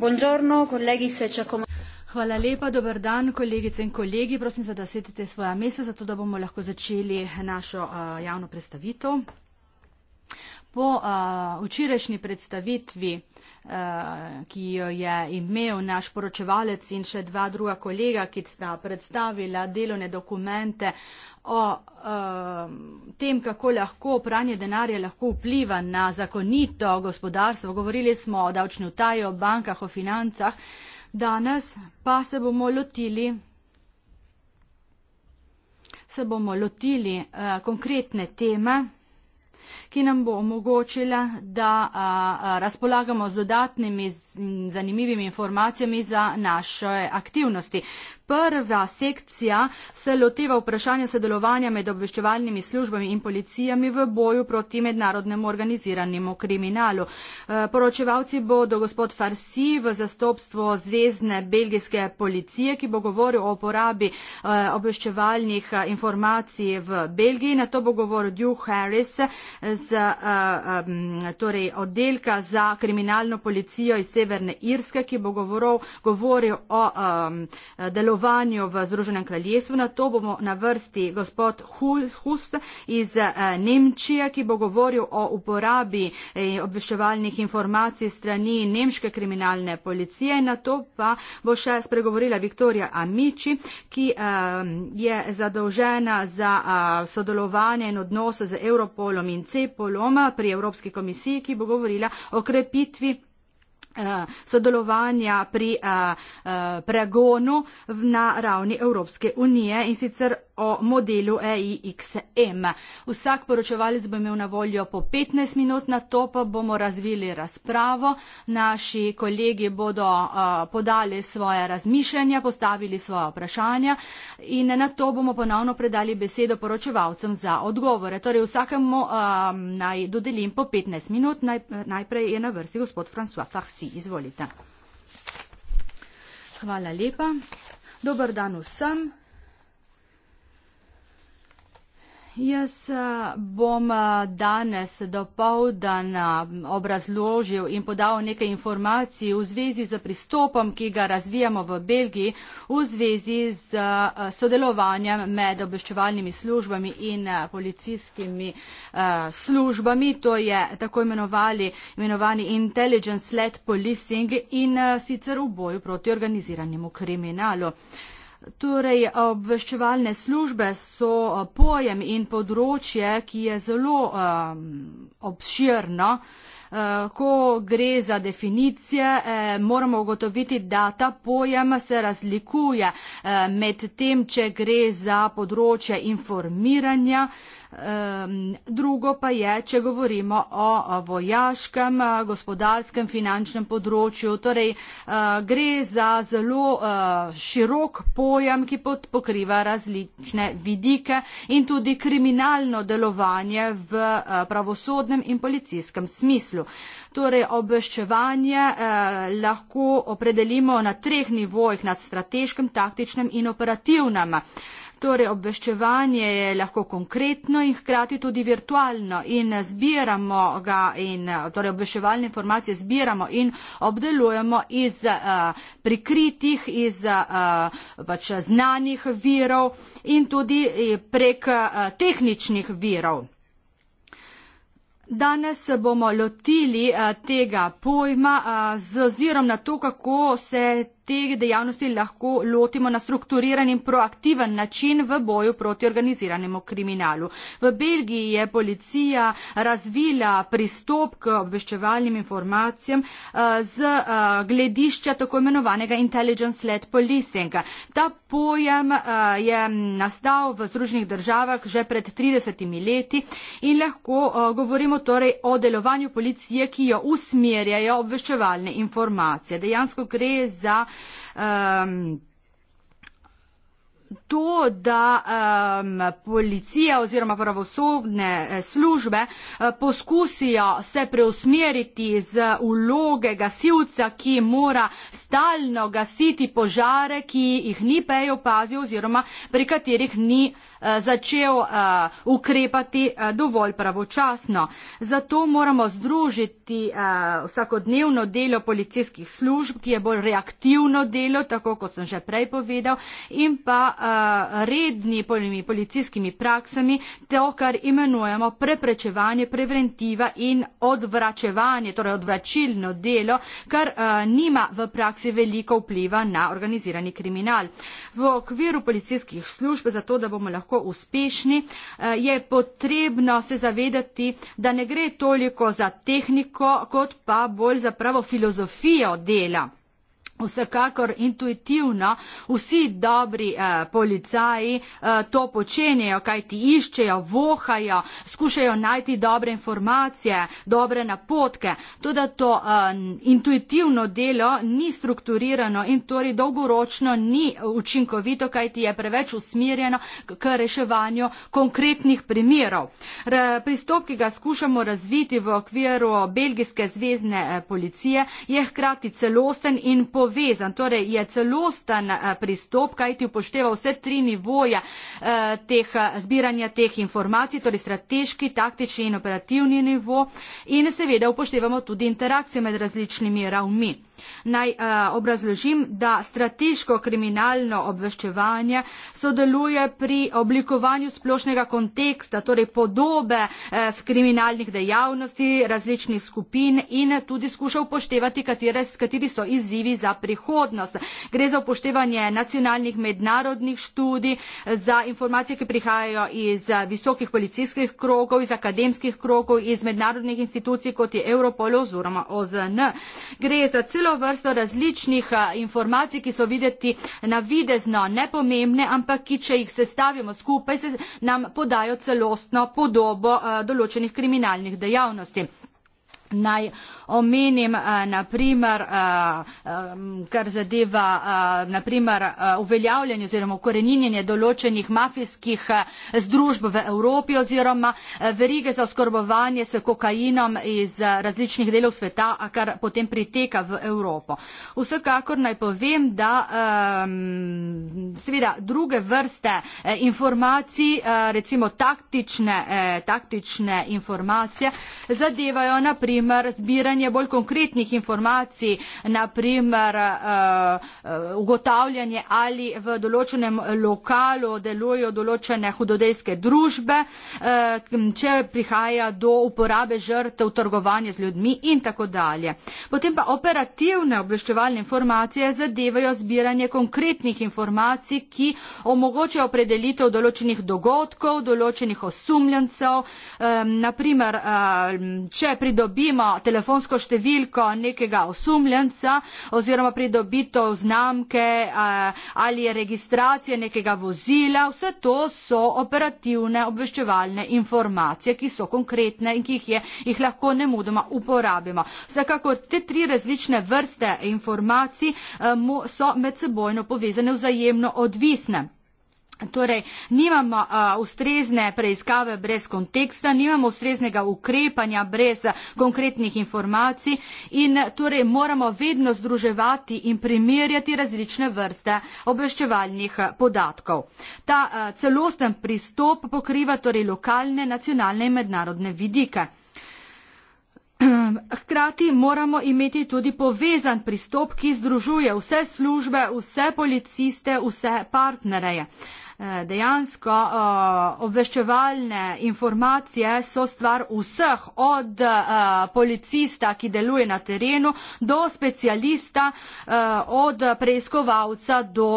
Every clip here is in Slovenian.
Buongiorno, colleghi, se ci Hvala lepa, dober dan, kolegice in kolegi. Prosim, da sedite svoja mesta, zato da bomo lahko začeli našo uh, javno predstavitev po uh, včerajšnji predstavitvi, uh, ki jo je imel naš poročevalec in še dva druga kolega, ki sta predstavila delovne dokumente o uh, tem, kako lahko pranje denarja lahko vpliva na zakonito gospodarstvo. Govorili smo o davčni utaji, o bankah, o financah. Danes pa se bomo lotili se bomo lotili uh, konkretne teme ki nam bo omogočila, da a, a, razpolagamo z dodatnimi z, zanimivimi informacijami za naše aktivnosti prva sekcija se loteva vprašanja sodelovanja med obveščevalnimi službami in policijami v boju proti mednarodnemu organiziranemu kriminalu. Eh, poročevalci bodo gospod Farsi v zastopstvo Zvezdne belgijske policije, ki bo govoril o uporabi eh, obveščevalnih eh, informacij v Belgiji. Na to bo govoril Duke Harris z torej oddelka za kriminalno policijo iz Severne Irske, ki bo govoril, govoril o delovanju gostovanju v Združenem kraljestvu. Na to bomo na vrsti gospod Hus iz eh, Nemčije, ki bo govoril o uporabi eh, obveščevalnih informacij strani nemške kriminalne policije. Na to pa bo še spregovorila Viktorija Amici, ki eh, je zadolžena za sodelovanje in odnose z Europolom in Cepolom pri Evropski komisiji, ki bo govorila o krepitvi Eh, sodelovanja pri eh, eh, pregonu na ravni Evropske unije in sicer o modelu EIXM. Vsak poročevalec bo imel na voljo po 15 minut, na to pa bomo razvili razpravo. Naši kolegi bodo podali svoje razmišljanja, postavili svoje vprašanja in na to bomo ponovno predali besedo poročevalcem za odgovore. Torej vsakemu naj dodelim po 15 minut, najprej je na vrsti gospod François Fahs vsi. Izvolite. Hvala lepa. Dobar dan vsem. Jaz eh, bom eh, danes do povdana obrazložil in podal nekaj informacij v zvezi z pristopom, ki ga razvijamo v Belgiji, v zvezi z eh, sodelovanjem med obveščevalnimi službami in policijskimi službami. To je tako imenovali, imenovani intelligence led policing in sicer v boju proti organiziranemu kriminalu. Torej, obveščevalne službe so eh, pojem in področje, ki je zelo um, obširno. Eh, ko gre za definicije, eh, moramo ugotoviti, da ta pojem se razlikuje med tem, če gre za področje informiranja, Drugo pa je, če govorimo o vojaškem, gospodarskem, finančnem področju, torej gre za zelo širok pojem, ki pokriva različne vidike in tudi kriminalno delovanje v pravosodnem in policijskem smislu. Torej, obveščevanje lahko opredelimo na treh nivojih, na strateškem, taktičnem in operativnem. Torej, obveščevanje je lahko konkretno in hkrati tudi virtualno in zbiramo ga in torej obveščevalne informacije zbiramo in obdelujemo iz uh, prikritih, iz uh, pač znanih virov in tudi eh, prek uh, tehničnih virov. Danes se bomo lotili uh, tega pojma uh, z ozirom na to, kako se teh dejavnosti lahko lotimo na strukturiran in proaktiven način v boju proti organiziranemu kriminalu. V Belgiji je policija razvila pristop k obveščevalnim informacijam eh, z eh, gledišča tako imenovanega intelligence led policing. Ta pojem eh, je nastal v Združenih državah že pred 30 leti in lahko govorimo torej o delovanju policije, ki jo usmerjajo obveščevalne informacije. Dejansko gre za Um, to, da um, policija oziroma pravosodne eh, službe eh, poskusijo se preusmeriti z uloge gasilca, ki mora stalno gasiti požare, ki jih ni pej opazil oziroma pri katerih ni eh, začel uh, ukrepati uh, dovolj pravočasno. Zato moramo združiti uh, vsakodnevno delo policijskih služb, ki je bolj reaktivno delo, tako kot sem že prej povedal, in pa uh, redni policijskimi praksami, to, kar imenujemo preprečevanje, preventiva in odvračevanje, torej odvračilno delo, kar eh, nima v praksi veliko vpliva na organizirani kriminal. V okviru policijskih služb, zato da bomo lahko uspešni, eh, je potrebno se zavedati, da ne gre toliko za tehniko, kot pa bolj za pravo filozofijo dela. Vsekakor intuitivno vsi dobri eh, policaji eh, to počenjajo, kaj ti iščejo, vohajo, skušajo najti dobre informacije, dobre napotke. Tudi to eh, intuitivno delo ni strukturirano in torej dolgoročno ni učinkovito, kaj ti je preveč usmirjeno k reševanju konkretnih primerov. Re, pristop, ki ga skušamo razviti v okviru belgijske zvezdne eh, policije, je hkrati celosten in povedan povezan, torej je celosten eh, pristop, kajti upošteva vse tri nivoja eh, teh, eh, zbiranja teh informacij, torej strateški, taktični in operativni nivo in seveda upoštevamo tudi interakcije med različnimi ravmi. Naj uh, obrazložim, da strateško kriminalno obveščevanje sodeluje pri oblikovanju splošnega konteksta, torej podobe eh, kriminalnih dejavnosti različnih skupin in tudi skuša upoštevati, katere, kateri so izzivi za prihodnost. Gre za upoštevanje nacionalnih mednarodnih študij, eh, za informacije, ki prihajajo iz eh, visokih policijskih krogov, iz akademskih krogov, iz mednarodnih institucij, kot je Europol oziroma OZN. Gre za celo celo vrsto različnih informacij, ki so videti navidezno nepomembne, ampak ki, če jih sestavimo skupaj, se nam podajo celostno podobo določenih kriminalnih dejavnosti. Naj omenim eh, naprimer, eh, kar zadeva eh, naprimer, eh, uveljavljanje oziroma ukoreninjenje določenih mafijskih eh, združb v Evropi oziroma eh, verige za oskrbovanje s kokainom iz eh, različnih delov sveta, a kar potem priteka v Evropo. Vsekakor naj povem, da eh, seveda druge vrste eh, informacij, eh, recimo taktične, eh, taktične informacije, zadevajo naprimer primer zbiranje bolj konkretnih informacij, na primer eh, eh, ugotavljanje, ali v določenem lokalu delujejo določene hudodejske družbe, eh, če prihaja do uporabe žrtev, trgovanja z ljudmi in tako dalje. Potem pa operativne obveščevalne informacije zadevajo zbiranje konkretnih informacij, ki omogočajo opredelitev določenih dogodkov, določenih osumljencev, na primer, če pridobijo dobimo telefonsko številko nekega osumljenca oziroma pridobitev znamke eh, ali registracije nekega vozila, vse to so operativne obveščevalne informacije, ki so konkretne in ki jih, je, jih lahko ne mudoma uporabimo. Vsekakor te tri različne vrste informacij eh, so med sebojno povezane vzajemno odvisne. Torej, nimamo uh, ustrezne preiskave brez konteksta, nimamo ustreznega ukrepanja brez konkretnih informacij in torej moramo vedno združevati in primerjati različne vrste obveščevalnih eh, podatkov. Ta uh, celosten pristop pokriva torej lokalne, nacionalne in mednarodne vidike. Hkrati moramo imeti tudi povezan pristop, ki združuje vse službe, vse policiste, vse partnereje. Uh, Eh, dejansko eh, obveščevalne informacije so stvar vseh, od eh, policista, ki deluje na terenu, do specialista, od preiskovalca do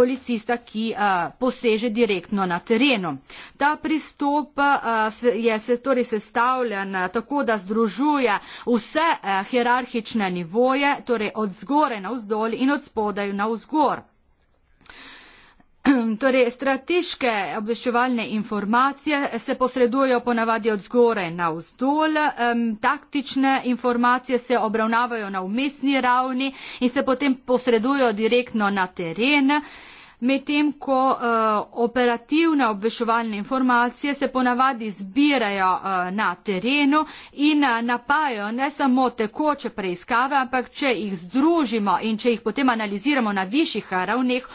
policista, ki poseže direktno na terenu. Ta pristop je se torej sestavljen tako, da združuje vse hierarhične nivoje, torej od zgore na vzdolj in od spodaj na vzgor. Torej, strateške obveščevalne informacije se posredujejo ponavadi od zgore na vzdolj, taktične informacije se obravnavajo na umestni ravni in se potem posredujejo direktno na teren medtem ko uh, operativne obveščevalne informacije se ponavadi zbirajo uh, na terenu in uh, napajajo ne samo tekoče preiskave, ampak če jih združimo in če jih potem analiziramo na višjih ravneh,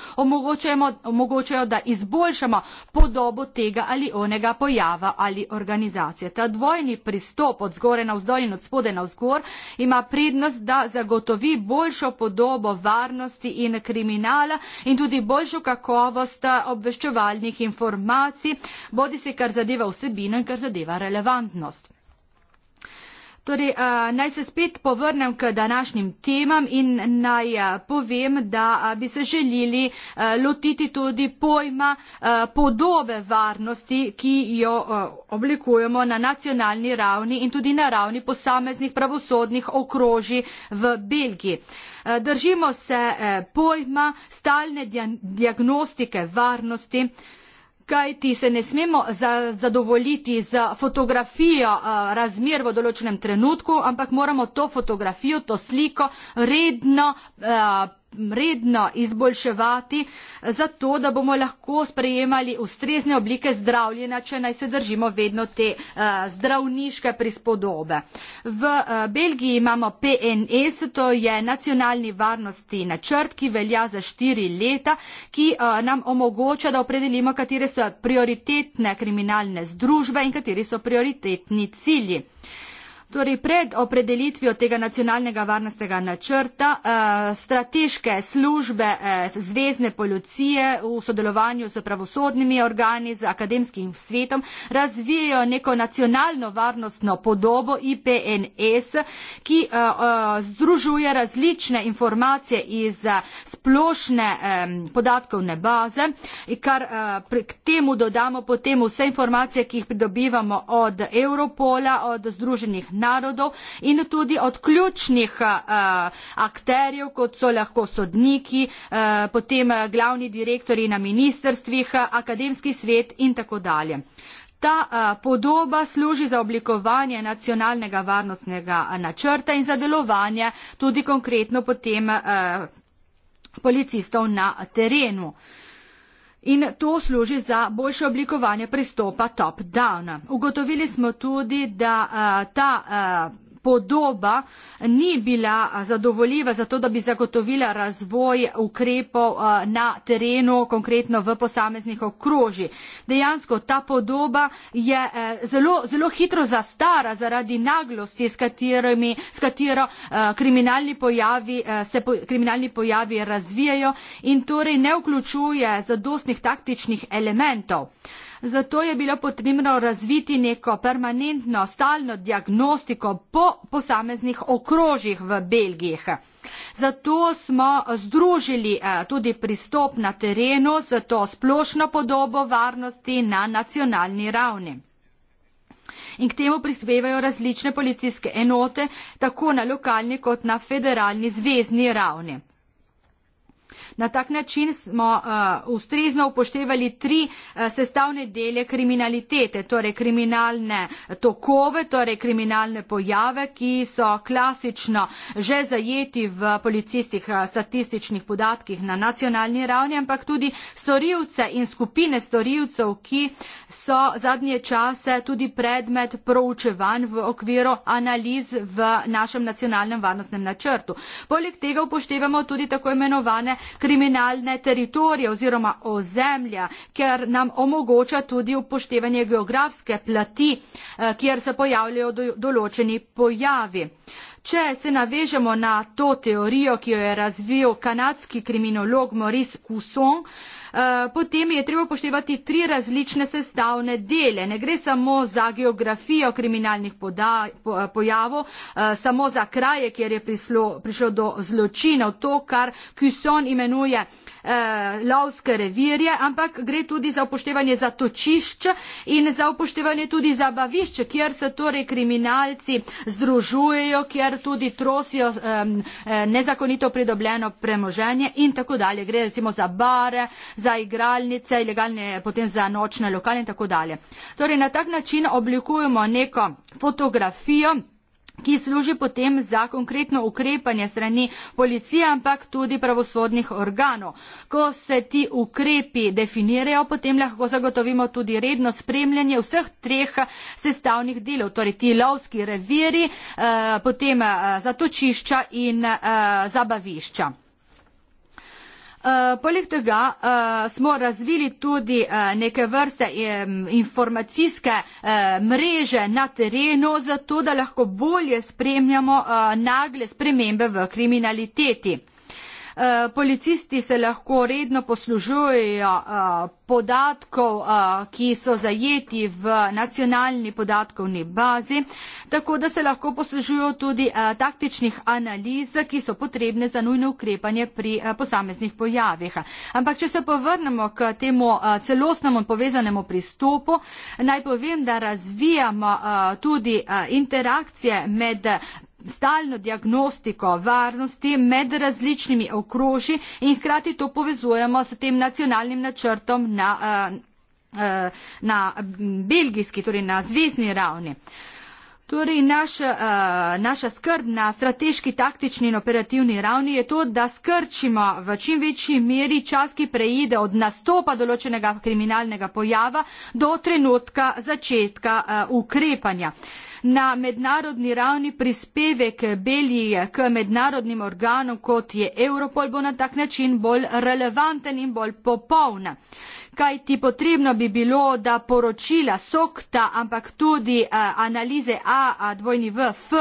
omogočajo, da izboljšamo podobo tega ali onega pojava ali organizacije. Ta dvojni pristop od zgore na vzdolj in od spode na vzgor ima prednost, da zagotovi boljšo podobo varnosti in kriminala in tudi boljšo boljšo kakovost obveščevalnih informacij, bodi si kar zadeva vsebino in kar zadeva relevantnost. Torej, eh, naj se spet povrnem k današnjim temam in naj eh, povem, da eh, bi se želili lotiti tudi pojma podobe varnosti, ki jo oblikujemo na nacionalni ravni in tudi na ravni posameznih pravosodnih okroži v Belgiji. Držimo se pojma stalne diagnostike varnosti kajti se ne smemo za, zadovoljiti z fotografijo uh, razmer v določenem trenutku, ampak moramo to fotografijo, to sliko redno uh, redno izboljševati, zato da bomo lahko sprejemali ustrezne oblike zdravljena, če naj se držimo vedno te uh, zdravniške prispodobe. V uh, Belgiji imamo PNS, to je nacionalni varnosti načrt, ki velja za štiri leta, ki uh, nam omogoča, da opredelimo, katere so prioritetne kriminalne združbe in kateri so prioritetni cilji. Uh, Torej, pred opredelitvijo tega nacionalnega varnostnega načrta, eh, strateške službe eh, zvezdne policije v sodelovanju s pravosodnimi organi, z akademskim svetom, razvijajo neko nacionalno varnostno podobo IPNS, ki eh, združuje različne informacije iz splošne podatkovne baze, kar k temu dodamo potem vse informacije, ki jih pridobivamo od Europola, od Združenih narodov, narodov in tudi od ključnih uh, akterjev, kot so lahko sodniki, uh, potem eh, glavni direktori na ministerstvih, akademski svet in tako dalje. Ta a, podoba služi za oblikovanje nacionalnega varnostnega načrta in za delovanje tudi konkretno potem a, policistov na terenu. A, In to služi za boljše oblikovanje pristopa top-down. Ugotovili smo tudi, da eh, ta eh, podoba ni bila zadovoljiva za to, da bi zagotovila razvoj ukrepov eh, na terenu, konkretno v posameznih okroži. Dejansko ta podoba je eh, zelo, zelo hitro zastara zaradi naglosti, s, katerimi, s katero eh, kriminalni pojavi, se kriminalni pojavi razvijajo in torej ne vključuje zadostnih taktičnih elementov. Zato je bilo potrebno razviti neko permanentno, stalno diagnostiko po posameznih okrožjih v Belgiji. Zato smo združili eh, tudi pristop na terenu z to splošno podobo varnosti na nacionalni ravni. In k temu prispevajo različne policijske enote, tako na lokalni kot na federalni zvezdni ravni. Na tak način smo uh, ustrezno upoštevali tri uh, sestavne dele kriminalitete, torej kriminalne eh, tokove, torej kriminalne pojave, ki so klasično že zajeti v policijskih uh, statističnih podatkih na nacionalni ravni, ampak tudi storilce in skupine storilcev, ki so zadnje čase tudi predmet proučevanj v okviru analiz v našem nacionalnem varnostnem načrtu. Poleg tega upoštevamo tudi tako imenovane kriminalne teritorije oziroma ozemlja, ker nam omogoča tudi upoštevanje geografske plati, eh, kjer se pojavljajo določeni pojavi. Če se navežemo na to teorijo, ki jo je razvil kanadski kriminolog Maurice Cousson, Eh, potem je treba upoštevati tri različne sestavne dele. Ne gre samo za geografijo kriminalnih eh, pojavov, eh, samo za kraje, kjer je prišlo, prišlo do zločinov, to, kar Kyson imenuje eh, lovske revirje, ampak gre tudi za upoštevanje zatočišča in za upoštevanje tudi zabavišča, kjer se torej kriminalci združujejo, kjer tudi trosijo eh, nezakonito pridobljeno premoženje in tako dalje. Gre recimo za bare, za igralnice, ilegalne, potem za nočne lokale in tako dalje. Torej, na tak način oblikujemo neko fotografijo, ki služi potem za konkretno ukrepanje strani policije, ampak tudi pravosodnih organov. Ko se ti ukrepi definirajo, potem lahko zagotovimo tudi redno spremljanje vseh treh sestavnih delov, torej ti lovski reviri, eh, potem eh, zatočišča in eh, zabavišča. Eh, poleg tega uh, smo razvili tudi uh, neke vrste um, informacijske uh, mreže na terenu, zato da lahko bolje spremljamo uh, nagle spremembe v kriminaliteti. Eh, policisti se lahko redno poslužujejo eh, podatkov, eh, ki so zajeti v nacionalni podatkovni bazi, tako da se lahko poslužujejo tudi taktičnih analiz, ki so potrebne za nujno ukrepanje pri posameznih pojavih. Ampak, če se povrnemo k temu celostnemu povezanemu pristopu, naj povem, da razvijamo tudi interakcije med stalno diagnostiko varnosti med različnimi okroži in hkrati to povezujemo s tem nacionalnim načrtom na, eh, eh, na belgijski, torej na zvezdni ravni. Torej, naš, uh, naša skrb na strateški, taktični in operativni ravni je to, da skrčimo v čim večji meri čas, ki prejde od nastopa določenega kriminalnega pojava do trenutka začetka uh, ukrepanja. Uh, na mednarodni ravni prispevek Belije k mednarodnim organom, kot je Europol, bo na tak način bolj relevanten in bolj popoln. Kaj ti potrebno bi bilo, da poročila SOKTA, ampak tudi uh, analize A, A, dvojni V, F,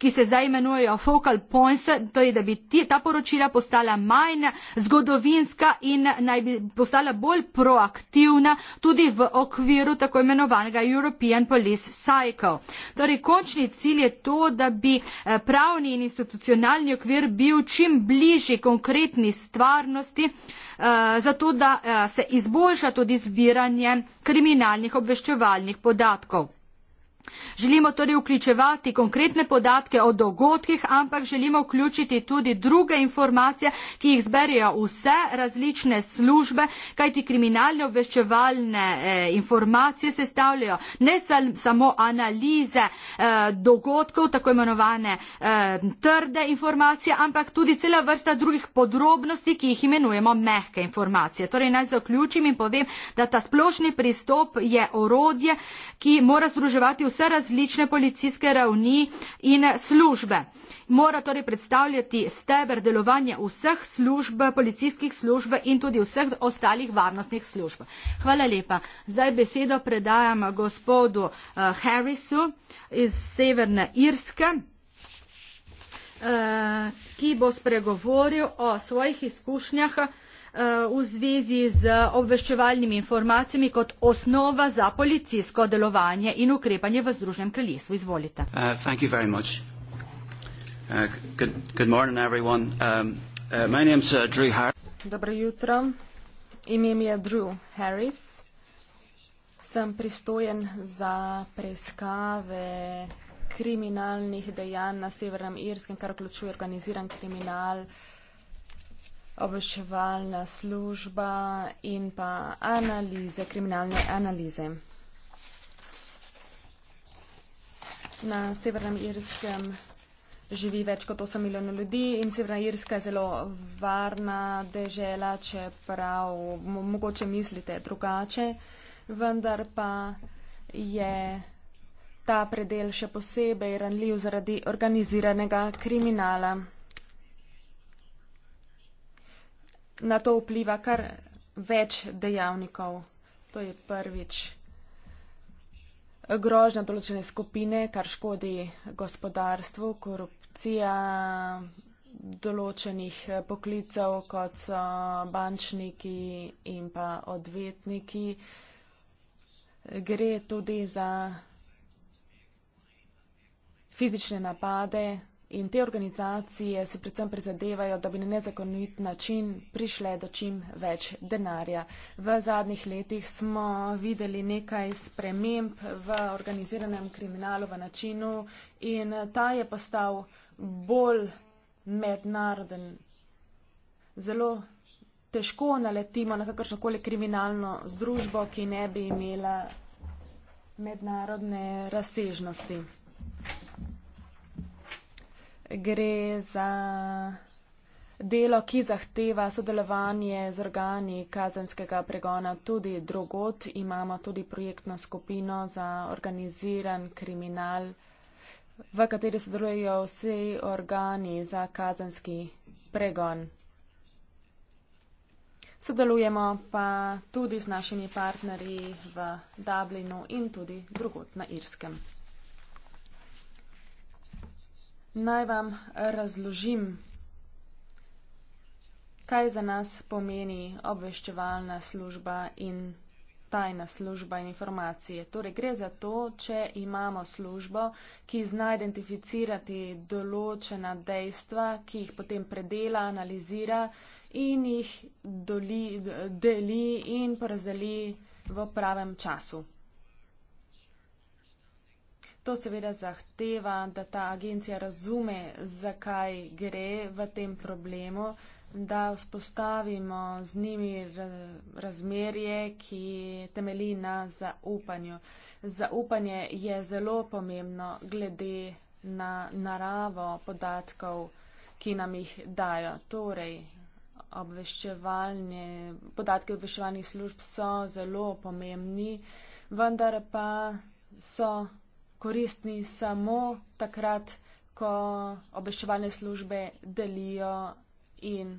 ki se zdaj imenujejo focal points, torej da bi ti, ta poročila postala manj zgodovinska in naj bi postala bolj proaktivna tudi v okviru tako imenovanega European Police Cycle. Torej, končni cilj je to, da bi eh, pravni in institucionalni okvir bil čim bližji konkretni stvarnosti, eh, zato da eh, se izboljša tudi zbiranje kriminalnih obveščevalnih podatkov. Želimo torej vključevati konkretne podatke o dogodkih, ampak želimo vključiti tudi druge informacije, ki jih zberijo vse različne službe, kajti kriminalne obveščevalne eh, informacije se stavljajo ne sal, samo analize eh, dogodkov, tako imenovane eh, trde informacije, ampak tudi cela vrsta drugih podrobnosti, ki jih imenujemo mehke informacije. Torej naj zaključim in povem, da ta splošni pristop je orodje, ki mora združevati vse različne policijske ravni in službe. Mora torej predstavljati steber delovanja vseh služb, policijskih služb in tudi vseh ostalih varnostnih služb. Hvala lepa. Zdaj besedo predajam gospodu uh, Harrisu iz Severne Irske, uh, ki bo spregovoril o svojih izkušnjah uh, v zvezi z obveščevalnimi informacijami kot osnova za policijsko delovanje in ukrepanje v Združenem kraljestvu. Izvolite. Uh, uh, um, uh, uh Dobro jutro. Ime mi je Drew Harris. Sem pristojen za preiskave kriminalnih dejanj na Severnem Irskem, kar vključuje organiziran kriminal, uh, obveščevalna služba in pa analize, kriminalne analize. Na Severnem Irskem živi več kot 8 milijonov ljudi in Severna Irska je zelo varna dežela, čeprav mogoče mislite drugače, vendar pa je ta predel še posebej ranljiv zaradi organiziranega kriminala. na to vpliva kar več dejavnikov. To je prvič grožnja določene skupine, kar škodi gospodarstvu, korupcija določenih poklicev, kot so bančniki in pa odvetniki. Gre tudi za fizične napade, In te organizacije si predvsem prizadevajo, da bi na nezakonit način prišle do čim več denarja. V zadnjih letih smo videli nekaj sprememb v organiziranem kriminalu, v načinu in ta je postal bolj mednaroden. Zelo težko naletimo na kakršnokoli kriminalno združbo, ki ne bi imela mednarodne razsežnosti gre za delo, ki zahteva sodelovanje z organi kazenskega pregona tudi drugot. Imamo tudi projektno skupino za organiziran kriminal, v kateri sodelujejo vsi organi za kazenski pregon. Sodelujemo pa tudi z našimi partnerji v Dublinu in tudi drugot na Irskem. Naj vam razložim, kaj za nas pomeni obveščevalna služba in tajna služba in informacije. Torej, gre za to, če imamo službo, ki zna identificirati določena dejstva, ki jih potem predela, analizira in jih doli, deli in porazdeli v pravem času. To seveda zahteva, da ta agencija razume, zakaj gre v tem problemu, da vzpostavimo z njimi razmerje, ki temeli na zaupanju. Zaupanje je zelo pomembno glede na naravo podatkov, ki nam jih dajo. Torej, podatki obveščevalnih služb so zelo pomembni, vendar pa so koristni samo takrat, ko obveščevalne službe delijo in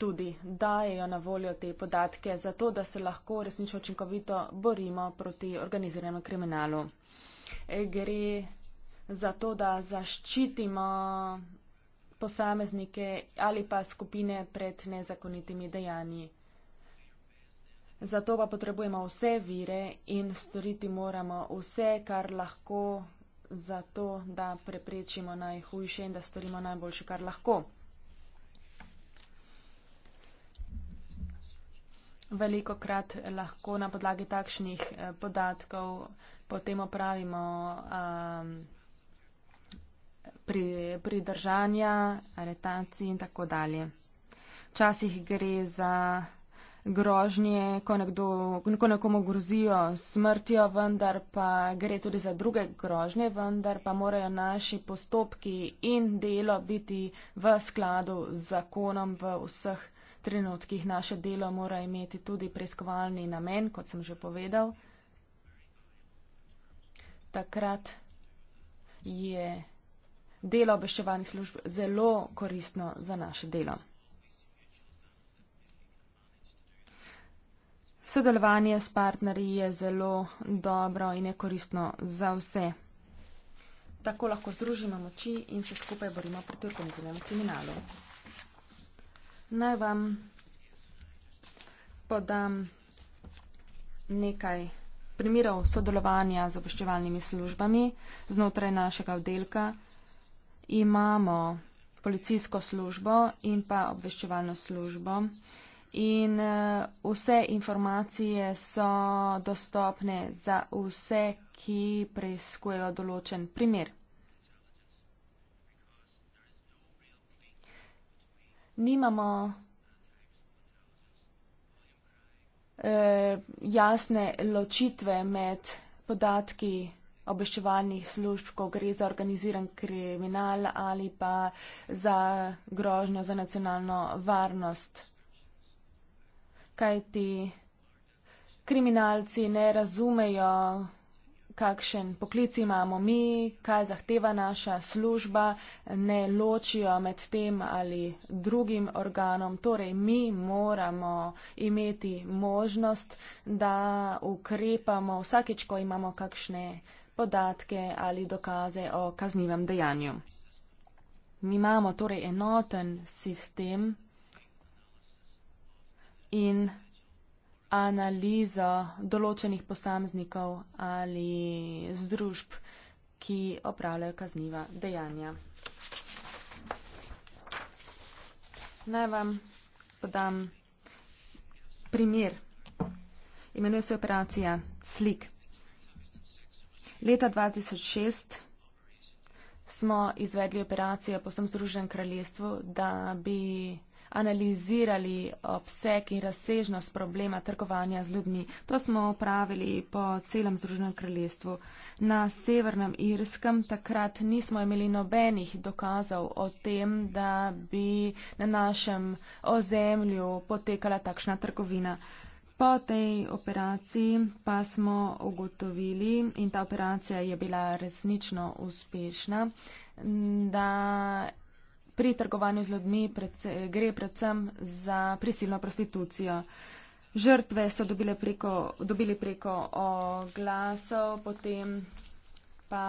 tudi dajejo na voljo te podatke, zato da se lahko resnično učinkovito borimo proti organiziranemu kriminalu. E, gre za to, da zaščitimo posameznike ali pa skupine pred nezakonitimi dejanji. Zato pa potrebujemo vse vire in storiti moramo vse, kar lahko, zato da preprečimo najhujše in da storimo najboljše, kar lahko. Veliko krat lahko na podlagi takšnih eh, podatkov potem opravimo um, pri, pridržanja, aretacij in tako dalje. Včasih gre za grožnje, ko, nekdo, ko nekomu grozijo smrtjo, vendar pa gre tudi za druge grožnje, vendar pa morajo naši postopki in delo biti v skladu z zakonom v vseh trenutkih. Naše delo mora imeti tudi preiskovalni namen, kot sem že povedal. Takrat je delo obveščevalnih služb zelo koristno za naše delo. Sodelovanje s partnerji je zelo dobro in je koristno za vse. Tako lahko združimo moči in se skupaj borimo proti organiziranemu kriminalu. Naj vam podam nekaj primerov sodelovanja z obveščevalnimi službami znotraj našega oddelka. Imamo policijsko službo in pa obveščevalno službo. In eh, vse informacije so dostopne za vse, ki preiskujejo določen primer. Nimamo eh, jasne ločitve med podatki obveščevalnih služb, ko gre za organiziran kriminal ali pa za grožnjo za nacionalno varnost kajti kriminalci ne razumejo, kakšen poklic imamo mi, kaj zahteva naša služba, ne ločijo med tem ali drugim organom. Torej, mi moramo imeti možnost, da ukrepamo vsakeč, ko imamo kakšne podatke ali dokaze o kaznivem dejanju. Mi imamo torej enoten sistem in analizo določenih posameznikov ali združb, ki opravljajo kazniva dejanja. Naj vam podam primer. Imenuje se operacija Slik. Leta 2006 smo izvedli operacijo po vsem združenem kraljestvu, da bi analizirali obseg in razsežnost problema trgovanja z ljudmi. To smo upravili po celem Združenem kraljestvu. Na Severnem Irskem takrat nismo imeli nobenih dokazov o tem, da bi na našem ozemlju potekala takšna trgovina. Po tej operaciji pa smo ugotovili, in ta operacija je bila resnično uspešna, da pri trgovanju z ljudmi predse, gre predvsem za prisilno prostitucijo. Žrtve so dobile preko, dobili preko oglasov, potem pa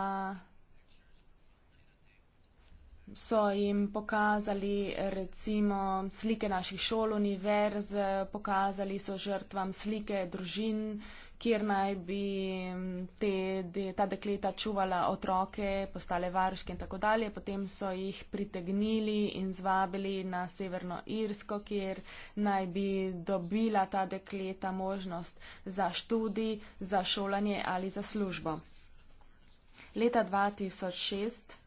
so jim pokazali recimo slike naših šol, univerz, pokazali so žrtvam slike družin, kjer naj bi mm, te, de, ta dekleta čuvala otroke, postale varške in tako dalje. Potem so jih pritegnili in zvabili na Severno Irsko, kjer naj bi dobila ta dekleta možnost za študij, za šolanje ali za službo. Leta 2006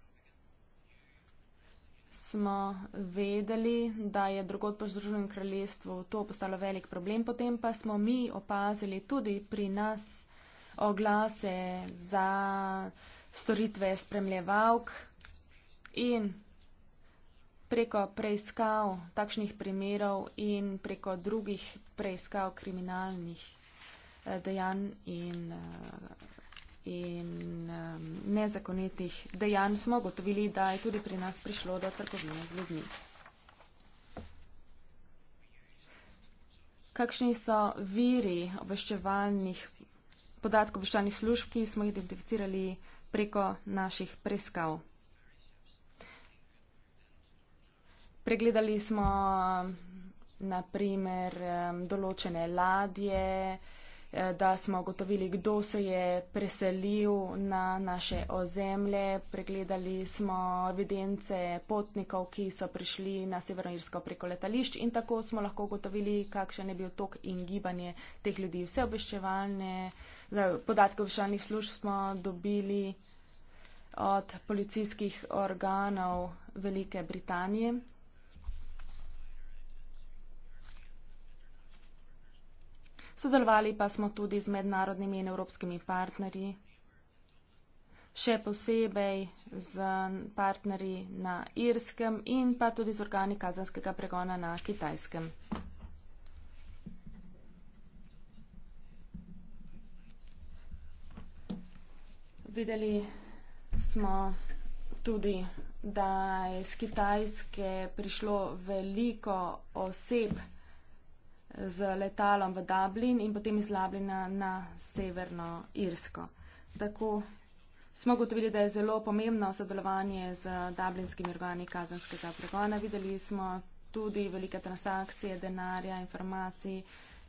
smo vedeli, da je drugod po Združenem kraljestvu to postalo velik problem, potem pa smo mi opazili tudi pri nas oglase za storitve spremljevalk in preko preiskav takšnih primerov in preko drugih preiskav kriminalnih eh, dejanj in eh, in um, nezakonitih dejanj smo gotovili, da je tudi pri nas prišlo do trgovine z ljudmi. Kakšni so viri obveščevalnih podatkov obveščevalnih služb, ki smo jih identificirali preko naših preiskav? Pregledali smo naprimer um, določene ladje, Eh, da smo ugotovili, kdo se je preselil na naše ozemlje. Pregledali smo evidence potnikov, ki so prišli na Severnirsko preko letališč in tako smo lahko ugotovili, kakšen je bil tok in gibanje teh ljudi. Vse obveščevalne, eh, podatke obveščevalnih služb smo dobili od policijskih organov Velike Britanije. Sodelovali pa smo tudi z mednarodnimi in evropskimi partnerji, še posebej z partnerji na Irskem in pa tudi z organi kazanskega pregona na Kitajskem. Videli smo tudi, da je z Kitajske prišlo veliko oseb, z letalom v Dublin in potem iz Lablina na Severno Irsko. Tako smo gotovili, da je zelo pomembno sodelovanje z dublinskimi organi kazanskega pregona. Videli smo tudi velike transakcije denarja, informacij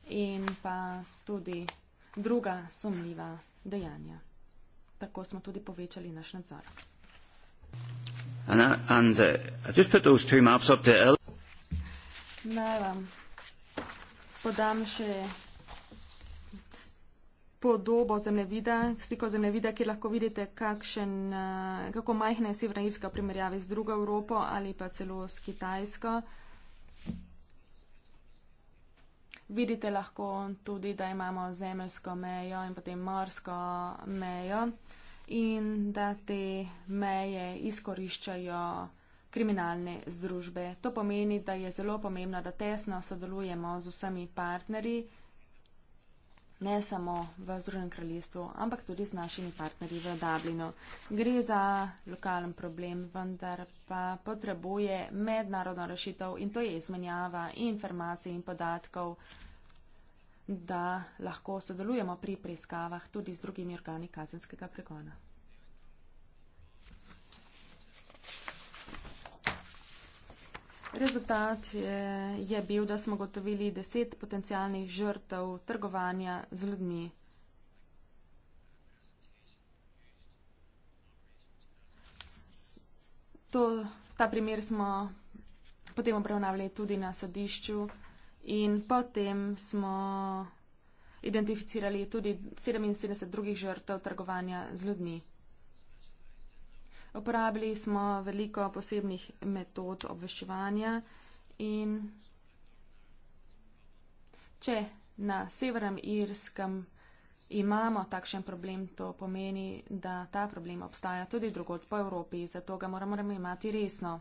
in pa tudi druga sumljiva dejanja. Tako smo tudi povečali naš nadzor. And, uh, and uh, I just put those two maps up to L. No, um podam še podobo zemljevida, sliko zemljevida, ki lahko vidite, kakšen, eh, kako majhna je Severna Irska v primerjavi z drugo Evropo ali pa celo s Kitajsko. Vidite lahko tudi, da imamo zemeljsko mejo in potem morsko mejo in da te meje izkoriščajo kriminalne združbe. To pomeni, da je zelo pomembno, da tesno sodelujemo z vsemi partnerji, ne samo v Združenem kraljestvu, ampak tudi z našimi partnerji v Dublinu. Gre za lokalen problem, vendar pa potrebuje mednarodno rešitev in to je izmenjava informacij in podatkov, da lahko sodelujemo pri preiskavah tudi z drugimi organi kazenskega pregona. Rezultat je, je bil, da smo gotovili deset potencijalnih žrtev trgovanja z ljudmi. To, ta primer smo potem obravnavali tudi na sodišču in potem smo identificirali tudi 77 drugih žrtev trgovanja z ljudmi. Uporabili smo veliko posebnih metod obveščevanja in če na severnem Irskem imamo takšen problem, to pomeni, da ta problem obstaja tudi drugod po Evropi, zato ga moramo imati resno.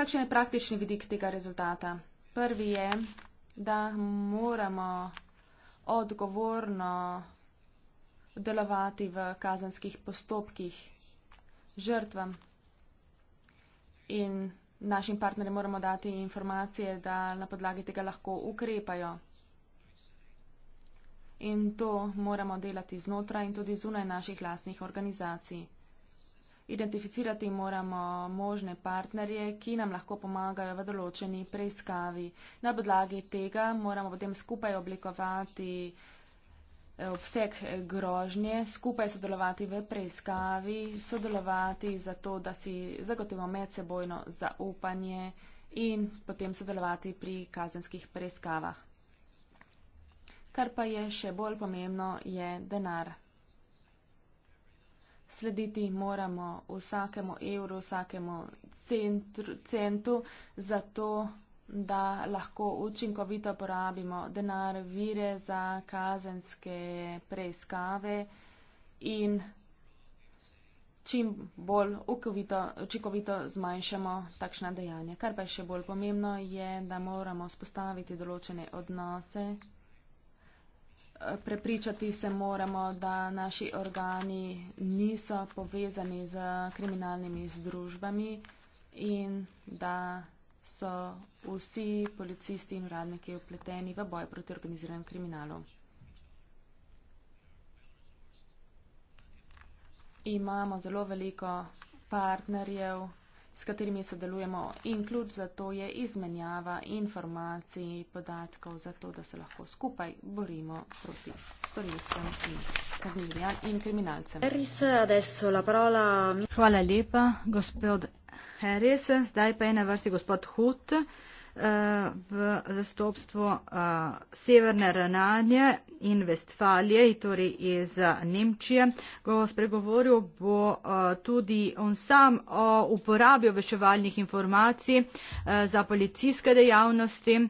Kakšen je praktični vidik tega rezultata? Prvi je, da moramo odgovorno delovati v kazenskih postopkih žrtvam in našim partnerjem moramo dati informacije, da na podlagi tega lahko ukrepajo. In to moramo delati znotraj in tudi zunaj naših lastnih organizacij. Identificirati moramo možne partnerje, ki nam lahko pomagajo v določeni preiskavi. Na podlagi tega moramo potem skupaj oblikovati eh, obseg grožnje, skupaj sodelovati v preiskavi, sodelovati za to, da si zagotovimo medsebojno zaupanje in potem sodelovati pri kazenskih preiskavah. Kar pa je še bolj pomembno, je denar slediti moramo vsakemu evru, vsakemu centru, centu, zato da lahko učinkovito porabimo denar, vire za kazenske preiskave in čim bolj učinkovito zmanjšamo takšna dejanja. Kar pa je še bolj pomembno, je, da moramo spostaviti določene odnose prepričati se moramo, da naši organi niso povezani z kriminalnimi združbami in da so vsi policisti in uradniki upleteni v boj proti organiziranem kriminalu. Imamo zelo veliko partnerjev, s katerimi sodelujemo in ključ za to je izmenjava informacij, podatkov za to, da se lahko skupaj borimo proti storilcem in kaznivijam in kriminalcem. Hvala lepa, gospod Harris. Zdaj pa je na vrsti gospod Hut. Eh, v zastopstvu eh, Severne Renanje in Vestfalije, torej iz eh, Nemčije. Ko spregovoril bo tudi on sam o uporabi obveščevalnih informacij za policijske dejavnosti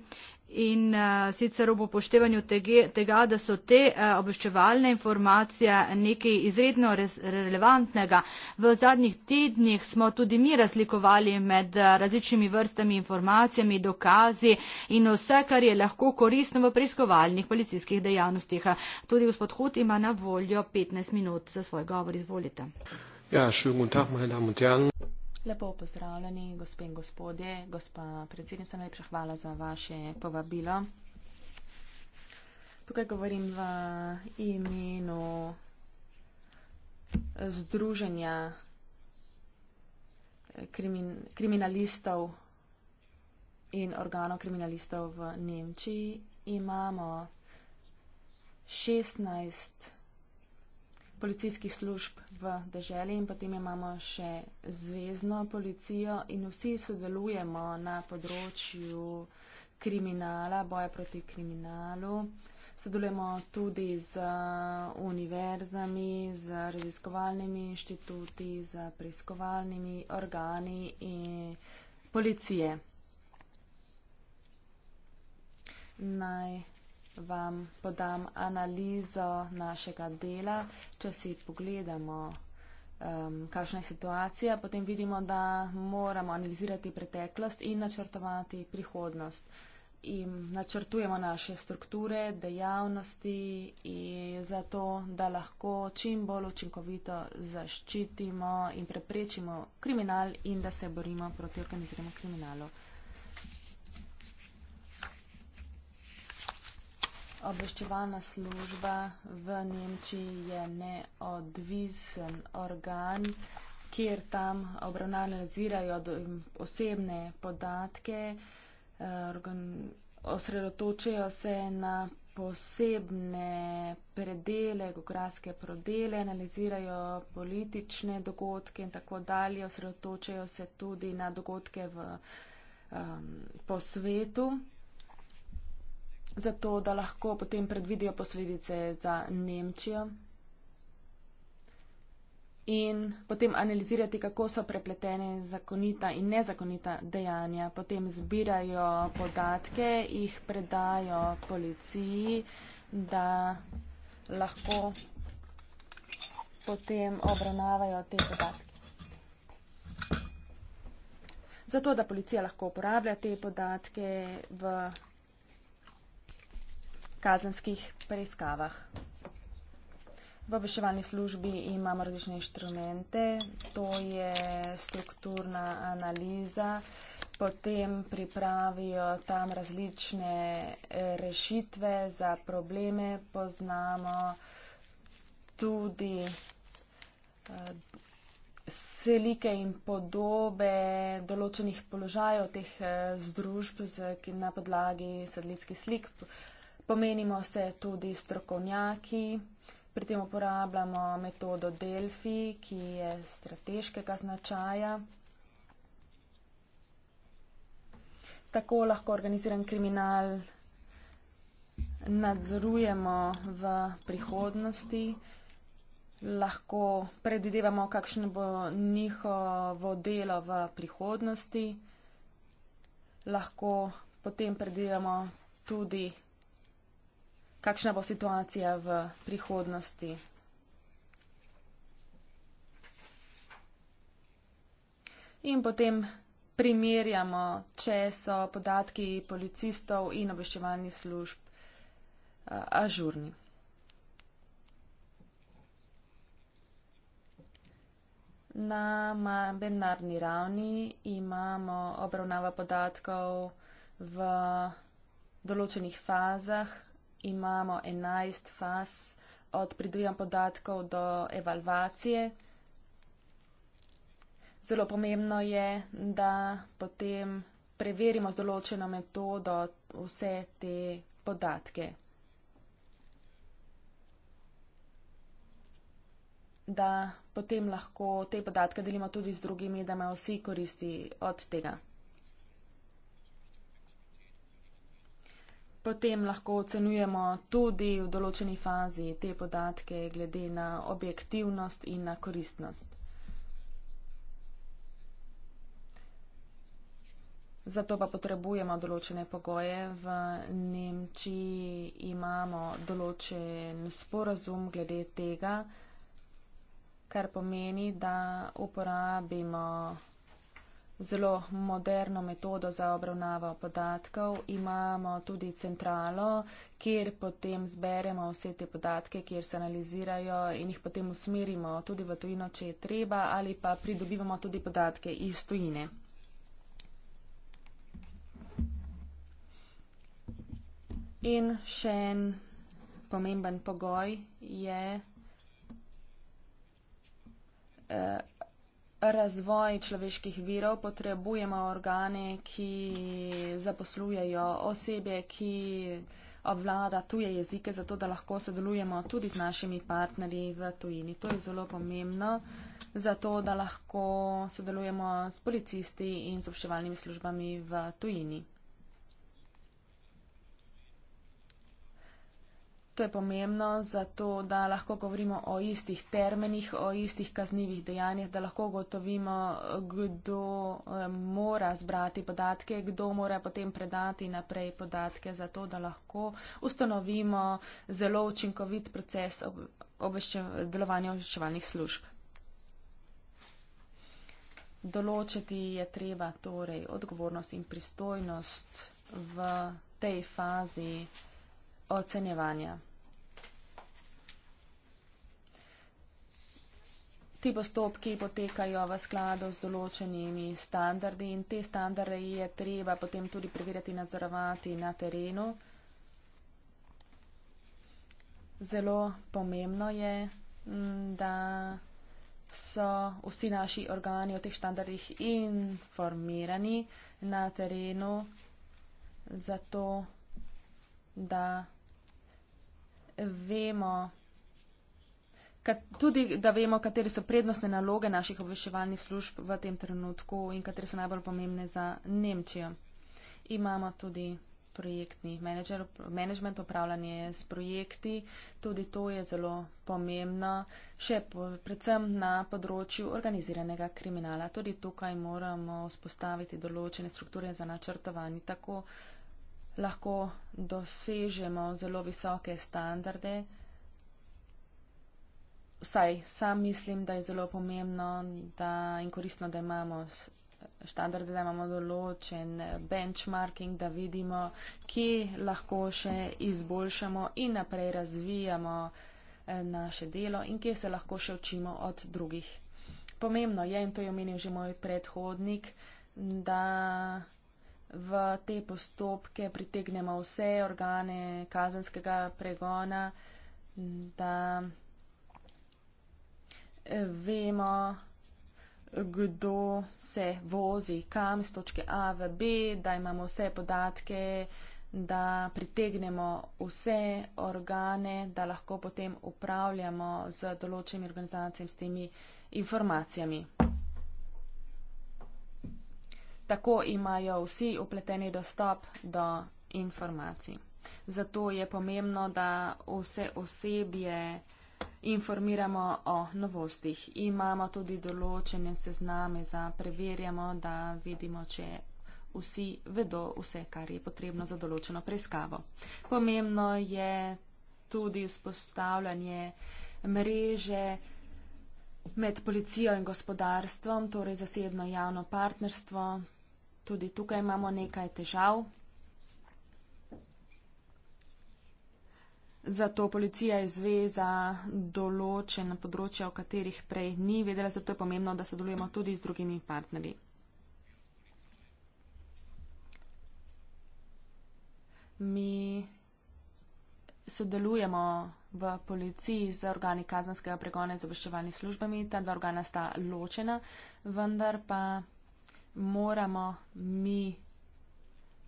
in uh, sicer ob upoštevanju tege, tega, da so te uh, obveščevalne informacije nekaj izredno res, relevantnega. V zadnjih tednih smo tudi mi razlikovali med uh, različnimi vrstami informacijami, dokazi in vse, kar je lahko koristno v preiskovalnih policijskih dejavnostih. Tudi gospod Hut ima na voljo 15 minut za svoj govor. Izvolite. Ja, šu, guntah, mojda, Lepo pozdravljeni, gospe in gospodje. Gospa predsednica, najlepša hvala za vaše povabilo. Tukaj govorim v imenu Združenja krimin kriminalistov in organov kriminalistov v Nemčiji. Imamo 16 policijskih služb v državi in potem imamo še zvezdno policijo in vsi sodelujemo na področju kriminala, boja proti kriminalu. Sodelujemo tudi z uh, univerzami, z raziskovalnimi inštituti, z preiskovalnimi organi in policije. Naj vam podam analizo našega dela. Če si pogledamo, um, kakšna je situacija, potem vidimo, da moramo analizirati preteklost in načrtovati prihodnost. In načrtujemo naše strukture, dejavnosti in zato, da lahko čim bolj učinkovito zaščitimo in preprečimo kriminal in da se borimo proti organiziranemu kriminalu. Obveščevalna služba v Nemčiji je neodvisen organ, kjer tam obravnavljajo osebne podatke, eh, organ, osredotočajo se na posebne predele, geografske prodele, analizirajo politične dogodke in tako dalje, osredotočajo se tudi na dogodke v, um, po svetu zato da lahko potem predvidijo posledice za Nemčijo in potem analizirati, kako so prepletene zakonita in nezakonita dejanja. Potem zbirajo podatke, jih predajo policiji, da lahko potem obravnavajo te podatke. Zato, da policija lahko uporablja te podatke v kazenskih preiskavah. V obveščevalni službi imamo različne inštrumente, to je strukturna analiza, potem pripravijo tam različne eh, rešitve za probleme, poznamo tudi eh, slike in podobe določenih položajev teh eh, združb na podlagi satelitskih slik. Pomenimo se tudi strokovnjaki, pri tem uporabljamo metodo Delfi, ki je strateškega značaja. Tako lahko organiziran kriminal nadzorujemo v prihodnosti, lahko predvidevamo, kakšno bo njihovo delo v prihodnosti, lahko potem predvidevamo tudi kakšna bo situacija v prihodnosti. In potem primerjamo, če so podatki policistov in obveščevalnih služb eh, ažurni. Na binarni ravni imamo obravnava podatkov v določenih fazah imamo 11 faz od pridujem podatkov do evalvacije. Zelo pomembno je, da potem preverimo z določeno metodo vse te podatke. Da potem lahko te podatke delimo tudi z drugimi, da imajo vsi koristi od tega. Potem lahko ocenjujemo tudi v določeni fazi te podatke glede na objektivnost in na koristnost. Zato pa potrebujemo določene pogoje. V Nemčiji imamo določen sporazum glede tega, kar pomeni, da uporabimo zelo moderno metodo za obravnavo podatkov. Imamo tudi centralo, kjer potem zberemo vse te podatke, kjer se analizirajo in jih potem usmerimo tudi v tujino, če je treba, ali pa pridobivamo tudi podatke iz tujine. In še en pomemben pogoj je. Uh, razvoj človeških virov, potrebujemo organe, ki zaposlujejo osebe, ki obvlada tuje jezike, zato da lahko sodelujemo tudi z našimi partnerji v tujini. To je zelo pomembno, zato da lahko sodelujemo s policisti in z obševalnimi službami v tujini. To je pomembno, zato da lahko govorimo o istih termenih, o istih kaznjivih dejanjih, da lahko gotovimo, kdo mora zbrati podatke, kdo mora potem predati naprej podatke, zato da lahko ustanovimo zelo učinkovit proces delovanja obveščevalnih služb. Določiti je treba torej odgovornost in pristojnost v tej fazi ocenjevanja. Ti postopki potekajo v skladu z določenimi standardi in te standarde je treba potem tudi preverjati in nadzorovati na terenu. Zelo pomembno je, mm, da so vsi naši organi o teh standardih informirani na terenu, zato da vemo, tudi, da vemo, kateri so prednostne naloge naših obveščevalnih služb v tem trenutku in kateri so najbolj pomembne za Nemčijo. Imamo tudi projektni menedžment, upravljanje s projekti, tudi to je zelo pomembno, še po, predvsem na področju organiziranega kriminala. Tudi tukaj moramo vzpostaviti določene strukture za načrtovanje, tako lahko dosežemo zelo visoke standarde vsaj sam mislim, da je zelo pomembno da, in koristno, da imamo standarde, da imamo določen benchmarking, da vidimo, kje lahko še izboljšamo in naprej razvijamo eh, naše delo in kje se lahko še učimo od drugih. Pomembno je, in to je omenil že moj predhodnik, da v te postopke pritegnemo vse organe kazenskega pregona, da vemo, kdo se vozi kam z točke A v B, da imamo vse podatke, da pritegnemo vse organe, da lahko potem upravljamo z določenimi organizacijami, s temi informacijami. Tako imajo vsi upleteni dostop do informacij. Zato je pomembno, da vse osebje informiramo o novostih. Imamo tudi določene sezname za preverjamo, da vidimo, če vsi vedo vse, kar je potrebno za določeno preiskavo. Pomembno je tudi vzpostavljanje mreže med policijo in gospodarstvom, torej zasebno javno partnerstvo. Tudi tukaj imamo nekaj težav, Zato policija izve za določena področja, o katerih prej ni vedela, zato je pomembno, da sodelujemo tudi z drugimi partnerji. Mi sodelujemo v policiji z organi kazanskega pregona in z obveščevalnimi službami. Ta dva organa sta ločena, vendar pa moramo mi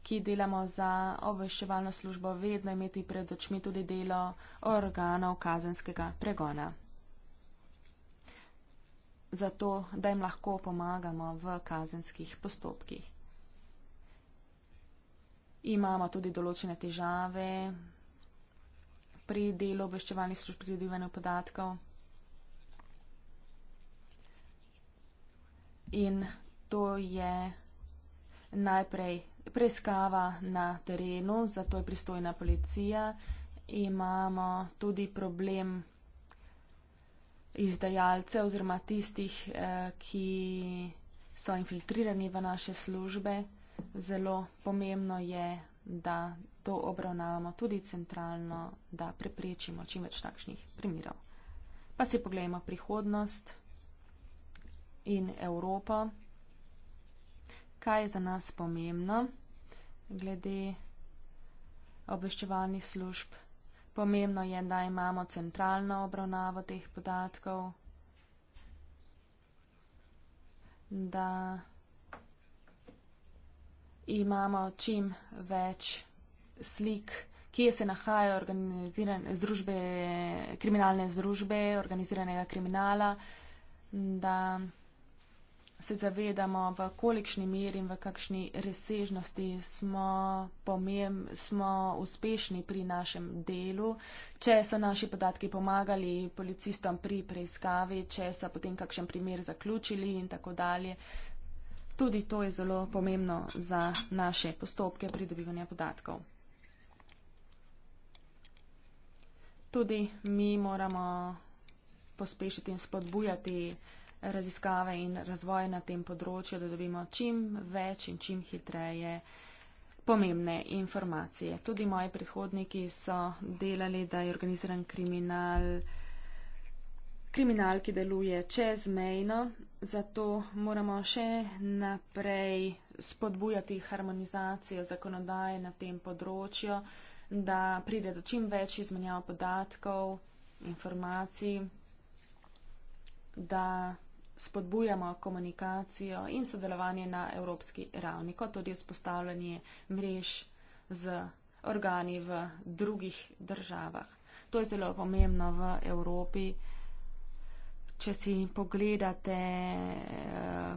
ki delamo za obveščevalno službo, vedno imeti pred očmi tudi delo organov kazenskega pregona. Zato, da jim lahko pomagamo v kazenskih postopkih. Imamo tudi določene težave pri delu obveščevalnih služb pri odivanju podatkov. In to je najprej preiskava na terenu, zato je pristojna policija. Imamo tudi problem izdajalce oziroma tistih, eh, ki so infiltrirani v naše službe. Zelo pomembno je, da to obravnavamo tudi centralno, da preprečimo čim več takšnih primerov. Pa si pogledajmo prihodnost in Evropo kaj je za nas pomembno glede obveščevalnih služb. Pomembno je, da imamo centralno obravnavo teh podatkov, da imamo čim več slik, kje se nahajajo združbe, kriminalne združbe organiziranega kriminala, da se zavedamo, v kolikšni meri in v kakšni resežnosti smo, pomem, smo uspešni pri našem delu, če so naši podatki pomagali policistom pri preiskavi, če so potem kakšen primer zaključili in tako dalje. Tudi to je zelo pomembno za naše postopke pridobivanja podatkov. Tudi mi moramo pospešiti in spodbujati uh, raziskave in razvoje na tem področju, da dobimo čim več in čim hitreje pomembne informacije. Tudi moji predhodniki so delali, da je organiziran kriminal, kriminal, ki deluje čezmejno, zato moramo še naprej spodbujati harmonizacijo zakonodaje na tem področju, da pride do čim več izmenjav podatkov, informacij, da spodbujamo komunikacijo in sodelovanje na evropski ravni, kot tudi vzpostavljanje mrež z organi v drugih državah. To je zelo pomembno v Evropi. Če si pogledate eh,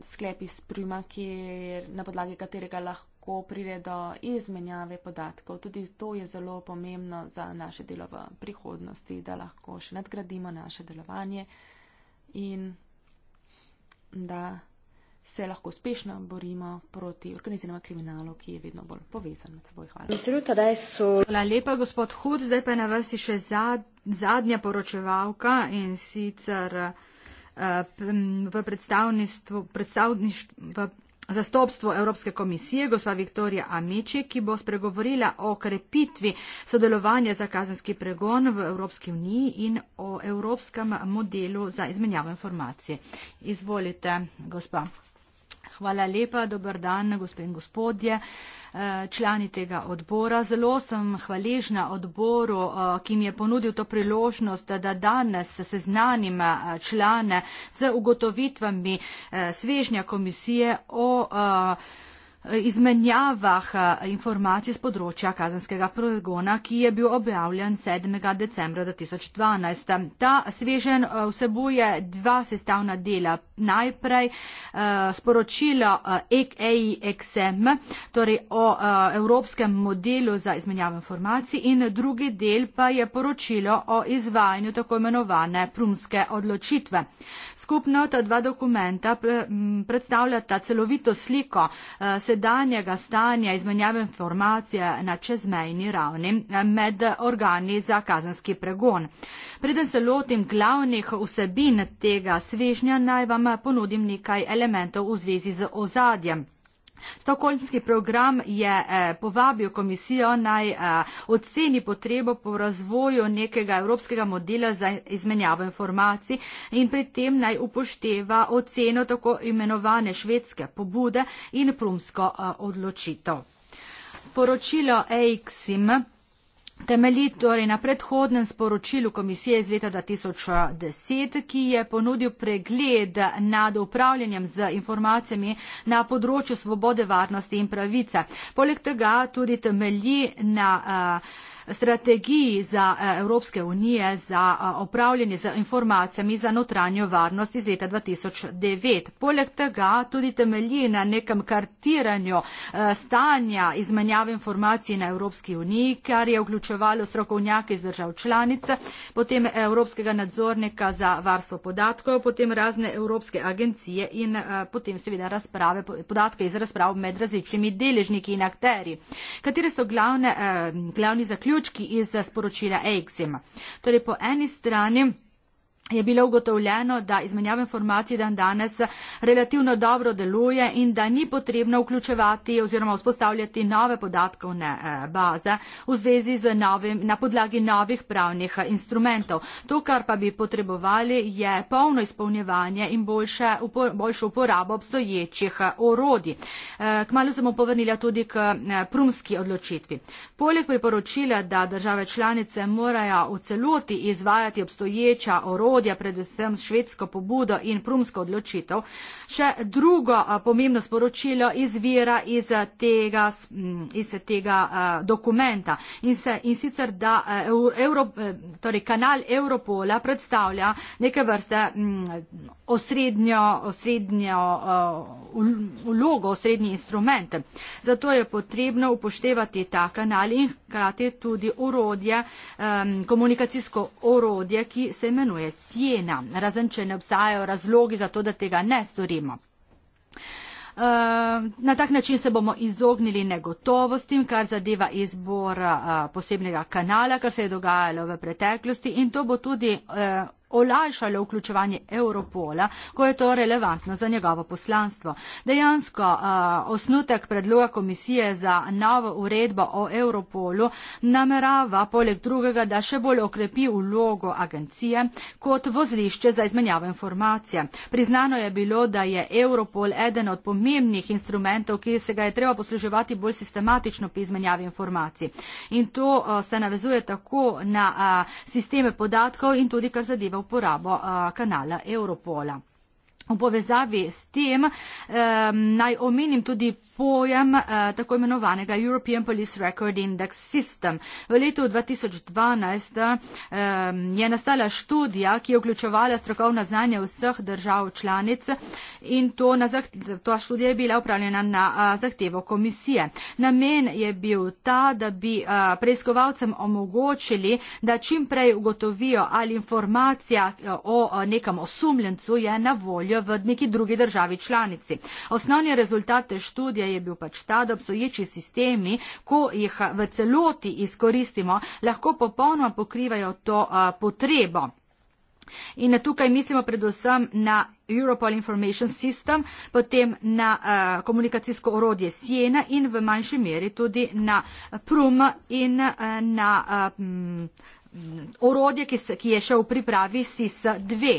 sklep iz prima, kjer, na podlagi katerega lahko pride do izmenjave podatkov, tudi to je zelo pomembno za naše delo v prihodnosti, da lahko še nadgradimo naše delovanje in da se lahko uspešno borimo proti organiziranemu kriminalu, ki je vedno bolj povezan med seboj. Hvala. Hvala lepa, gospod Hud. Zdaj pa je na vrsti še zadnja poročevalka in sicer eh, v predstavništvu, predstavništvu, v zastopstvo Evropske komisije, gospa Viktorija Ameče, ki bo spregovorila o krepitvi sodelovanja za kazenski pregon v Evropski uniji in o evropskem modelu za izmenjavo informacije. Izvolite, gospa. Hvala lepa, dober dan, gospe in gospodje, eh, člani tega odbora. Zelo sem hvaležna odboru, eh, ki mi je ponudil to priložnost, da danes seznanim eh, člane z ugotovitvami svežnja komisije o izmenjavah eh, informacij z področja kazenskega progona, ki je bil objavljen 7. decembra 2012. Ta svežen eh, vsebuje dva sestavna dela. Najprej eh, sporočilo EIXM, e e torej o evropskem modelu za izmenjavo informacij in drugi del pa je poročilo o izvajanju tako imenovane prumske odločitve skupno ta dva dokumenta predstavljata celovito sliko eh, sedanjega stanja izmenjave informacije na čezmejni ravni eh, med organi za kazanski pregon. Preden se lotim glavnih vsebin tega svežnja, naj vam ponudim nekaj elementov v zvezi z ozadjem. Stokholmski program je eh, povabil komisijo naj eh, oceni potrebo po razvoju nekega evropskega modela za izmenjavo informacij in pri tem naj upošteva oceno tako imenovane švedske pobude in prumsko eh, odločitev. Poročilo EXIM temelji torej na predhodnem sporočilu komisije iz leta 2010, ki je ponudil pregled nad upravljanjem z informacijami na področju svobode, varnosti in pravice. Poleg tega tudi temelji na uh, strategiji za eh, Evropske unije za upravljanje eh, z informacijami za notranjo varnost iz leta 2009. Poleg tega tudi temelji na nekem kartiranju eh, stanja izmenjave informacij na Evropski uniji, kar je vključevalo strokovnjake iz držav članice, potem Evropskega nadzornika za varstvo podatkov, potem razne Evropske agencije in potem seveda razprave, podatke iz razprav med različnimi deležniki in akteri. Katere so glavne, glavni zaključki? zaključki iz sporočila EXIM. Torej, po eni strani je bilo ugotovljeno, da izmenjava informacij dan danes relativno dobro deluje in da ni potrebno vključevati oziroma vzpostavljati nove podatkovne eh, baze v zvezi z novim, na podlagi novih pravnih instrumentov. To, kar pa bi potrebovali, je polno izpolnjevanje in boljše, boljšo uporabo obstoječih eh, orodij. Eh, Kmalo se bom povrnila tudi k prumski odločitvi. Poleg priporočila, da države članice morajo v celoti izvajati obstoječa orodja, vodja predvsem s švedsko pobudo in prumsko odločitev. Še drugo pomembno sporočilo izvira iz tega, iz tega dokumenta in, se, in sicer, da Euro, e, torej kanal Europola predstavlja neke vrste osrednjo, osrednjo vlogo, osrednji instrument. Zato je potrebno upoštevati ta kanal in hkrati tudi urodje, komunikacijsko orodje, ki se imenuje ocena, razen če ne obstajajo razlogi za to, da tega ne storimo. Eh, na tak način se bomo izognili negotovostim, kar zadeva izbor eh, posebnega kanala, kar se je dogajalo v preteklosti in to bo tudi eh, olajšale vključevanje Europola, ko je to relevantno za njegovo poslanstvo. Dejansko osnutek predloga komisije za novo uredbo o Europolu namerava poleg drugega, da še bolj okrepi vlogo agencije kot vozlišče za izmenjavo informacije. Priznano je bilo, da je Europol eden od pomembnih instrumentov, ki se ga je treba posluževati bolj sistematično pri izmenjavi informacij. In to se navezuje tako na sisteme podatkov in tudi kar zadeva uporabo eh, kanala Europola. V povezavi s tem eh, naj omenim tudi pojem eh, tako imenovanega European Police Record Index System. V letu 2012 eh, je nastala študija, ki je vključevala strokovna znanja vseh držav članic in to, to študija je bila upravljena na eh, zahtevo komisije. Namen je bil ta, da bi eh, preiskovalcem omogočili, da čim prej ugotovijo ali informacija eh, o eh, nekem osumljencu je na voljo v neki drugi državi članici. Osnovni rezultat te študije je bil pač ta, da obstoječi sistemi, ko jih eh, v celoti izkoristimo, lahko popolnoma pokrivajo to a, eh, potrebo. In tukaj mislimo predvsem na Europol Information System, potem na a, eh, komunikacijsko orodje Siena in v manjši meri tudi na Prum in a, na a, m, orodje, ki, se, ki je še v pripravi SIS-2.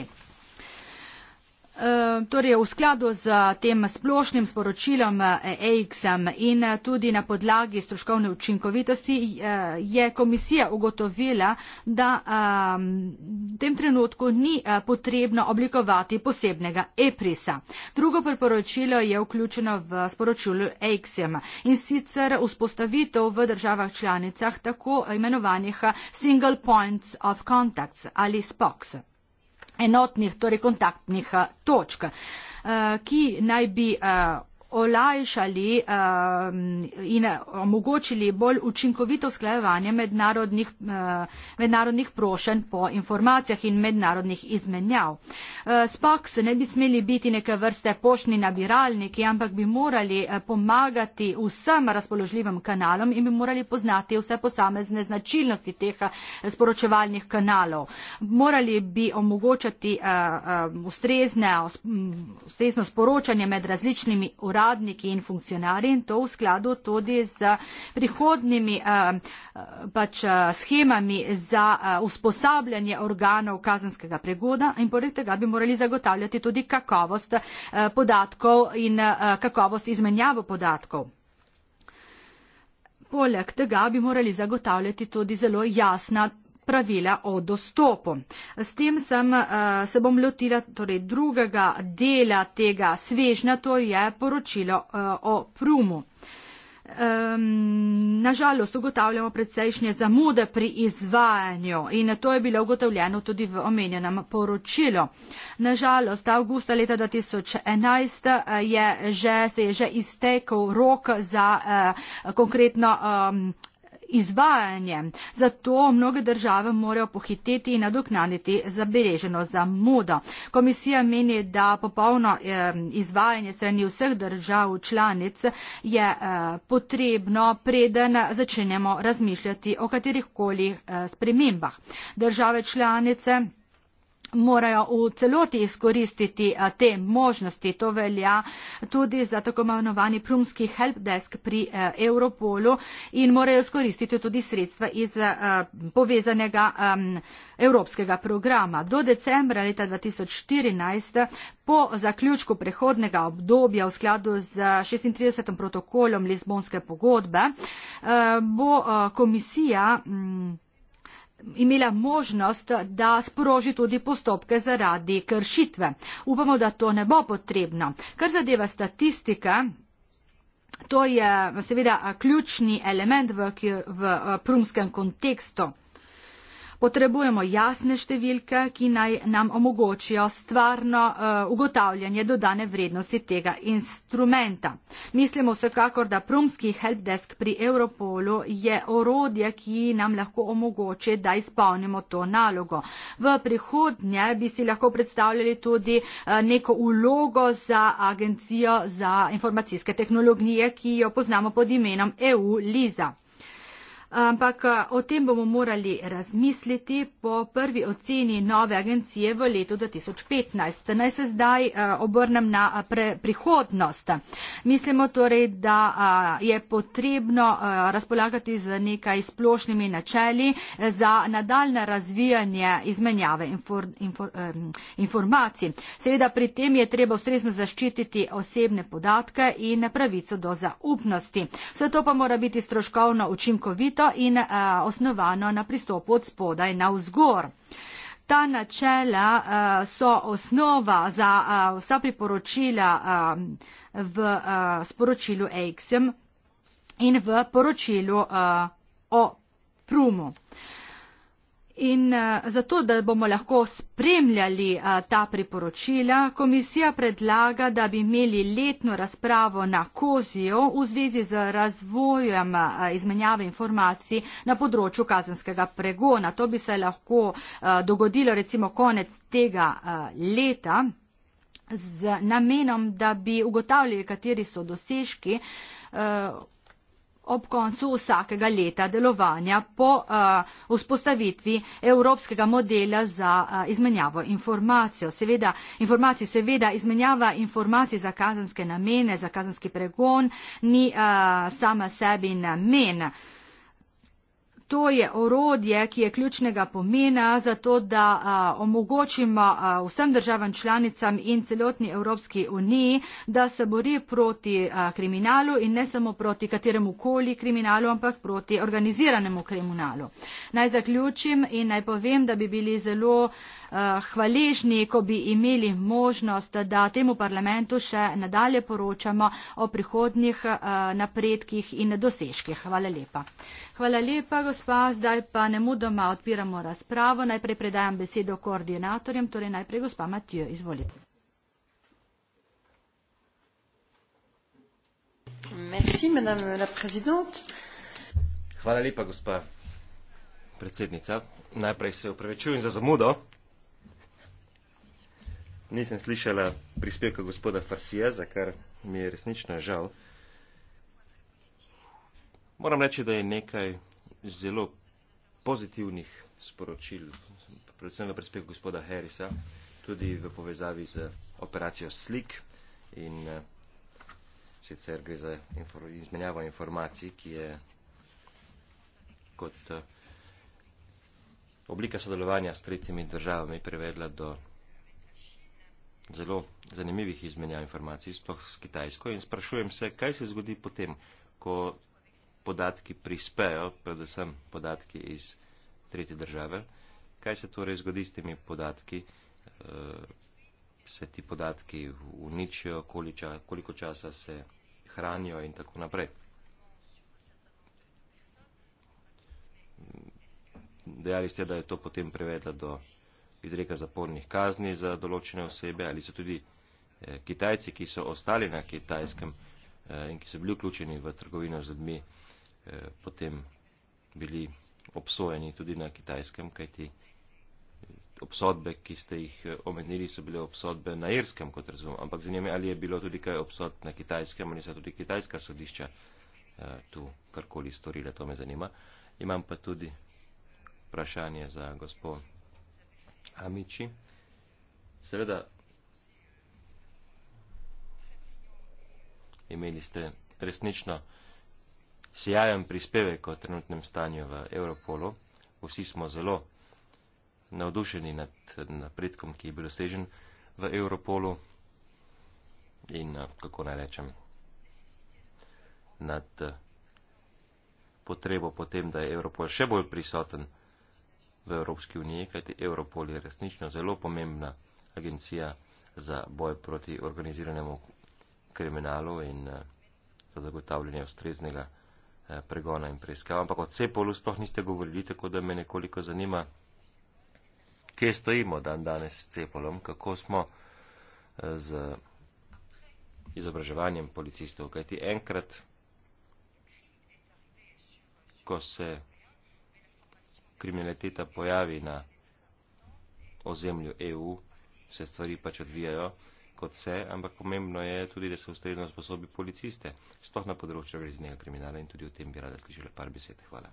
Eh, torej v skladu z tem splošnim sporočilom EIX eh, in eh, tudi na podlagi stroškovne učinkovitosti je komisija ugotovila, da ehm, v tem trenutku ni potrebno oblikovati posebnega EPRISA. Drugo priporočilo je vključeno v sporočilu EIX in sicer vzpostavitev v državah članicah tako imenovanih Single Points of Contacts ali SPOCS enotnih, torej kontaktnih eh, točk, eh, ki naj bi eh, olajšali uh, in omogočili bolj učinkovito sklajevanje mednarodnih, uh, mednarodnih prošen po informacijah in mednarodnih izmenjav. Uh, SPOX ne bi smeli biti neke vrste poštni nabiralniki, ampak bi morali uh, pomagati vsem razpoložljivim kanalom in bi morali poznati vse posamezne značilnosti teh uh, sporočevalnih kanalov. Morali bi omogočati uh, uh, ustrezne, um, ustrezno sporočanje med različnimi uradniki uradniki in funkcionari in to v skladu tudi z prihodnimi eh, eh, pač eh, schemami za usposabljanje organov kazanskega pregoda in poleg tega bi morali zagotavljati tudi kakovost podatkov in kakovost izmenjavo podatkov. Poleg tega bi morali zagotavljati tudi zelo jasna pravila o dostopu. S tem sem, eh, se bom lotila torej, drugega dela tega svežna, to je poročilo eh, o prumu. Um, nažalost ugotavljamo precejšnje zamude pri izvajanju in to je bilo ugotovljeno tudi v omenjenem poročilu. Nažalost, avgusta leta 2011 eh, je že, se je že iztekel rok za uh, konkretno um, izvajanjem. Zato mnoge države morajo pohiteti in nadoknaditi zabeleženo zamudo. Komisija meni, da popolno izvajanje strani vseh držav članic je eh, potrebno, preden začnemo razmišljati o katerihkoli eh, spremembah. Države članice morajo v celoti izkoristiti eh, te možnosti. To velja tudi za tako imenovani prumski helpdesk pri eh, Europolu in morajo izkoristiti tudi sredstva iz eh, povezanega evropskega programa. Do decembra leta 2014 po zaključku prehodnega obdobja v skladu z 36. protokolom Lizbonske pogodbe bo komisija mm, imela možnost, da sproži tudi postopke zaradi kršitve. Upamo, da to ne bo potrebno. Kar zadeva statistike, to je seveda ključni element v, v eh, prumskem kontekstu potrebujemo jasne številke, ki naj nam omogočijo stvarno uh, ugotavljanje dodane vrednosti tega instrumenta. Mislimo vsekakor, da prumski helpdesk pri Europolu je orodje, ki nam lahko omogoče, da izpolnimo to nalogo. V prihodnje bi si lahko predstavljali tudi uh, neko ulogo za agencijo za informacijske tehnologije, ki jo poznamo pod imenom EU-LIZA ampak o tem bomo morali razmisliti po prvi oceni nove agencije v letu 2015. Naj se zdaj obrnem na pre, prihodnost. Mislimo torej, da je potrebno razpolagati z nekaj splošnimi načeli e, za nadaljne razvijanje izmenjave infor, infor, e, informacij. Seveda pri tem je treba ustrezno zaščititi osebne podatke in pravico do zaupnosti. Vse to pa mora biti stroškovno učinkovito razvito in uh, osnovano na pristopu od spodaj na vzgor. Ta načela uh, so osnova za uh, vsa priporočila um, v uh, sporočilu EXM in v poročilu uh, o prumu. In eh, zato, da bomo lahko spremljali eh, ta priporočila, komisija predlaga, da bi imeli letno razpravo na kozijo v zvezi z razvojem eh, izmenjave informacij na področju kazenskega pregona. To bi se lahko dogodilo recimo konec tega leta z namenom, da bi ugotavljali, kateri so dosežki ob koncu vsakega leta delovanja po uh, vzpostavitvi evropskega modela za uh, izmenjavo informacij. Seveda, informacij, seveda izmenjava informacij za kazanske namene, za kazanski pregon ni uh, sama sebi namen to je orodje, ki je ključnega pomena za to, da a, omogočimo a, vsem državam članicam in celotni Evropski uniji, da se bori proti a, kriminalu in ne samo proti kateremu koli kriminalu, ampak proti organiziranemu kriminalu. Naj zaključim in naj povem, da bi bili zelo a, hvaležni, ko bi imeli možnost, da temu parlamentu še nadalje poročamo o prihodnjih a, napredkih in dosežkih. Hvala lepa. Hvala lepa, gospa. Zdaj pa ne mudoma odpiramo razpravo. Najprej predajam besedo koordinatorjem, torej najprej gospa Matijo, izvolite. Merci, madame la présidente. Hvala lepa, gospa predsednica. Najprej se upravičujem za zamudo. Nisem slišala prispevka gospoda Farsija, za kar mi je resnično žal. Moram reči, da je nekaj zelo pozitivnih sporočil, predvsem v prispevku gospoda Harrisa, tudi v povezavi z operacijo Slik in eh, sicer gre za infor izmenjavo informacij, ki je kot eh, oblika sodelovanja s tretjimi državami privedla do zelo zanimivih izmenjav informacij, sploh s Kitajsko. In sprašujem se, kaj se zgodi potem, ko podatki prispejo, predvsem podatki iz tretje države. Kaj se torej zgodi s temi podatki? Eh, se ti podatki uničijo, koliko časa se hranijo in tako naprej? Dejali ste, da je to potem prevedlo do izreka zapornih kazni za določene osebe ali so tudi eh, Kitajci, ki so ostali na kitajskem eh, in ki so bili vključeni v trgovino z ljudmi, Eh, potem bili obsojeni tudi na kitajskem, kajti eh, obsodbe, ki ste jih eh, omenili, so bile obsodbe na irskem, kot razumem. Ampak zanima me, ali je bilo tudi kaj obsod na kitajskem, ali so tudi kitajska sodišča tu karkoli storile, to me zanima. Imam pa tudi vprašanje za gospod Amiči. Seveda, imeli ste resnično sjajen prispevek o trenutnem stanju v Europolu. Vsi smo zelo navdušeni nad napredkom, ki je bil dosežen v Europolu in, eh, kako naj rečem, nad eh, potrebo potem, da je Europol še bolj prisoten v Evropski uniji, kajti Europol je resnično zelo pomembna agencija za boj proti organiziranemu kriminalu in eh, za zagotavljanje ustreznega Eh, pregona in preiskav. Ampak o Cepolu sploh niste govorili, tako da me nekoliko zanima, kje stojimo dan danes s Cepolom, kako smo eh, z izobraževanjem policistov. Kajti enkrat, ko se kriminaliteta pojavi na ozemlju EU, se stvari pač odvijajo kot se, ampak pomembno je tudi, da se ustrezno sposobi policiste, sploh na področju organiziranega kriminala in tudi o tem bi rada slišala par besed. Hvala.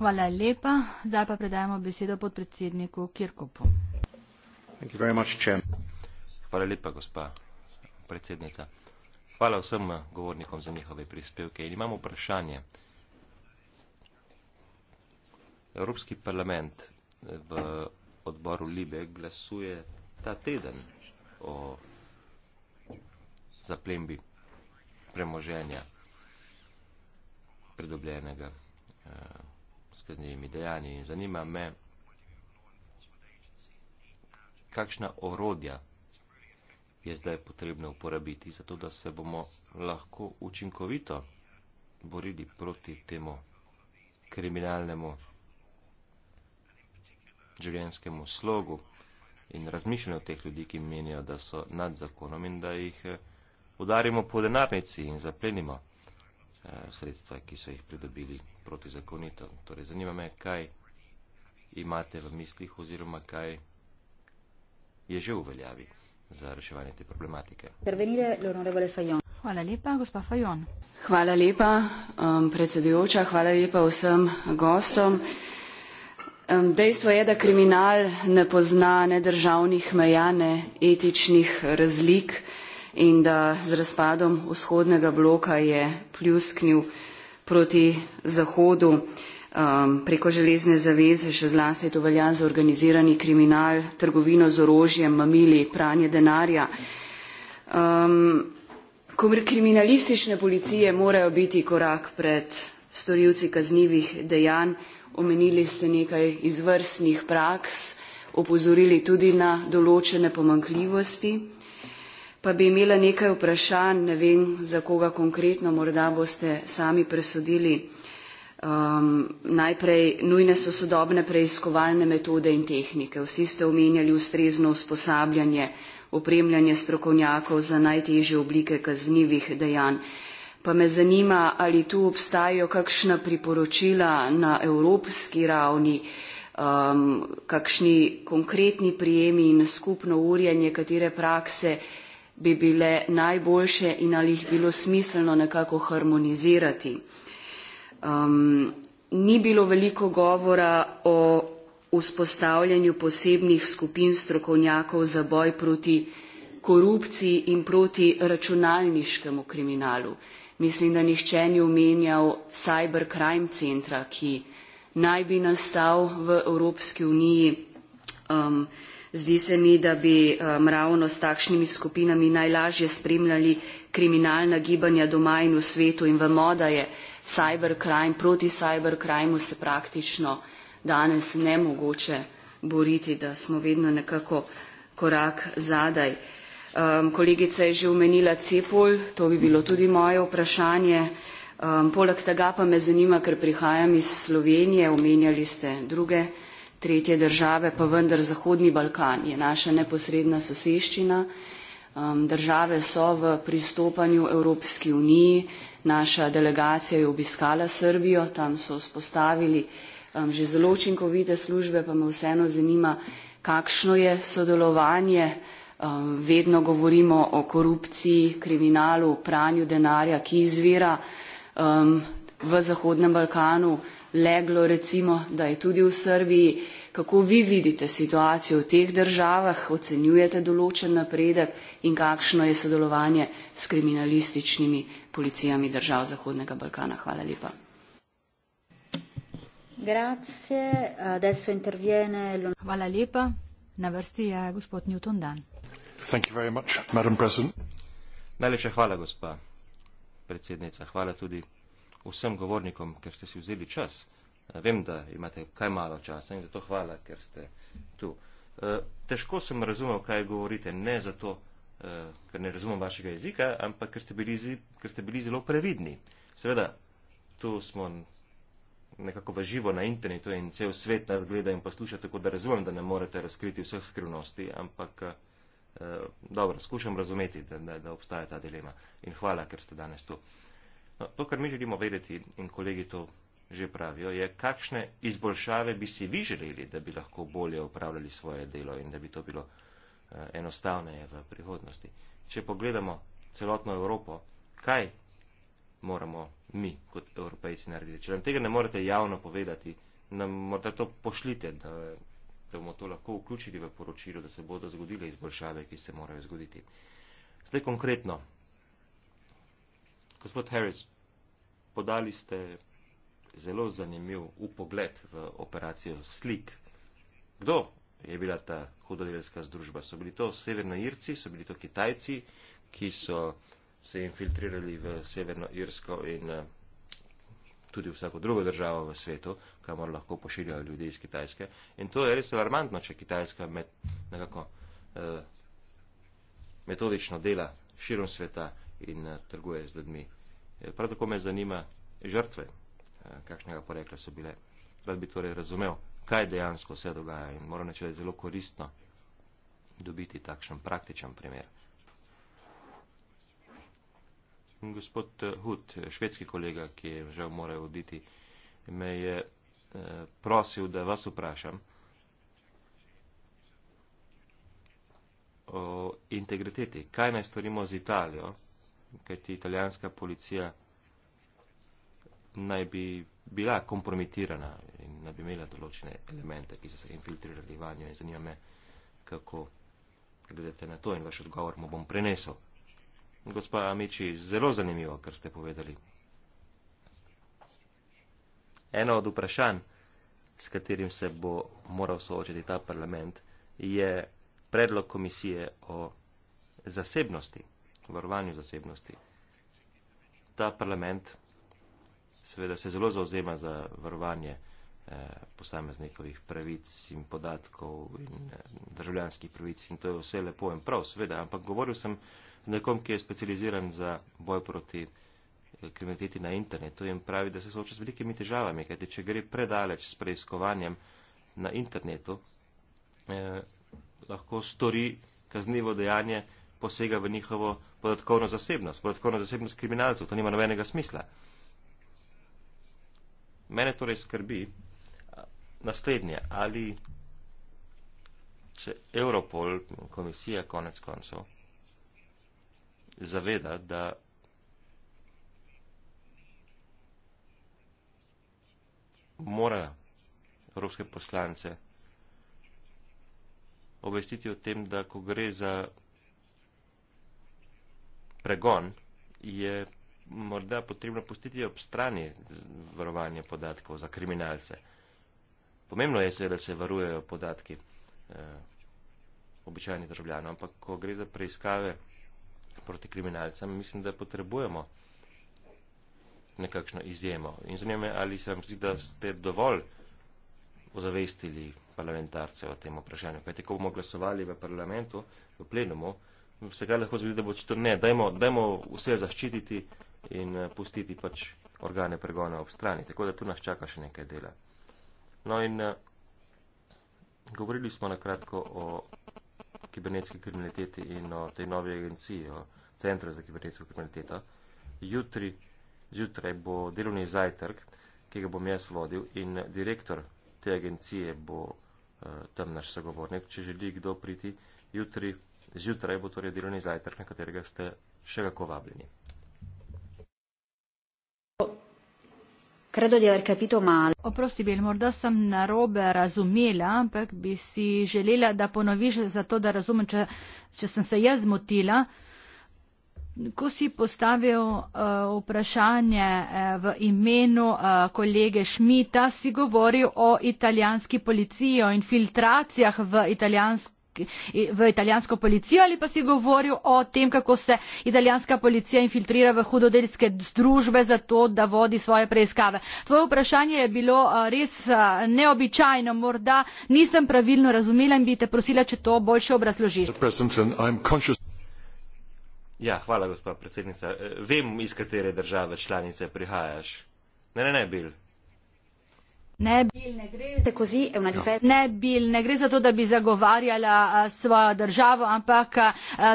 Hvala lepa. Zdaj pa predajamo besedo podpredsedniku Kirkopu. Hvala lepa, gospa predsednica. Hvala vsem govornikom za njihove prispevke. In imamo vprašanje. Evropski parlament v odboru Libe glasuje ta teden o zaplembi premoženja pridobljenega eh, s kaznjimi dejanji. In zanima me, kakšna orodja je zdaj potrebno uporabiti, zato da se bomo lahko učinkovito borili proti temu kriminalnemu življenjskemu slogu in razmišljanju teh ljudi, ki menijo, da so nad zakonom in da jih eh, udarimo po denarnici in zaplenimo eh, sredstva, ki so jih pridobili protizakonito. Torej, zanima me, kaj imate v mislih oziroma kaj je že v veljavi za reševanje te problematike. Hvala lepa, gospa Fajon. Hvala lepa, um, predsedujoča, hvala lepa vsem gostom dejstvo je da kriminal ne pozna ne državnih meja ne etičnih razlik in da z razpadom vzhodnega bloka je pljusknil proti zahodu um, preko železne zaveze še zlasti to velja za organizirani kriminal trgovino z orožjem mamili pranje denarja um, kriminalistične policije morajo biti korak pred storilci kaznivih dejanj omenili ste nekaj izvrstnih praks, opozorili tudi na določene pomankljivosti. Pa bi imela nekaj vprašanj, ne vem za koga konkretno, morda boste sami presodili. Um, najprej nujne so sodobne preiskovalne metode in tehnike. Vsi ste omenjali ustrezno usposabljanje, opremljanje strokovnjakov za najtežje oblike kaznjivih dejanj. Pa me zanima, ali tu obstajajo kakšna priporočila na evropski ravni, um, kakšni konkretni prijemi in skupno urjanje, katere prakse bi bile najboljše in ali jih bilo smiselno nekako harmonizirati. Um, ni bilo veliko govora o vzpostavljanju posebnih skupin strokovnjakov za boj proti korupciji in proti računalniškemu kriminalu. Mislim, da nihče ni omenjal cybercrime centra, ki naj bi nastal v Evropski uniji. Um, zdi se mi, da bi um, ravno s takšnimi skupinami najlažje spremljali kriminalna gibanja doma in v svetu in vemo, da je cybercrime proti cybercrimu se praktično danes nemogoče boriti, da smo vedno nekako korak zadaj. Um, kolegica je že omenila Cepol, to bi bilo tudi moje vprašanje. Um, poleg tega pa me zanima, ker prihajam iz Slovenije, omenjali ste druge, tretje države, pa vendar Zahodni Balkan je naša neposredna soseščina. Um, države so v pristopanju Evropski uniji, naša delegacija je obiskala Srbijo, tam so spostavili um, že zelo učinkovite službe, pa me vseeno zanima, kakšno je sodelovanje. Ehm, vedno govorimo o korupciji, kriminalu, pranju denarja, ki izvira ehm, v Zahodnem Balkanu, leglo recimo, da je tudi v Srbiji. Kako vi vidite situacijo v teh državah, ocenjujete določen napredek in kakšno je sodelovanje s kriminalističnimi policijami držav Zahodnega Balkana? Hvala lepa. Hvala lepa. Na vrsti je gospod Newton Dan. Najlepša hvala, gospa predsednica. Hvala tudi vsem govornikom, ker ste si vzeli čas. Vem, da imate kaj malo časa in zato hvala, ker ste tu. E, težko sem razumel, kaj govorite, ne zato, e, ker ne razumem vašega jezika, ampak ker ste bili, ker ste bili zelo previdni. Seveda, tu smo nekako v živo na internetu in cel svet nas gleda in posluša, tako da razumem, da ne morete razkriti vseh skrivnosti, ampak. Eh, dobro, skušam razumeti, da, da, da obstaja ta dilema in hvala, ker ste danes tu. No, to, kar mi želimo vedeti in kolegi to že pravijo, je, kakšne izboljšave bi si vi želeli, da bi lahko bolje upravljali svoje delo in da bi to bilo uh, enostavneje v prihodnosti. Če pogledamo celotno Evropo, kaj moramo mi kot evropejci narediti? Če nam tega ne morete javno povedati, nam morda to pošljite, da da bomo to lahko vključili v poročilo, da se bodo zgodile izboljšave, ki se morajo zgoditi. Zdaj konkretno, gospod Harris, podali ste zelo zanimiv upogled v operacijo slik. Kdo je bila ta hudodelska združba? So bili to severnoirci, so bili to kitajci, ki so se infiltrirali v severnoirsko in eh, tudi vsako drugo državo v svetu, kamor lahko pošiljajo ljudi iz Kitajske. In to je res alarmantno, če Kitajska med, nekako eh, metodično dela širom sveta in eh, trguje z ljudmi. Eh, prav tako me zanima žrtve, eh, kakšnega porekla so bile. Rad bi torej razumel, kaj dejansko se dogaja in moram reči, da je zelo koristno dobiti takšen praktičen primer. Gospod eh, Hud, švedski kolega, ki je žal moral oditi, me je eh, prosil, da vas vprašam o integriteti. Kaj naj storimo z Italijo, kajti italijanska policija naj bi bila kompromitirana in naj bi imela določene elemente, ki so se infiltrirali vanjo in zanima me, kako gledate na to in vaš odgovor mu bom prenesel. Gospa Amiči, zelo zanimivo, kar ste povedali. Eno od vprašanj, s katerim se bo moral soočiti ta parlament, je predlog komisije o zasebnosti, varovanju zasebnosti. Ta parlament seveda se zelo zauzema za varovanje eh, posameznikovih pravic in podatkov in eh, državljanskih pravic in to je vse lepo in prav, seveda, ampak govoril sem nekom, ki je specializiran za boj proti eh, kriminaliteti na internetu in pravi, da se sooča z velikimi težavami, kajti če gre predaleč s preiskovanjem na internetu, eh, lahko stori kaznivo dejanje, posega v njihovo podatkovno zasebnost, podatkovno zasebnost kriminalcev. To nima nobenega smisla. Mene torej skrbi eh, naslednje, ali se Europol, komisija konec koncev, zaveda, da mora evropske poslance obvestiti o tem, da ko gre za pregon, je morda potrebno pustiti ob strani varovanje podatkov za kriminalce. Pomembno je seveda, da se varujejo podatki eh, običajnih državljanov, ampak ko gre za preiskave proti kriminalcem, mislim, da potrebujemo nekakšno izjemo. In zanima me, ali se vam zdi, da ste dovolj ozavestili parlamentarce o tem vprašanju. Kajti, ko bomo glasovali v parlamentu, v plenumu, se ga lahko zgodi, da bo čisto ne. Dajmo, dajmo vse zaščititi in eh, pustiti pač organe pregona ob strani. Tako da tu nas čaka še nekaj dela. No in eh, govorili smo na kratko o kibernetski kriminaliteti in o tej novi agenciji, o Centru za kibernetsko kriminaliteto. Jutri, zjutraj bo delovni zajtrk, ki ga bom jaz vodil in direktor te agencije bo uh, tam naš sogovornik, če želi kdo priti. Jutri, zjutraj bo torej delovni zajtrk, na katerega ste še kako vabljeni. Credo di aver capito male. Oprosti, bil, morda sem narobe razumela, ampak bi si želela, da ponoviš, zato da razumem, če, če sem se jaz zmotila. Ko si postavil uh, vprašanje uh, v imenu uh, kolege Šmita, si govoril o italijanski policiji, o infiltracijah v italijanski v italijansko policijo ali pa si govoril o tem, kako se italijanska policija infiltrira v hudodelske združbe za to, da vodi svoje preiskave. Tvoje vprašanje je bilo res neobičajno, morda nisem pravilno razumela in bi te prosila, če to boljše obrazložiš. Ja, hvala, gospa predsednica. E, vem, iz katere države članice prihajaš. Ne, ne, ne, bil. Ne, Bill, ne, gre, je una no. ne, Bill, ne gre za to, da bi zagovarjala a, svojo državo, ampak a,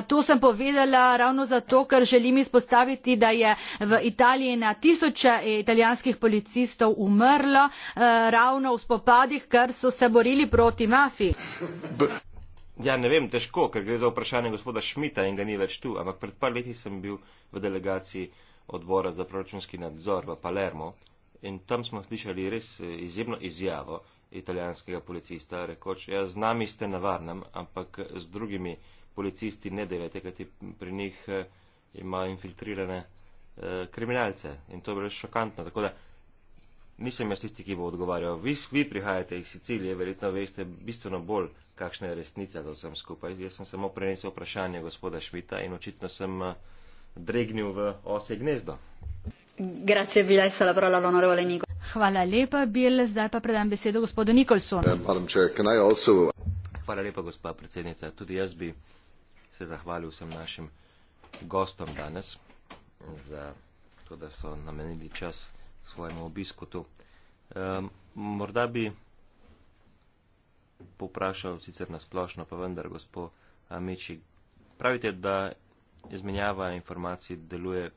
to sem povedala ravno zato, ker želim izpostaviti, da je v Italiji na tisoče e, italijanskih policistov umrlo a, ravno v spopadih, ker so se borili proti mafiji. B ja, ne vem, težko, ker gre za vprašanje gospoda Šmita in ga ni več tu, ampak pred par leti sem bil v delegaciji odbora za proračunski nadzor v Palermo. In tam smo slišali res eh, izjemno izjavo italijanskega policista, rekoč, ja, z nami ste na varnem, ampak eh, z drugimi policisti ne delajte, kajti pri njih eh, ima infiltrirane eh, kriminalce. In to je bilo šokantno. Tako da nisem jaz tisti, ki bo odgovarjal. Vi, vi prihajate iz Sicilije, verjetno veste bistveno bolj, kakšna je resnica do vsem skupaj. Jaz sem samo prenesel vprašanje gospoda Švita in očitno sem eh, dregnil v osje gnezdo. Grazie, vi lascio la parola all'onorevole Nico. Hvala lepa, Bill. Zdaj pa predam besedo gospodu Nikolsonu. Eh, Hvala lepa, gospa predsednica. Tudi jaz bi se zahvalil vsem našim gostom danes za to, da so namenili čas svojemu obisku tu. Um, morda bi poprašal sicer nasplošno, pa vendar, gospod Ameči, pravite, da izmenjava informacij deluje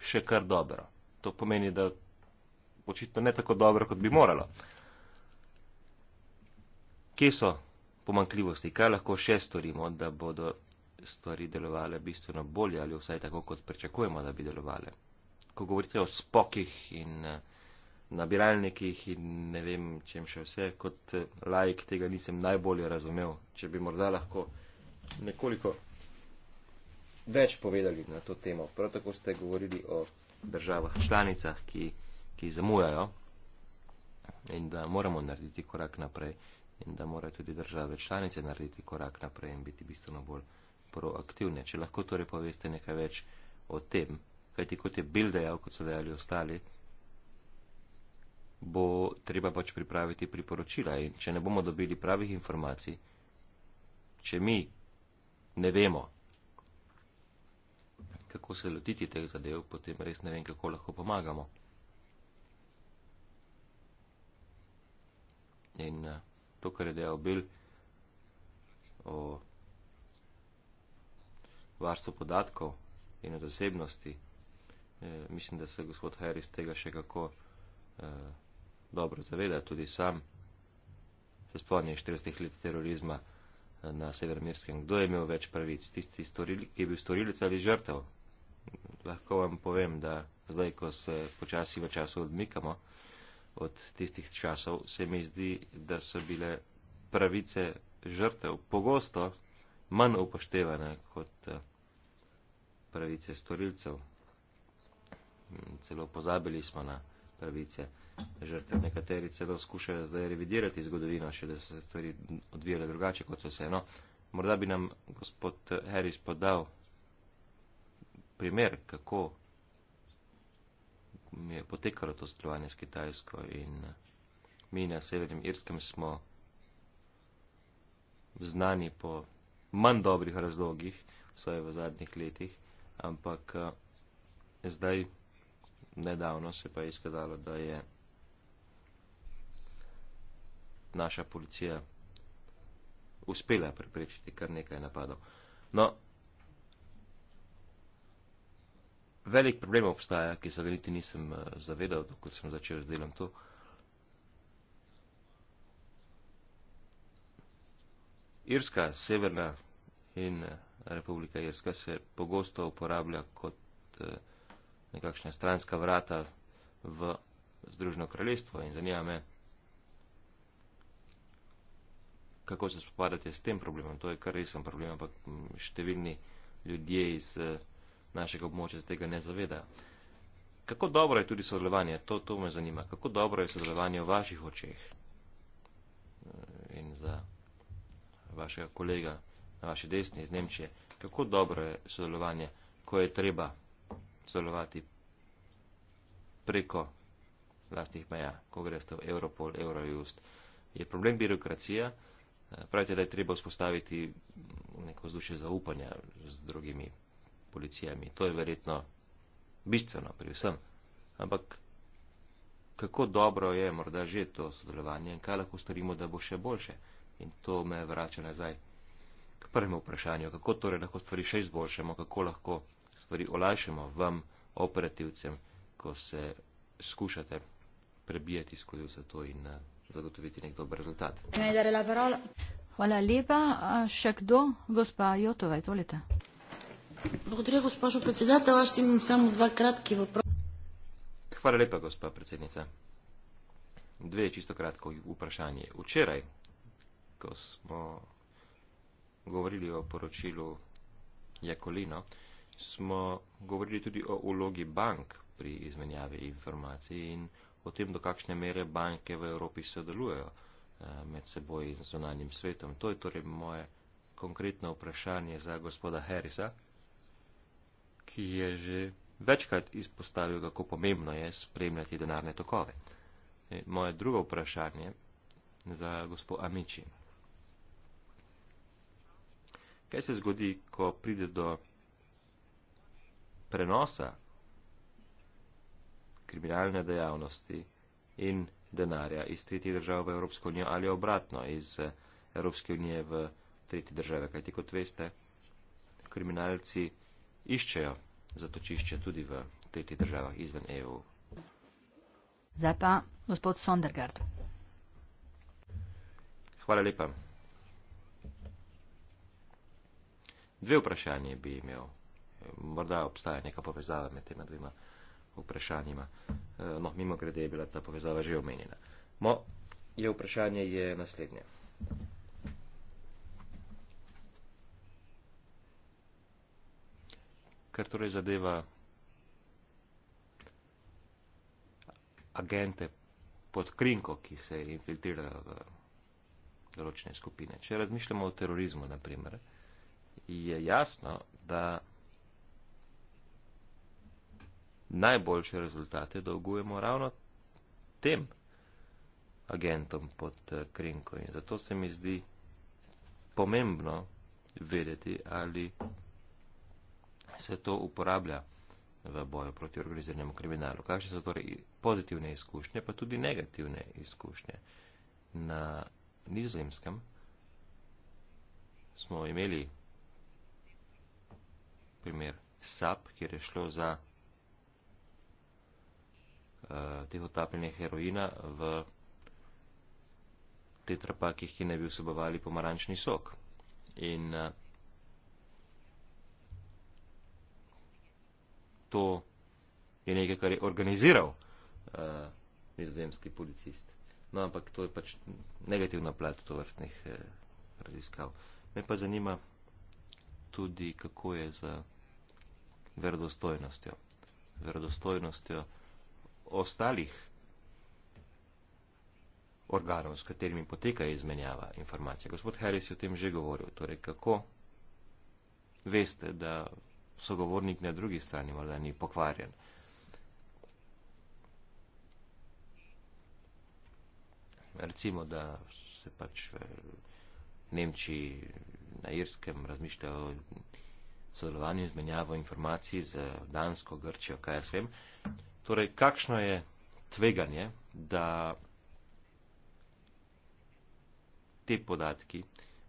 še kar dobro to pomeni, da očitno ne tako dobro, kot bi moralo. Kje so pomankljivosti, kaj lahko še storimo, da bodo stvari delovale bistveno bolje ali vsaj tako, kot pričakujemo, da bi delovale? Ko govorite o spokih in eh, nabiralnikih in ne vem, čem še vse, kot eh, lajk tega nisem najbolje razumel, če bi morda lahko nekoliko več povedali na to temo. Prav tako ste govorili o državah članicah, ki, ki zamujajo in da moramo narediti korak naprej in da morajo tudi države članice narediti korak naprej in biti bistveno bolj proaktivne. Če lahko torej poveste nekaj več o tem, kajti kot je Bill dejal, kot so dejali ostali, bo treba pač pripraviti priporočila in če ne bomo dobili pravih informacij, če mi ne vemo, kako se lotiti teh zadev, potem res ne vem, kako lahko pomagamo. In eh, to, kar je dejal Bill o varstvu podatkov in o zasebnosti, eh, mislim, da se gospod Harris tega še kako eh, dobro zaveda, tudi sam, se spomnim 40 let terorizma na severnirskem, kdo je imel več pravic, tisti, ki je bil storilec ali žrtev, lahko vam povem, da zdaj, ko se počasi v času odmikamo od tistih časov, se mi zdi, da so bile pravice žrtev pogosto manj upoštevane kot eh, pravice storilcev. Mm, celo pozabili smo na pravice žrtev. Nekateri celo skušajo zdaj revidirati zgodovino, še da so se stvari odvijale drugače, kot so se. No, morda bi nam gospod Harris podal primer, kako je potekalo to sodelovanje s Kitajsko in mi na Severnem Irskem smo znani po manj dobrih razlogih, vsaj v zadnjih letih, ampak eh, zdaj nedavno se pa je izkazalo, da je naša policija uspela preprečiti kar nekaj napadov. No, velik problem obstaja, ki se ga niti nisem eh, zavedal, dokler sem začel z delom to. Irska, Severna in eh, Republika Irska se pogosto uporablja kot eh, nekakšna stranska vrata v Združeno kraljestvo in zanima me, kako se spopadate s tem problemom. To je kar resen problem, ampak mm, številni ljudje iz našega območja se tega ne zaveda. Kako dobro je tudi sodelovanje, to, to me zanima, kako dobro je sodelovanje v vaših očeh eh, in za vašega kolega na vaše desni iz Nemčije, kako dobro je sodelovanje, ko je treba sodelovati preko vlastnih meja, ko greste v Europol, Eurojust. Je problem birokracija, eh, pravite, da je treba vzpostaviti neko zduše zaupanja z drugimi policijami. To je verjetno bistveno pri vsem. Ampak kako dobro je morda že to sodelovanje in kaj lahko storimo, da bo še boljše? In to me vrača nazaj k prvemu vprašanju, kako torej lahko stvari še izboljšamo, kako lahko stvari olajšamo vam, operativcem, ko se skušate prebijati skozi vse to in eh, zagotoviti nek dober rezultat. Hvala lepa. Še kdo? Gospa Jotova, izvolite. Благодаря, госпожо председател. Аз ще имам само два кратки въпроса. Хвала лепа, госпожа председница. Две чисто кратко упрашание. Учерай, ко смо говорили о поручилу Яколино, смо говорили туди о улоги банк при изменяве информации и o tem, do kakšne mere banke v Evropi sodelujejo med seboj in zunanjim svetom. To je torej moje konkretno vprašanje za gospoda Harrisa ki je že večkrat izpostavil, kako pomembno je spremljati denarne tokove. E, moje drugo vprašanje za gospod Amiči. Kaj se zgodi, ko pride do prenosa kriminalne dejavnosti in denarja iz tretjih držav v Evropsko unijo ali obratno iz eh, Evropske unije v tretje države? Kajti kot veste, kriminalci iščejo zatočišče tudi v tretjih državah izven EU. Zdaj pa gospod Sondergaard. Hvala lepa. Dve vprašanje bi imel. Morda obstaja neka povezava med tema dvema vprašanjima. Eh, no, mimo grede je bila ta povezava že omenjena. Mo, je vprašanje je naslednje. kar torej zadeva agente pod krinko, ki se infiltrirajo v določene skupine. Če razmišljamo o terorizmu, naprimer, je jasno, da najboljše rezultate dolgujemo ravno tem agentom pod eh, krinko. In zato se mi zdi pomembno vedeti, ali se to uporablja v boju proti organiziranemu kriminalu. Kakšne so torej pozitivne izkušnje, pa tudi negativne izkušnje. Na nizozemskem smo imeli primer SAP, kjer je šlo za uh, teh otapljenih heroina v tetrapakih, ki ne bi vsebovali pomarančni sok. In uh, to je nekaj, kar je organiziral uh, nizozemski policist. No, ampak to je pač negativna plat to vrstnih eh, raziskav. Me pa zanima tudi, kako je z verodostojnostjo. Verodostojnostjo ostalih organov, s katerimi poteka izmenjava informacije. Gospod Harris je o tem že govoril. Torej, kako veste, da sogovornik na drugi strani morda ni pokvarjen. Recimo, da se pač eh, v Nemčiji na Irskem razmišljajo o sodelovanju in izmenjavo informacij z Dansko, Grčijo, kaj jaz vem. Torej, kakšno je tveganje, da te podatki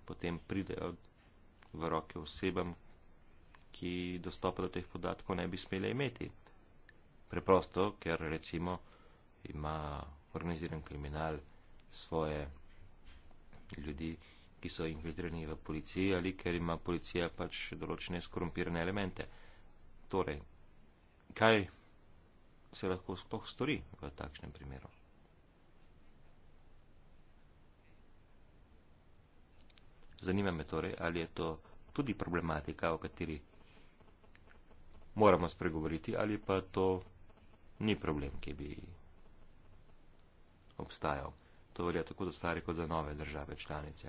potem pridejo v roke osebam, ki dostopa do teh podatkov ne bi smele imeti. Preprosto, ker recimo ima organiziran kriminal svoje ljudi, ki so infiltrirani v policiji ali ker ima policija pač določene skorumpirane elemente. Torej, kaj se lahko sploh stori v takšnem primeru? Zanima me torej, ali je to tudi problematika, o kateri moramo spregovoriti, ali pa to ni problem, ki bi obstajal. To velja tako za stare kot za nove države članice.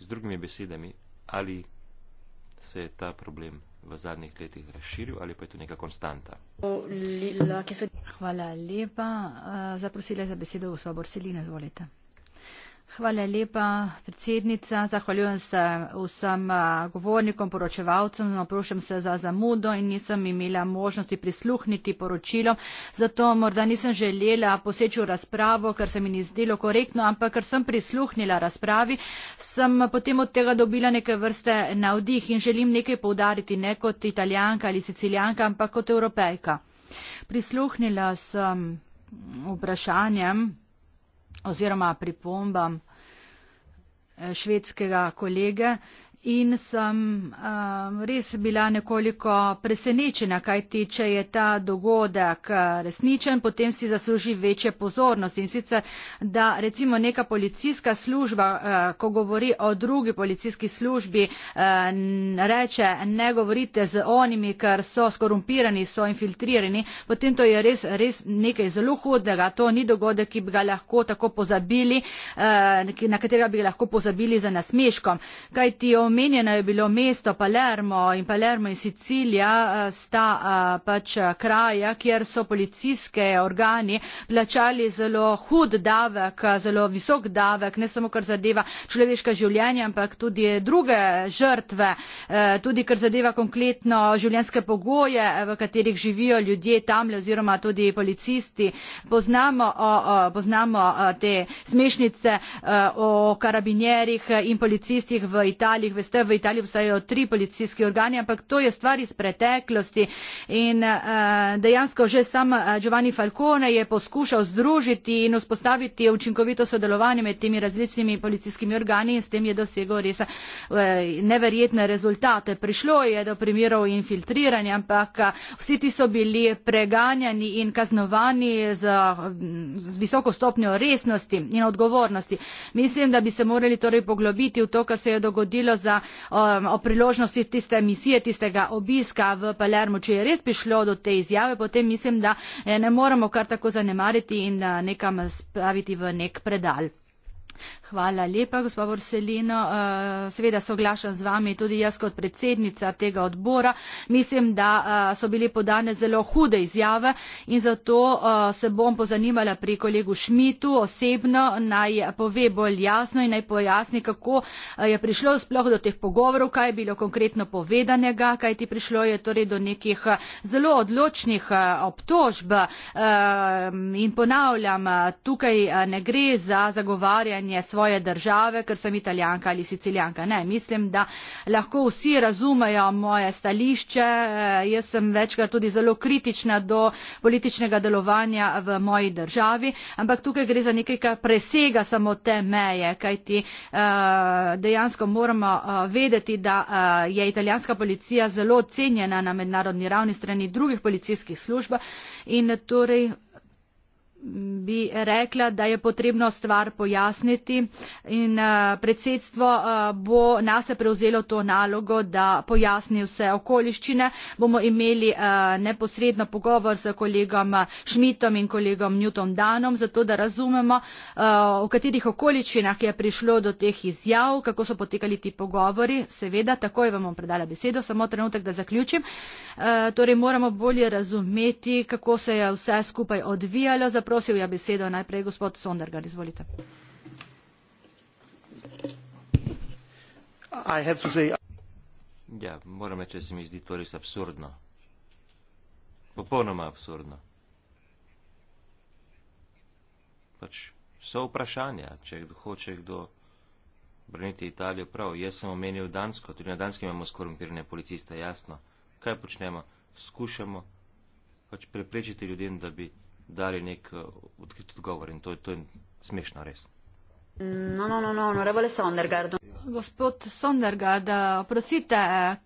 Z drugimi besedami, ali se je ta problem v zadnjih letih razširil ali pa je to neka konstanta. Hvala lepa. Eh, zaprosila je za besedo v svobor Selina, izvolite. Hvala lepa, predsednica. Zahvaljujem se vsem govornikom, poročevalcem, oprošam no, se za zamudo in nisem imela možnosti prisluhniti poročilo. Zato morda nisem želela poseči v razpravo, ker se mi ni zdelo korektno, ampak ker sem prisluhnila razpravi, sem potem od tega dobila neke vrste navdih in želim nekaj povdariti ne kot italijanka ali sicilijanka, ampak kot evropejka. Prisluhnila sem vprašanjem oziroma pripombam eh, švedskega kolege in sem um, res bila nekoliko presenečena, kajti če je ta dogodek uh, resničen, potem si zasluži večje pozornosti. In sicer, da recimo neka policijska služba, uh, ko govori o drugi policijski službi, uh, reče, ne govorite z onimi, ker so skorumpirani, so infiltrirani, potem to je res, res nekaj zelo hudega. To ni dogodek, ki bi ga lahko tako pozabili, uh, na katerega bi ga lahko pozabili za nasmeškom. Kajti, omenjeno je bilo mesto Palermo in Palermo in Sicilija eh, sta eh, pač eh, kraja, kjer so policijske organi plačali zelo hud davek, zelo visok davek, ne samo kar zadeva človeška življenja, ampak tudi druge žrtve, tudi kar zadeva konkretno življenjske pogoje, v katerih živijo ljudje tam oziroma tudi policisti. Poznamo, o, o, poznamo te smešnice o karabinjerih in policistih v Italiji, veste, v Italiji obstajajo tri policijski organi, ampak to je stvar iz preteklosti in uh, dejansko že sam eh, Giovanni Falcone je poskušal združiti in vzpostaviti učinkovito sodelovanje med temi različnimi policijskimi organi in s tem je dosegel res uh, neverjetne rezultate. Prišlo je do primerov infiltriranja, ampak vsi ti so bili preganjani in kaznovani z, z visoko stopnjo resnosti in odgovornosti. Mislim, da bi se morali torej poglobiti v to, kar se je dogodilo z za um, o priložnosti tiste misije, tistega obiska v Palermo. Če je res prišlo do te izjave, potem mislim, da eh, ne moremo kar tako zanemariti in eh, nekam spraviti v nek predal. Hvala lepa, gospa Borselino. Eh, seveda soglašam z vami tudi jaz kot predsednica tega odbora. Mislim, da eh, so bili podane zelo hude izjave in zato eh, se bom pozanimala pri kolegu Šmitu osebno, naj pove bolj jasno in naj pojasni, kako je prišlo sploh do teh pogovorov, kaj je bilo konkretno povedanega, kaj ti prišlo je torej do nekih zelo odločnih obtožb. In ponavljam, tukaj ne gre za zagovarjanje mnenje svoje države, ker sem italijanka ali sicilijanka. Ne, mislim, da lahko vsi razumejo moje stališče. Eh, jaz sem večkrat tudi zelo kritična do političnega delovanja v moji državi, ampak tukaj gre za nekaj, kar presega samo te meje, kajti eh, dejansko moramo eh, vedeti, da je italijanska policija zelo cenjena na mednarodni ravni strani drugih policijskih služb in torej bi rekla, da je potrebno stvar pojasniti in eh, predsedstvo eh, bo nase prevzelo to nalogo, da pojasni vse okoliščine. Bomo imeli eh, neposredno pogovor s kolegom Šmitom in kolegom Newton Danom, zato da razumemo, v katerih okoliščinah je prišlo do teh izjav, kako so potekali ti pogovori. Seveda, takoj vam bom predala besedo, samo trenutek, da zaključim. Torej, moramo bolje razumeti, kako se je vse skupaj odvijalo. Zapravo prosil ja besedo najprej gospod Sondergar, izvolite. Ja, moram reči, da se mi zdi to res absurdno. Popolnoma absurdno. Pač so vprašanja, če kdo hoče kdo braniti Italijo prav. Jaz sem omenil Dansko, tudi na Danskem imamo skorumpirane policiste, jasno. Kaj počnemo? Skušamo pač preprečiti ljudem, da bi dali nek uh, odkrit odgovor in to, to je smešno res. No, no, no, no, no, rebole Sondergardu. Gospod Sondergard, eh, prosite, eh,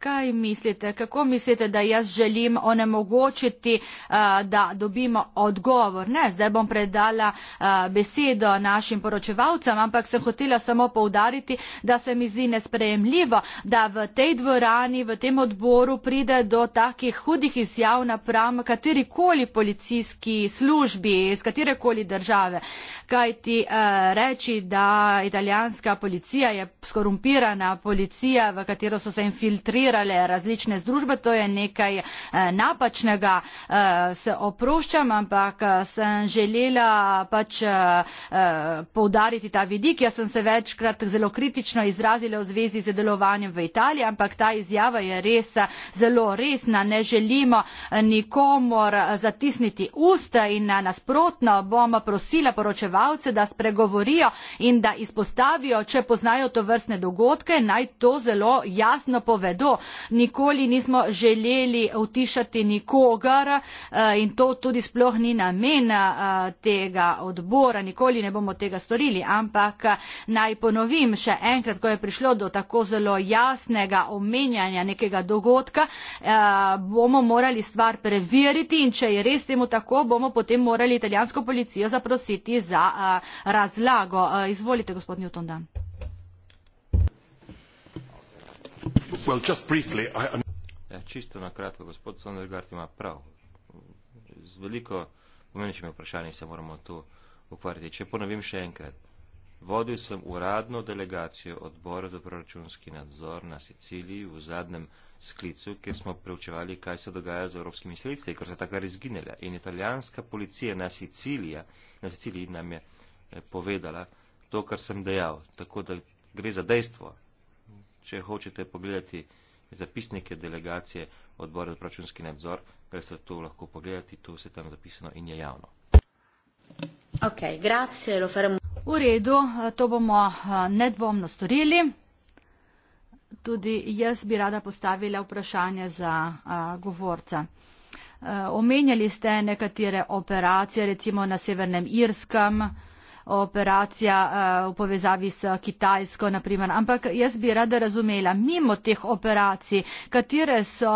kaj mislite, kako mislite, da jaz želim onemogočiti, eh, da dobimo odgovor? Ne, zdaj bom predala eh, besedo našim poročevalcem, ampak sem hotela samo povdariti, da se mi zdi nesprejemljivo, da v tej dvorani, v tem odboru pride do takih hudih izjav napram katerikoli policijski službi iz katerekoli države. Kaj ti eh, reči, da italijanska policija je skorumpirana policija, v katero so se infiltrirali? podpirale različne združbe, to je nekaj eh, napačnega. Eh, se oproščam, ampak eh, sem želela pač povdariti ta vidik. Jaz sem se večkrat zelo kritično izrazila v zvezi z delovanjem v Italiji, ampak ta izjava je res zelo resna. Ne želimo nikomor zatisniti usta in nasprotno bom prosila poročevalce, da spregovorijo in da izpostavijo, če poznajo to vrstne dogodke, naj to zelo jasno povedo nikoli nismo želeli utišati nikogar eh, in to tudi sploh ni namen eh, tega odbora, nikoli ne bomo tega storili, ampak eh, naj ponovim še enkrat, ko je prišlo do tako zelo jasnega omenjanja nekega dogodka, bomo morali stvar preveriti in če je res temu tako, bomo potem morali italijansko policijo zaprositi za razlago. Izvolite, gospod Newton Dan. Well, just briefly, I... ja, čisto na kratko, gospod Sondergaard ima prav. Z veliko pomenečimi vprašanji se moramo tu ukvarjati. Če ponovim še enkrat. Vodil sem uradno delegacijo odbora za proračunski nadzor na Siciliji v zadnjem sklicu, kjer smo preučevali, kaj se dogaja z evropskimi sredstvi, ker so tako izginile. In italijanska policija na Siciliji, na Siciliji nam je eh, povedala to, kar sem dejal. Tako da gre za dejstvo če hočete pogledati zapisnike delegacije odbora za proračunski nadzor, ker se to lahko pogledati, to vse tam zapisano in je javno. Ok, grazie, lo faremo. V redu, to bomo nedvomno storili. Tudi jaz bi rada postavila vprašanje za a, govorca. E, omenjali ste nekatere operacije, recimo na Severnem Irskem. E, operacija eh, v povezavi s Kitajsko, naprimer. Ampak jaz bi rada razumela, mimo teh operacij, so, eh,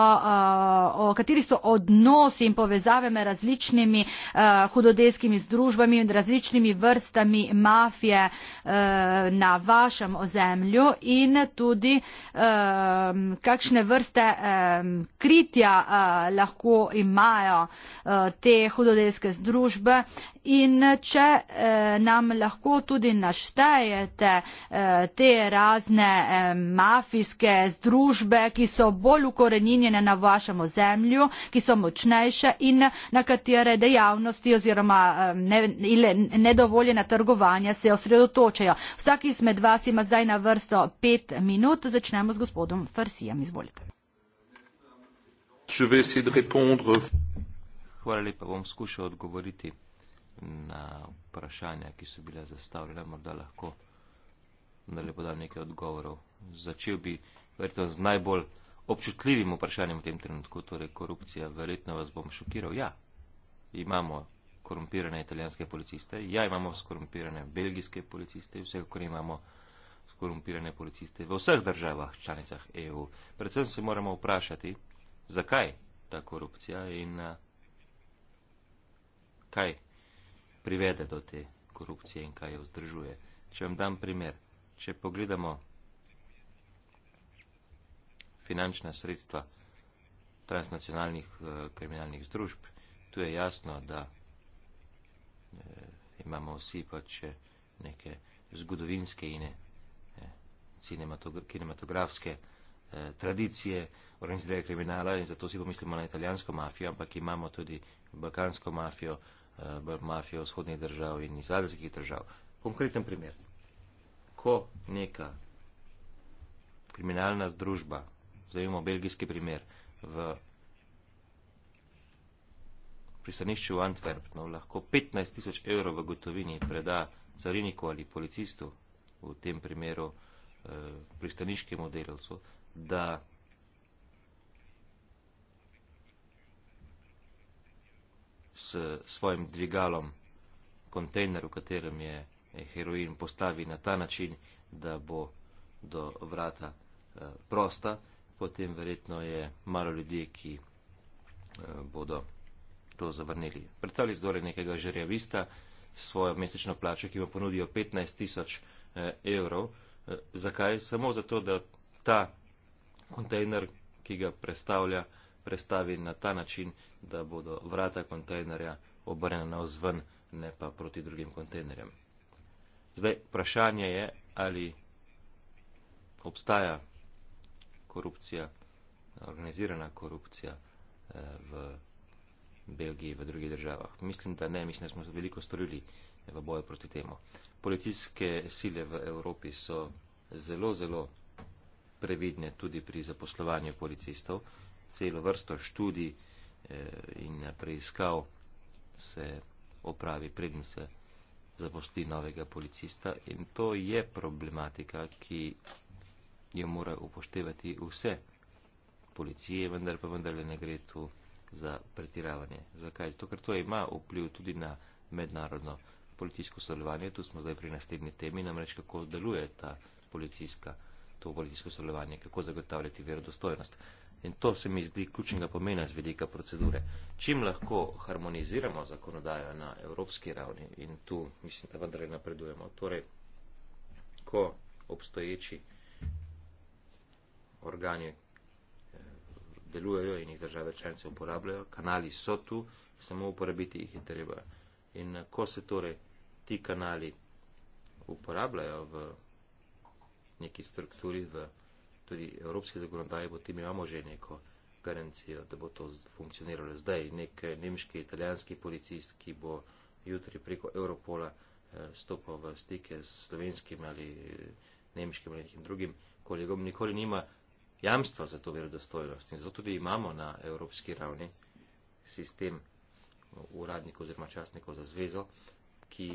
o, kateri so odnosi in povezave med različnimi eh, hudodeskimi združbami in različnimi vrstami mafije na vašem ozemlju in tudi kakšne vrste kritja lahko imajo te hudodeske združbe In eh, če eh, nam lahko tudi naštejete eh, te razne mafijske združbe, ki so bolj ukorenjene na vašem ozemlju, ki so močnejše in na katere dejavnosti oziroma nedovoljena trgovanja se osredotočajo. Vsak izmed vas ima zdaj na vrsto pet minut. Začnemo z gospodom Farsijem. Izvolite. Hvala lepa, bom skušal odgovoriti na vprašanja, ki so bile zastavljene, morda lahko nadalje podam nekaj odgovorov. Začel bi verjetno z najbolj občutljivim vprašanjem v tem trenutku, torej korupcija. Verjetno vas bom šokiral. Ja, imamo korumpirane italijanske policiste, ja, imamo skorumpirane belgijske policiste, vsekakor imamo skorumpirane policiste v vseh državah članicah EU. Predvsem se moramo vprašati, zakaj ta korupcija in eh, kaj privede do te korupcije in kaj jo vzdržuje. Če vam dam primer, če pogledamo finančna sredstva transnacionalnih e, kriminalnih združb, tu je jasno, da e, imamo vsi pač eh, neke zgodovinske in e, kinematografske e, tradicije organiziranja kriminala in zato si pomislimo na italijansko mafijo, ampak imamo tudi balkansko mafijo, mafijo vzhodnih držav in izraelskih držav. Konkreten primer. Ko neka kriminalna združba, vzajemo belgijski primer, v pristanišču v Antwerp, no, lahko 15 tisoč evrov v gotovini preda cariniku ali policistu, v tem primeru eh, pristaniškemu delavcu, da s svojim dvigalom kontejner, v katerem je eh, heroin postavi na ta način, da bo do vrata eh, prosta, potem verjetno je malo ljudi, ki eh, bodo to zavrnili. Predstavljali zdore nekega žerjavista s svojo mesečno plačo, ki mu ponudijo 15 tisoč evrov. Zakaj? Samo zato, da ta kontejner, ki ga predstavlja, prestavi na ta način, da bodo vrata kontejnerja obrnjena navzven, ne pa proti drugim kontejnerjem. Zdaj, vprašanje je, ali obstaja korupcija, organizirana korupcija eh, v Belgiji, v drugih državah. Mislim, da ne, mislim, da smo se veliko storili eh, v boju proti temu. Policijske sile v Evropi so zelo, zelo previdne tudi pri zaposlovanju policistov celo vrsto študij eh, in preiskav se opravi, preden se zaposli novega policista. In to je problematika, ki jo mora upoštevati vse policije, vendar pa vendarle ne gre tu za pretiravanje. Zakaj? Zato, ker to ima vpliv tudi na mednarodno politijsko sodelovanje. Tu smo zdaj pri naslednji temi, namreč kako deluje ta policijska, to policijsko sodelovanje, kako zagotavljati verodostojnost. In to se mi zdi ključnega pomena z velika procedure. Čim lahko harmoniziramo zakonodajo na evropski ravni in tu mislim, da vendar napredujemo. Torej, ko obstoječi organi eh, delujejo in jih države članice uporabljajo, kanali so tu, samo uporabiti jih je treba. In eh, ko se torej ti kanali uporabljajo v neki strukturi, v tudi evropske zakonodaje, potem imamo že neko garancijo, da bo to funkcioniralo. Zdaj nek nemški, italijanski policist, ki bo jutri preko Europola eh, stopil v stike s slovenskim ali eh, nemškim ali nekim drugim kolegom, nikoli nima jamstva za to verodostojnost. In zato tudi imamo na evropski ravni sistem uradnikov oziroma častnikov za zvezo, ki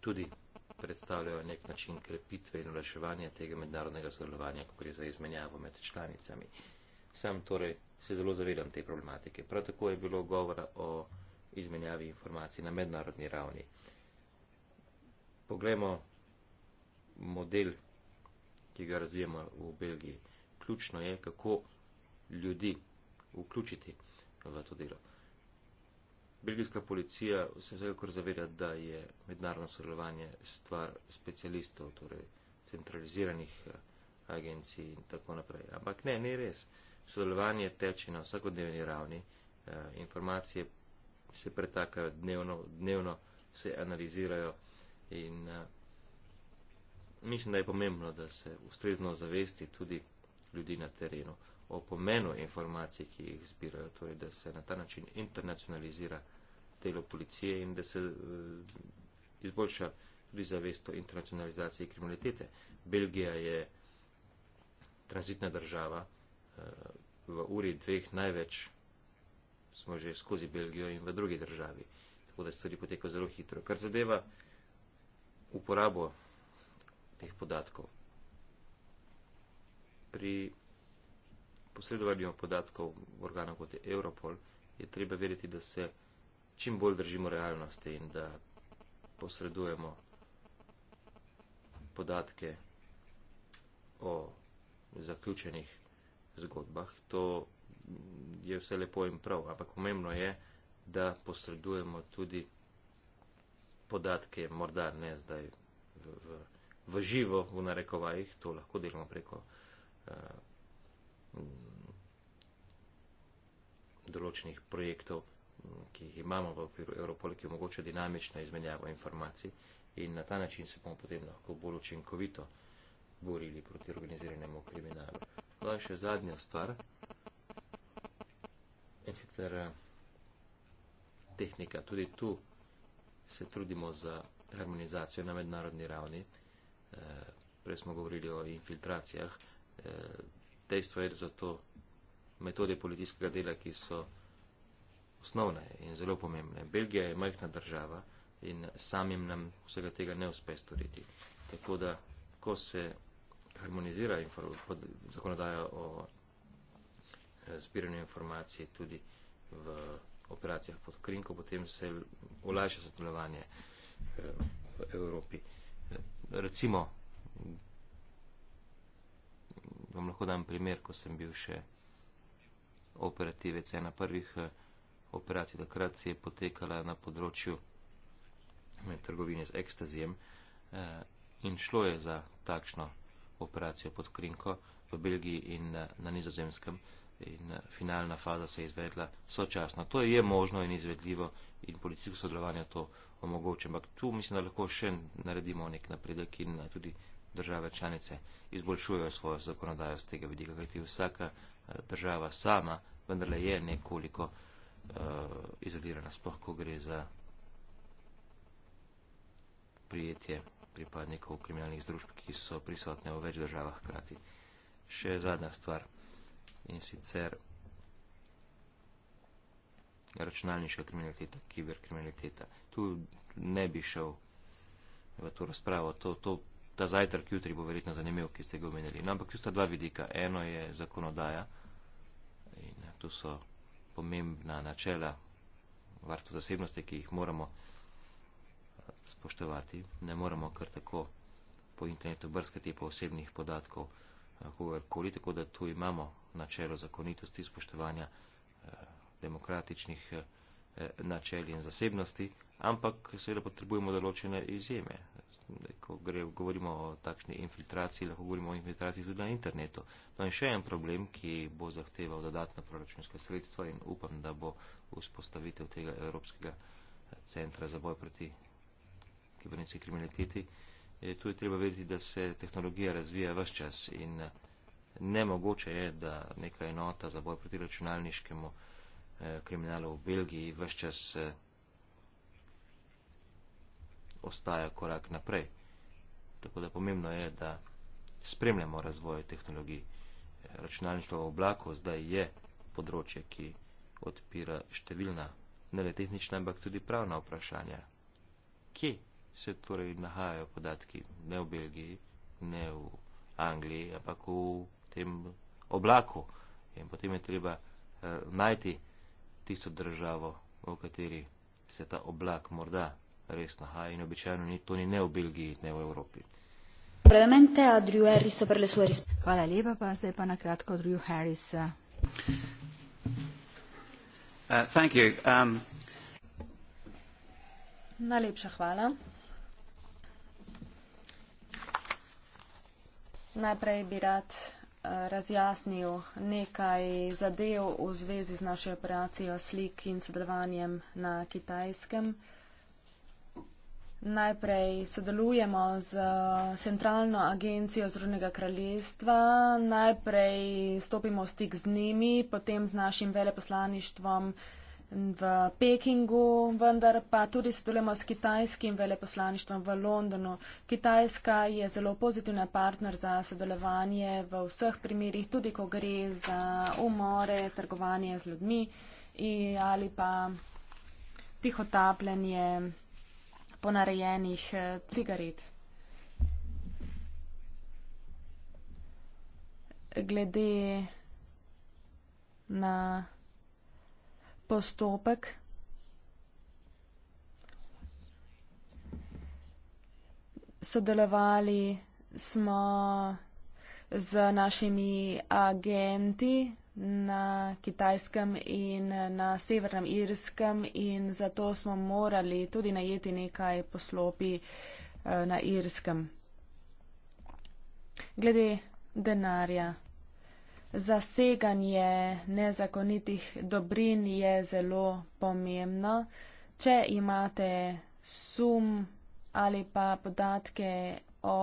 tudi predstavljajo nek način krepitve in olaševanja tega mednarodnega sodelovanja, ko gre za izmenjavo med članicami. Sam torej se zelo zavedam te problematike. Prav tako je bilo govora o izmenjavi informacij na mednarodni ravni. Poglejmo model, ki ga razvijamo v Belgiji. Ključno je, kako ljudi vključiti v to delo belgijska policija se vsekakor zaveda, da je mednarodno sodelovanje stvar specialistov, torej centraliziranih eh, agencij in tako naprej. Ampak ne, ni res. Sodelovanje teče na vsakodnevni ravni, eh, informacije se pretakajo dnevno, dnevno se analizirajo in eh, mislim, da je pomembno, da se ustrezno zavesti tudi ljudi na terenu o pomenu informacij, ki jih zbirajo, torej da se na ta način internacionalizira delo policije in da se eh, izboljša tudi zavesto internacionalizacije kriminalitete. Belgija je tranzitna država, eh, v uri dveh največ smo že skozi Belgijo in v drugi državi, tako da stvari potekajo zelo hitro. Kar zadeva uporabo teh podatkov. Pri posredovanju podatkov organov kot je Europol je treba vedeti, da se čim bolj držimo realnosti in da posredujemo podatke o zaključenih zgodbah. To je vse lepo in prav, ampak pomembno je, da posredujemo tudi podatke, morda ne zdaj v, v, v živo, v narekovajih, to lahko delamo preko uh, določenih projektov ki jih imamo v okviru Evropole, ki omogoča dinamično izmenjavo informacij in na ta način se bomo potem lahko bolj učinkovito borili proti organiziranemu kriminalu. To no, je še zadnja stvar in sicer eh, tehnika. Tudi tu se trudimo za harmonizacijo na mednarodni ravni. Eh, prej smo govorili o infiltracijah. Eh, dejstvo je, da so to metode policijskega dela, ki so osnovne in zelo pomembne. Belgija je majhna država in samim nam vsega tega ne uspe storiti. Tako da, ko se harmonizira zakonodaja o eh, zbiranju informacije tudi v operacijah pod krinko, potem se olajša sodelovanje eh, v Evropi. Eh, recimo, vam lahko dam primer, ko sem bil še operativec, ena prvih operacija takrat je potekala na področju eh, trgovine z ekstazijem eh, in šlo je za takšno operacijo pod krinko v Belgiji in eh, na nizozemskem in finalna faza se je izvedla sočasno. To je možno in izvedljivo in policijsko sodelovanje to omogoča, ampak tu mislim, da lahko še naredimo nek napredek in tudi države članice izboljšujejo svojo zakonodajo z tega vidika, kajti vsaka država sama vendarle je nekoliko uh, izolirana, sploh ko gre za prijetje pripadnikov kriminalnih združb, ki so prisotne v več državah krati. Še zadnja stvar in sicer računalniška kriminaliteta, kiberkriminaliteta. Tu ne bi šel v to razpravo. To, to, ta zajtrk jutri bo verjetno zanimiv, ki ste ga omenili. No, ampak tu sta dva vidika. Eno je zakonodaja in tu so pomembna načela varstva zasebnosti, ki jih moramo eh, spoštovati. Ne moramo kar tako po internetu brskati po osebnih podatkov eh, kogarkoli, tako da tu imamo načelo zakonitosti spoštovanja eh, demokratičnih načel in zasebnosti, ampak seveda potrebujemo določene izjeme ko gre, govorimo o takšni infiltraciji, lahko govorimo o infiltraciji tudi na internetu. No in še en problem, ki bo zahteval dodatna proračunska sredstva in upam, da bo vzpostavitev tega Evropskega centra za boj proti kibernetski kriminaliteti. E, tu je treba vedeti, da se tehnologija razvija vse čas in eh, nemogoče je, da neka enota za boj proti računalniškemu eh, kriminalu v Belgiji vse čas. Eh, ostaja korak naprej. Tako da pomembno je, da spremljamo razvoj tehnologij. Računalništvo v oblaku zdaj je področje, ki odpira številna, ne le tehnična, ampak tudi pravna vprašanja. Kje se torej nahajajo podatki? Ne v Belgiji, ne v Angliji, ampak v tem oblaku. In potem je treba eh, najti tisto državo, v kateri se ta oblak morda res nahaja in običajno ni to ni ne v Belgiji, ne v Evropi. Brevemente, Andrew Harris, prele svoje res. Hvala lepa, pa zdaj pa na kratko Andrew Harris. Eh. Uh, um... Najlepša hvala. Najprej bi rad uh, razjasnil nekaj zadev v zvezi z našo operacijo slik in sodelovanjem na kitajskem. Uh, najprej sodelujemo z eh, centralno agencijo Zrunega kraljestva, najprej stopimo v stik z njimi, potem z našim veleposlaništvom v Pekingu, vendar pa tudi sodelujemo s kitajskim veleposlaništvom v Londonu. Kitajska je zelo pozitivna partner za sodelovanje v vseh primerjih, tudi ko gre za umore, trgovanje z ljudmi in, ali pa tihotapljanje ponarejenih eh, cigaret. Glede na postopek. Sodelovali smo z našimi agenti, na kitajskem in na severnem irskem in zato smo morali tudi najeti nekaj poslopi eh, na irskem. Glede denarja. Zaseganje nezakonitih dobrin je zelo pomembno. Če imate sum ali pa podatke o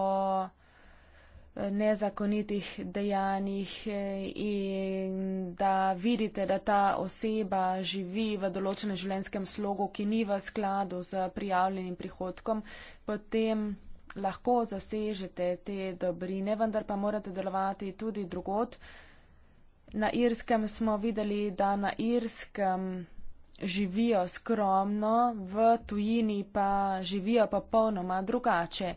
nezakonitih dejanjih eh, in da vidite, da ta oseba živi v določenem življenjskem slogu, ki ni v skladu z prijavljenim prihodkom, potem lahko zasežete te dobrine, vendar pa morate delovati tudi drugot. Na Irskem smo videli, da na Irskem živijo skromno, v tujini pa živijo popolnoma drugače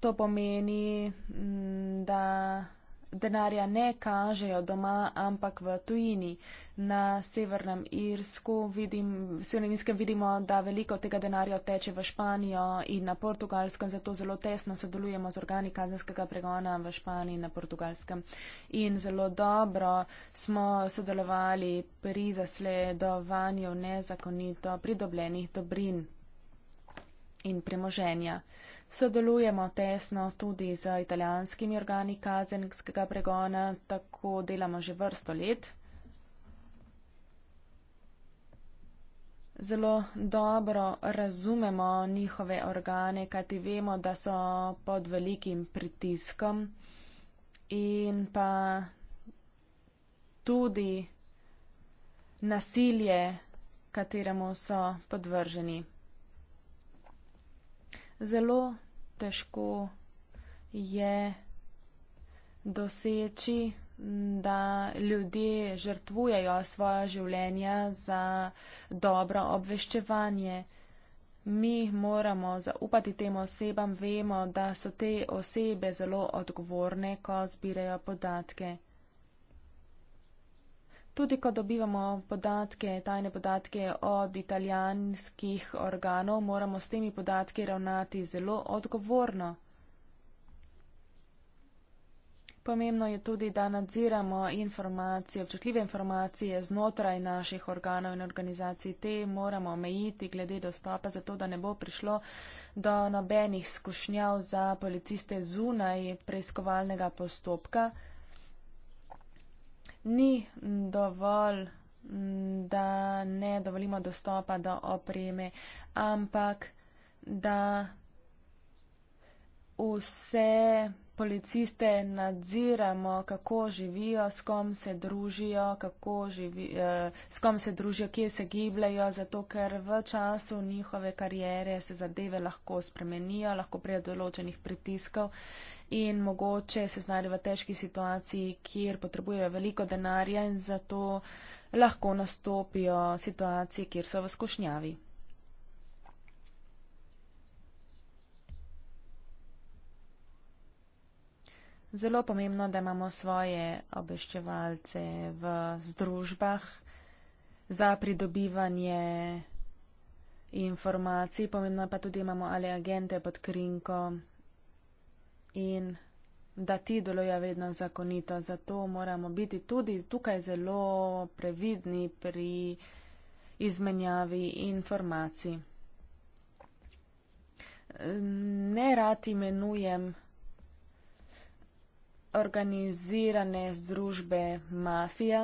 to pomeni, mm, da denarja ne kažejo doma, ampak v tujini. Na severnem Irsku vidim, vidimo, da veliko tega denarja teče v Španijo in na Portugalskem, zato zelo tesno sodelujemo z organi kazenskega pregona v Španiji in na Portugalskem. In zelo dobro smo sodelovali pri zasledovanju nezakonito pridobljenih dobrin in premoženja. Sodelujemo tesno tudi z italijanskimi organi kazenskega pregona, tako delamo že vrsto let. Zelo dobro razumemo njihove organe, kajti vemo, da so pod velikim pritiskom in pa tudi nasilje, kateremu so podvrženi zelo težko je doseči, da ljudje žrtvujejo svoja življenja za dobro obveščevanje. Mi moramo zaupati tem osebam, vemo, da so te osebe zelo odgovorne, ko zbirajo podatke tudi ko dobivamo podatke, tajne podatke od italijanskih organov, moramo s temi podatki ravnati zelo odgovorno. Pomembno je tudi, da nadziramo informacije, občutljive informacije znotraj naših organov in organizacij. Te moramo omejiti glede dostopa, zato da ne bo prišlo do nobenih skušnjav za policiste zunaj preiskovalnega postopka ni dovolj, da ne dovolimo dostopa do opreme, ampak da vse policiste nadziramo, kako živijo, s kom se družijo, živi, eh, s kom se družijo, kje se gibljajo, zato ker v času njihove karijere se zadeve lahko spremenijo, lahko prijo določenih pritiskov in mogoče se znajdejo v težki situaciji, kjer potrebujejo veliko denarja in zato lahko nastopijo situacije, kjer so v skušnjavi. zelo pomembno, da imamo svoje obveščevalce v združbah za pridobivanje informacij, pomembno pa tudi imamo ali agente pod krinko in da ti delujejo vedno zakonito. Zato moramo biti tudi tukaj zelo previdni pri izmenjavi informacij. Ne rad imenujem organizirane združbe mafija,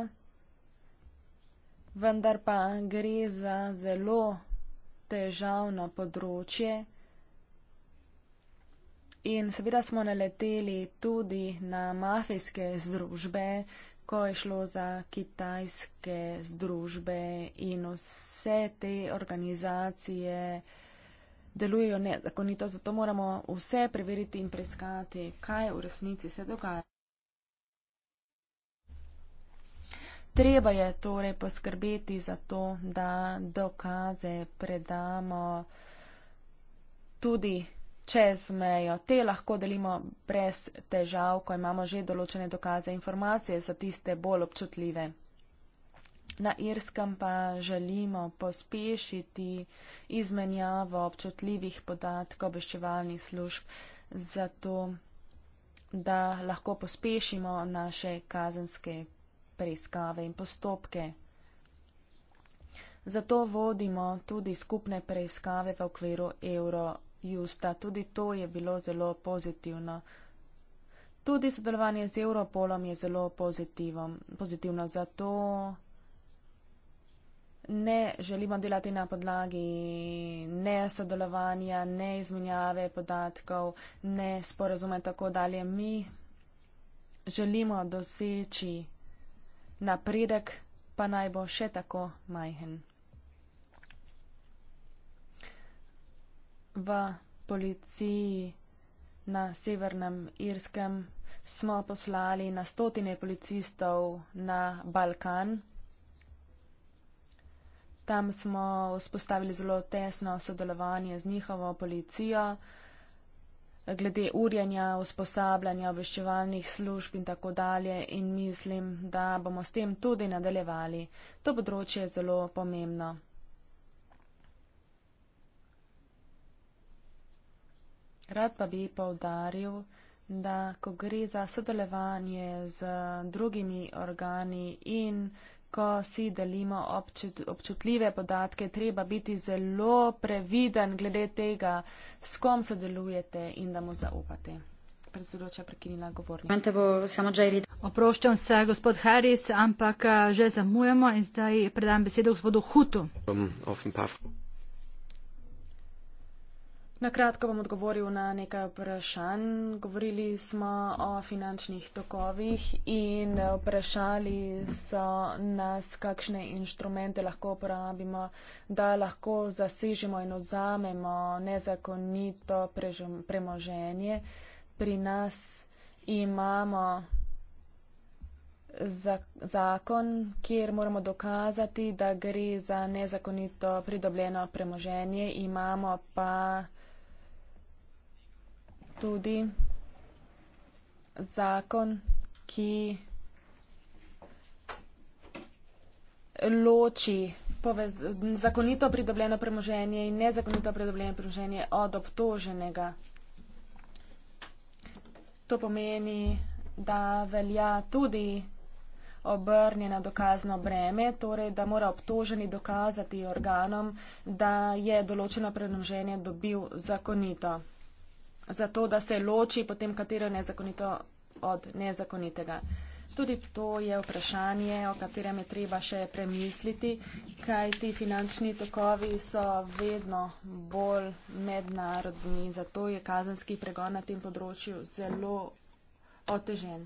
vendar pa gre za zelo težavno področje in seveda smo naleteli tudi na mafijske združbe, ko je šlo za kitajske združbe in vse te organizacije, delujejo nezakonito, zato moramo vse preveriti in preiskati, kaj v resnici se dogaja. Treba je torej poskrbeti za to, da dokaze predamo tudi čez mejo. Te lahko delimo brez težav, ko imamo že določene dokaze in informacije za tiste bolj občutljive. Na Irskem pa želimo pospešiti izmenjavo občutljivih podatkov obveščevalnih služb, zato da lahko pospešimo naše kazenske preiskave in postopke. Zato vodimo tudi skupne preiskave v okviru Eurojusta. Tudi to je bilo zelo pozitivno. Tudi sodelovanje z Europolom je zelo pozitivno. Zato ne želimo delati na podlagi ne sodelovanja, ne izmenjave podatkov, ne sporazume tako dalje. Mi želimo doseči napredek, pa naj bo še tako majhen. V policiji na severnem Irskem smo poslali na stotine policistov na Balkan. Tam smo vzpostavili zelo tesno sodelovanje z njihovo policijo, glede urjanja, usposabljanja, obveščevalnih služb in tako dalje in mislim, da bomo s tem tudi nadaljevali. To področje je zelo pomembno. Rad pa bi povdaril, da ko gre za sodelovanje z drugimi organi in ko si delimo občut, občutljive podatke, treba biti zelo previden glede tega, s kom sodelujete in da mu zaupate. Predsedujoča prekinila govornika. Oproščam se, gospod Harris, ampak eh, že zamujamo in zdaj predam besedo gospodu Hutu. Um, Na kratko bom odgovoril na nekaj vprašanj. Govorili smo o finančnih tokovih in vprašali so nas, kakšne inštrumente lahko uporabimo, da lahko zasežemo in odzamemo nezakonito premoženje. Pri nas imamo zakon, kjer moramo dokazati, da gre za nezakonito pridobljeno premoženje, imamo pa tudi zakon, ki loči zakonito pridobljeno premoženje in nezakonito pridobljeno premoženje od obtoženega. To pomeni, da velja tudi obrnjena dokazno breme, torej da mora obtoženi dokazati organom, da je določeno premoženje dobil zakonito zato, da se loči potem katero nezakonito od nezakonitega. Tudi to je vprašanje, o katerem je treba še premisliti, kaj ti finančni tokovi so vedno bolj mednarodni, zato je kazenski pregon na tem področju zelo otežen.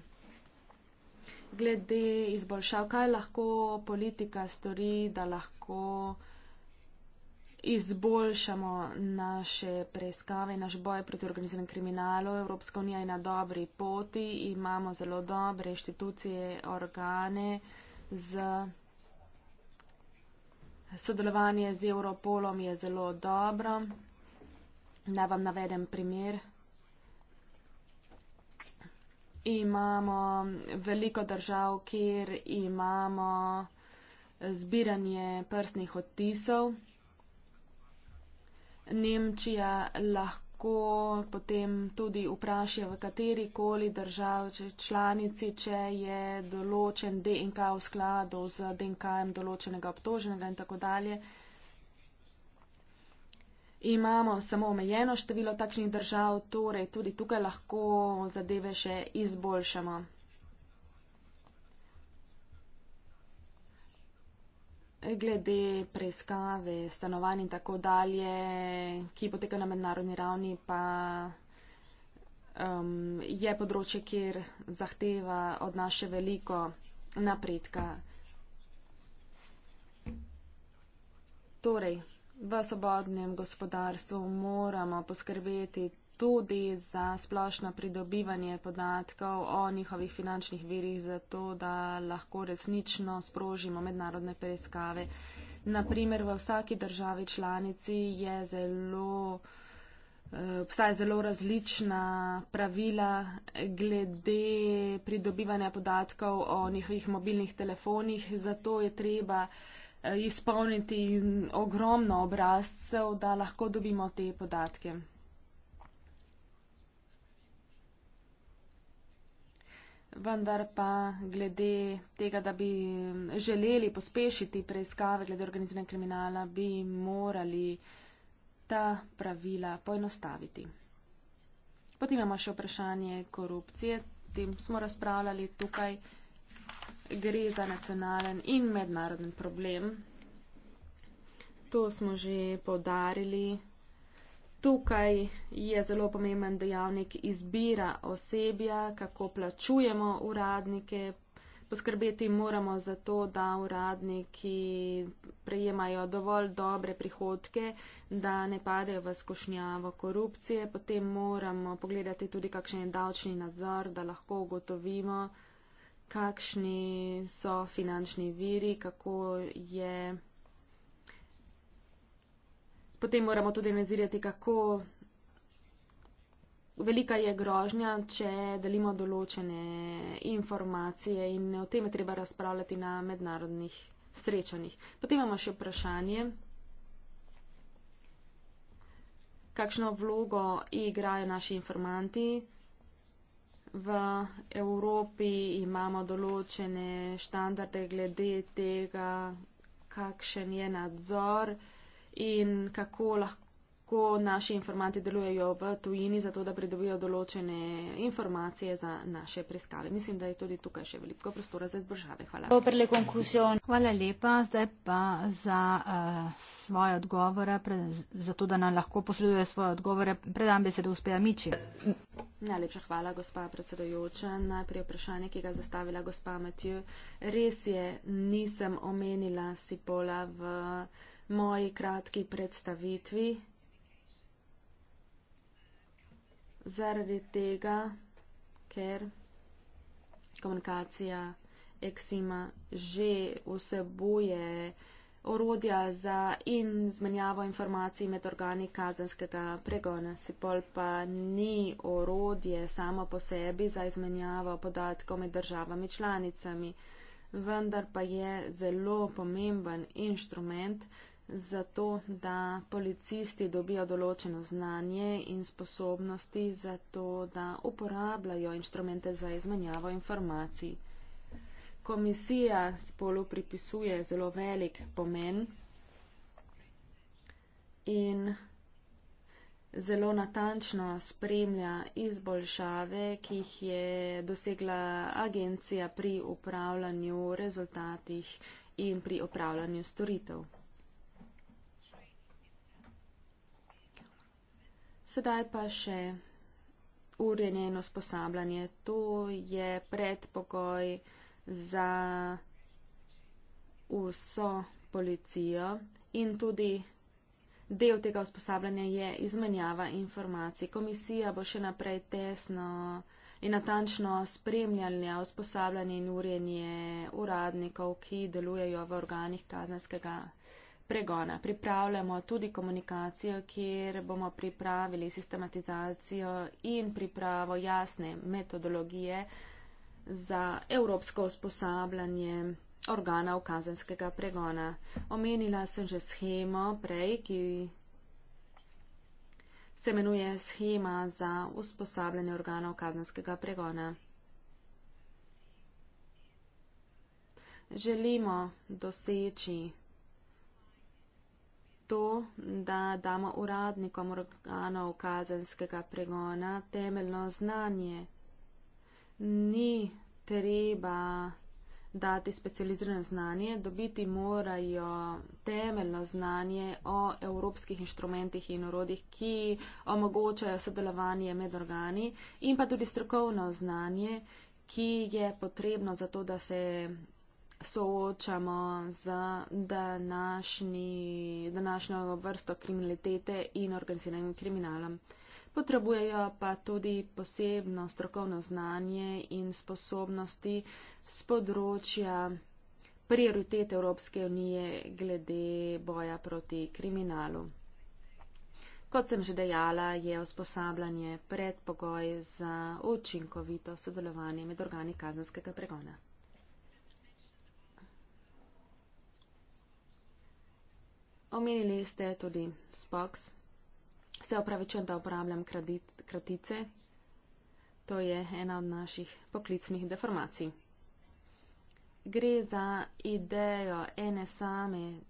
Glede izboljšav, kaj lahko politika stori, da lahko izboljšamo naše preiskave, naš boj proti organiziranem kriminalu. Evropska unija je na dobri poti, imamo zelo dobre inštitucije, organe z. Sodelovanje z Europolom je zelo dobro. Naj vam navedem primer. Imamo veliko držav, kjer imamo zbiranje prstnih odtisov. Nemčija lahko potem tudi vpraša v kateri koli državi članici, če je določen DNK v skladu z DNK-jem določenega obtoženega in tako dalje. Imamo samo omejeno število takšnih držav, torej tudi tukaj lahko zadeve še izboljšamo. glede preiskave stanovanj in tako dalje, ki poteka na mednarodni ravni, pa um, je področje, kjer zahteva od naše veliko napredka. Torej, v sobodnem gospodarstvu moramo poskrbeti tudi za splošno pridobivanje podatkov o njihovih finančnih virih, zato da lahko resnično sprožimo mednarodne preiskave. Naprimer, v vsaki državi članici je zelo. Eh, obstaja zelo različna pravila glede pridobivanja podatkov o njihovih mobilnih telefonih, zato je treba eh, izpolniti ogromno obrazcev, da lahko dobimo te podatke. vendar pa glede tega, da bi želeli pospešiti preiskave glede organiziranega kriminala, bi morali ta pravila poenostaviti. Potem imamo še vprašanje korupcije, tem smo razpravljali tukaj, gre za nacionalen in mednaroden problem. To smo že podarili. Tukaj je zelo pomemben dejavnik izbira osebja, kako plačujemo uradnike. Poskrbeti moramo za to, da uradniki prejemajo dovolj dobre prihodke, da ne padejo v skušnjavo korupcije. Potem moramo pogledati tudi, kakšen je davčni nadzor, da lahko ugotovimo, kakšni so finančni viri, kako je potem moramo tudi nazirati, kako velika je grožnja, če delimo določene informacije in o tem je treba razpravljati na mednarodnih srečanjih. Potem imamo še vprašanje, kakšno vlogo igrajo naši informanti. V Evropi imamo določene štandarde glede tega, kakšen je nadzor in kako lahko naši informanti delujejo v tujini, zato da pridobijo določene informacije za naše preiskave. Mislim, da je tudi tukaj še veliko prostora za izboljšave. Hvala. Hvala lepa. Zdaj pa za uh, svoje odgovore, zato da nam lahko posreduje svoje odgovore, predam besedo uspeja Miči. Najlepša hvala, gospa predsedojoča. Najprej vprašanje, ki ga zastavila gospa Matju. Res je, nisem omenila Sipola v moji kratki predstavitvi. Zaradi tega, ker komunikacija Eksima že vsebuje orodja za in zmenjavo informacij med organi kazenskega pregona. Sipol pa ni orodje samo po sebi za izmenjavo podatkov med državami članicami, vendar pa je zelo pomemben inštrument zato da policisti dobijo določeno znanje in sposobnosti, zato da uporabljajo inštrumente za izmenjavo informacij. Komisija spolu pripisuje zelo velik pomen in zelo natančno spremlja izboljšave, ki jih je dosegla agencija pri upravljanju rezultatih in pri upravljanju storitev. Sedaj pa še urjenje in usposabljanje. To je predpogoj za vso policijo in tudi del tega usposabljanja je izmenjava informacij. Komisija bo še naprej tesno in natančno spremljanje, usposabljanje in urjenje uradnikov, ki delujejo v organih kazenskega pregona. Pripravljamo tudi komunikacijo, kjer bomo pripravili sistematizacijo in pripravo jasne metodologije za evropsko usposabljanje organa kazenskega pregona. Omenila sem že schemo prej, ki se imenuje schema za usposabljanje organa kazenskega pregona. Želimo doseči to, da damo uradnikom organov kazenskega pregona temeljno znanje. Ni treba dati specializirano znanje, dobiti morajo temeljno znanje o evropskih inštrumentih in urodih, ki omogočajo sodelovanje med organi in pa tudi strokovno znanje, ki je potrebno za to, da se soočamo z današnji, današnjo vrsto kriminalitete in organiziranim kriminalom. Potrebujejo pa tudi posebno strokovno znanje in sposobnosti z področja prioritete Evropske unije glede boja proti kriminalu. Kot sem že dejala, je usposabljanje predpogoj za učinkovito sodelovanje med organi kazenskega pregona. Omenili ste tudi Spox. Se opravičujem, da uporabljam kratic, kratice. To je ena od naših poklicnih deformacij. Gre za idejo ene same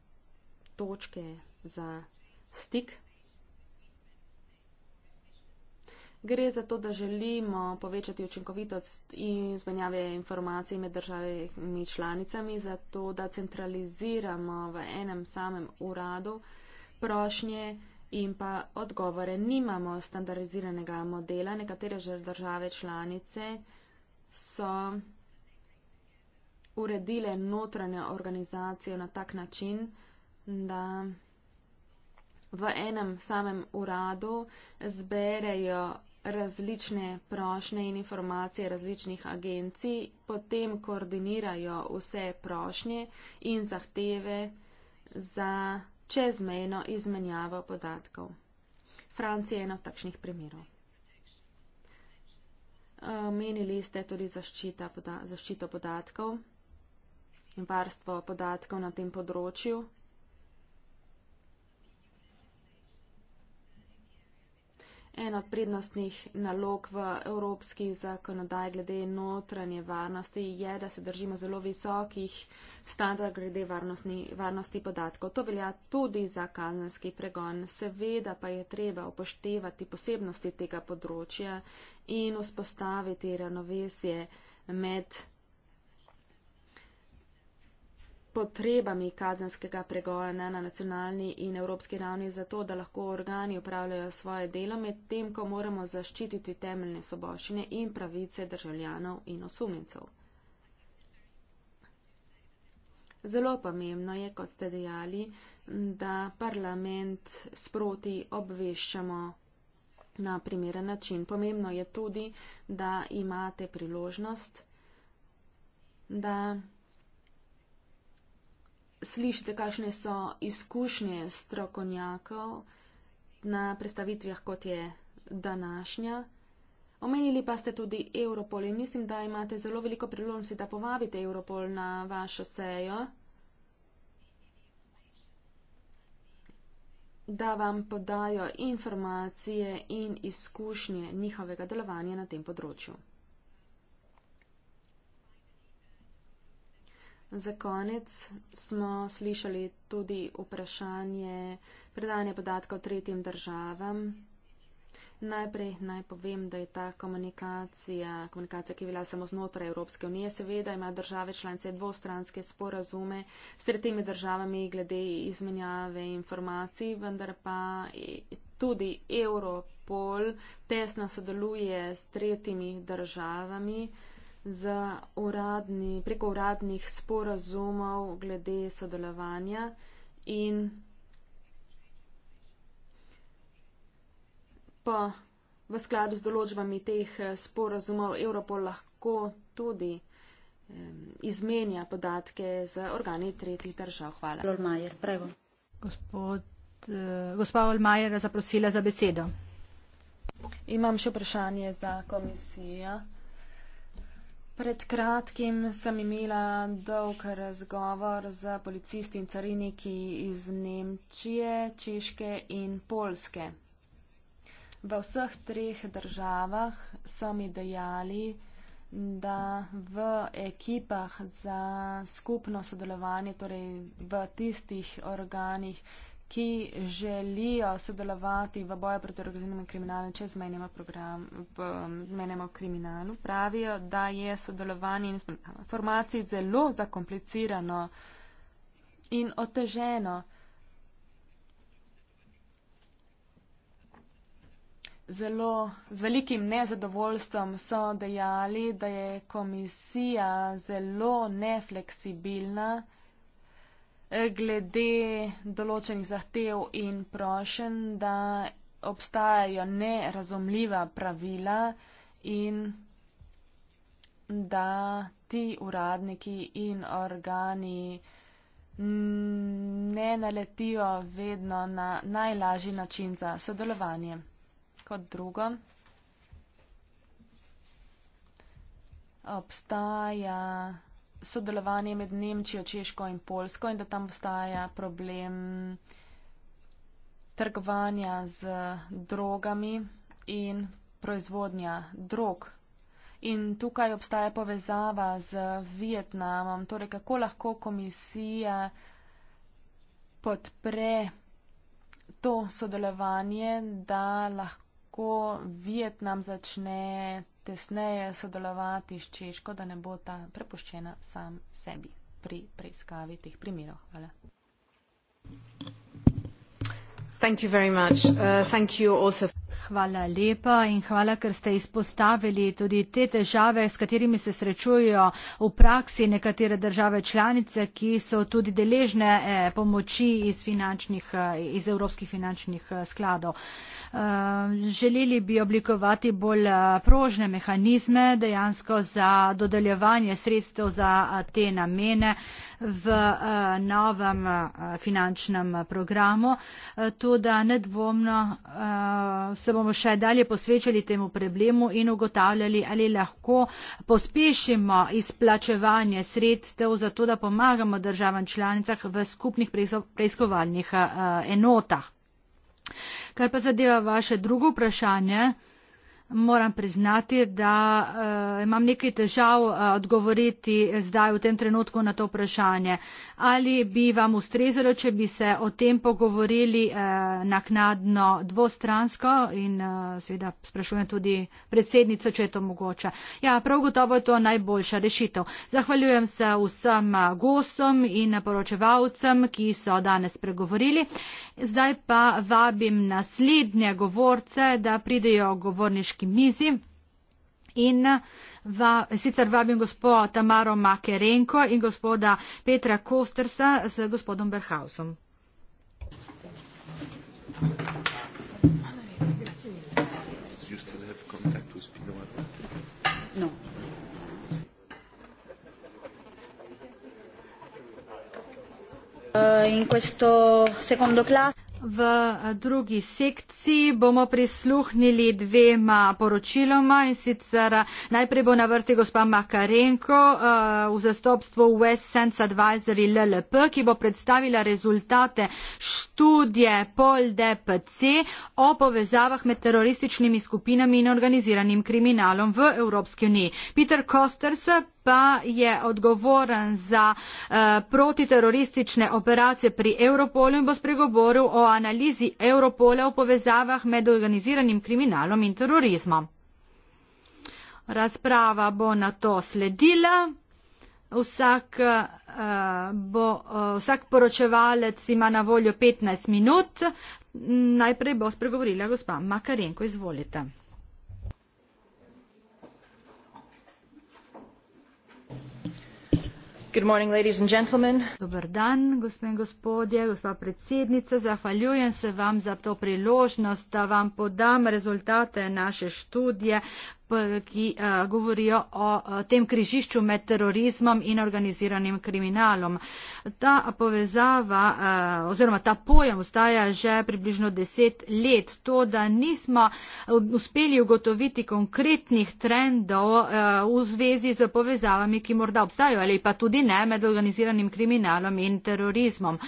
točke za stik, Gre za to, da želimo povečati učinkovitost in izmenjave informacij med državami članicami, zato da centraliziramo v enem samem uradu prošnje in pa odgovore. Nimamo standardiziranega modela, nekatere že države članice so uredile notranjo organizacijo na tak način, da v enem samem uradu zberejo različne prošnje in informacije različnih agencij, potem koordinirajo vse prošnje in zahteve za čezmejno izmenjavo podatkov. Francija je eno takšnih primerov. Menili ste tudi zaščita, poda, zaščito podatkov in varstvo podatkov na tem področju. ena od prednostnih nalog v evropski zakonodaj glede notranje varnosti je, da se držimo zelo visokih standard glede varnosti, varnosti podatkov. To velja tudi za kazenski pregon. Seveda pa je treba upoštevati posebnosti tega področja in vzpostaviti ravnovesje med potrebami kazenskega pregona na nacionalni in evropski ravni zato, da lahko organi upravljajo svoje delo, medtem ko moramo zaščititi temeljne soboščine in pravice državljanov in osumencev. Zelo pomembno je, kot ste dejali, da parlament sproti obveščamo na primeren način. Pomembno je tudi, da imate priložnost, da slišite, kakšne so izkušnje strokovnjakov na predstavitvah, kot je današnja. Omenili pa ste tudi Europol in mislim, da imate zelo veliko priložnosti, da povabite Europol na vašo sejo, da vam podajo informacije in izkušnje njihovega delovanja na tem področju. Za konec smo slišali tudi vprašanje predanja podatkov tretjim državam. Najprej naj povem, da je ta komunikacija, komunikacija, ki je bila samo znotraj Evropske unije, seveda ima države članice dvostranske sporazume s tretjimi državami glede izmenjave informacij, vendar pa tudi Europol tesno sodeluje s tretjimi državami uradni, preko uradnih sporazumov glede sodelovanja in pa v skladu z določbami teh eh, sporazumov Europol lahko tudi izmenja podatke z organi tretjih držav. Hvala. Gospod uh, Olmajer je zaprosila za besedo. Imam še vprašanje za komisijo. Pred kratkim sem imela dolg razgovor z policisti in cariniki iz Nemčije, Češke in Polske. V vseh treh državah so mi dejali, da v ekipah za skupno sodelovanje, torej v tistih organih, ki želijo sodelovati v boju proti organiziranemu kriminalu, če zmenimo program, v menemo kriminalu, pravijo, da je sodelovanje in spremljanje informacij zelo zakomplicirano in oteženo. Zelo z velikim nezadovoljstvom so dejali, da je komisija zelo nefleksibilna glede določenih zahtev in prošen, da obstajajo nerazumljiva pravila in da ti uradniki in organi ne naletijo vedno na najlažji način za sodelovanje. Kot drugo, obstaja sodelovanje med Nemčijo, Češko in Polsko in da tam obstaja problem trgovanja z drogami in proizvodnja drog. In tukaj obstaja povezava z Vietnamom, torej kako lahko komisija podpre to sodelovanje, da lahko Vietnam začne tesneje sodelovati s Češko, da ne bo ta prepuščena sam sebi pri preiskavi teh primerov. Hvala. Thank you very much. Uh, thank you also. Hvala lepa in hvala, ker ste izpostavili tudi te težave, s katerimi se srečujo v praksi nekatere države članice, ki so tudi deležne eh, pomoči iz, eh, iz evropskih finančnih eh, skladov. Želeli bi oblikovati bolj prožne mehanizme dejansko za dodeljevanje sredstev za te namene v eh, novem eh, finančnem programu. Eh, Tudi nedvomno se bomo še dalje posvečali temu problemu in ugotavljali, ali lahko pospešimo izplačevanje sredstev za to, da pomagamo državam članicah v skupnih preiskovalnih enotah. Kar pa zadeva vaše drugo vprašanje, Moram priznati, da uh, imam nekaj težav uh, odgovoriti zdaj v tem trenutku na to vprašanje. Ali bi vam ustrezalo, če bi se o tem pogovorili uh, naknadno dvostransko in uh, seveda sprašujem tudi predsednico, če je to mogoče. Ja, prav gotovo je to najboljša rešitev. Zahvaljujem se vsem gostom in poročevalcem, ki so danes pregovorili. Zdaj pa vabim naslednje govorce, da pridejo o govorniški mizi. In va, sicer vabim gospoda Tamaro Makerenko in gospoda Petra Kostersa z gospodom Berhausom. Thank you. Eh, v eh, drugi sekciji bomo prisluhnili dvema poročiloma in sicer eh, najprej bo na vrsti gospa Makarenko v zastopstvu West Sense Advisory LLP, ki bo predstavila rezultate študije POL-DPC o povezavah med terorističnimi skupinami in organiziranim kriminalom v Evropski uniji. Peter Kosters, pa je odgovoren za eh, protiteroristične operacije pri Europolu in bo spregovoril o analizi Europola v povezavah med organiziranim kriminalom in terorizmom. Razprava bo na to sledila. Vsak, uh, bo, uh, vsak poročevalec ima na voljo 15 minut. Najprej bo spregovorila gospa Makarenko. Izvolite. Dobar dan, gospe in gospodje, gospa predsednica. Zahvaljujem se vam za to priložnost, da vam podam rezultate naše študije ki uh, govorijo o uh, tem križišču med terorizmom in organiziranim kriminalom. Ta povezava uh, oziroma ta pojem ostaja že približno deset let. To, da nismo uspeli ugotoviti konkretnih trendov uh, v zvezi z povezavami, ki morda obstajajo ali pa tudi ne med organiziranim kriminalom in terorizmom.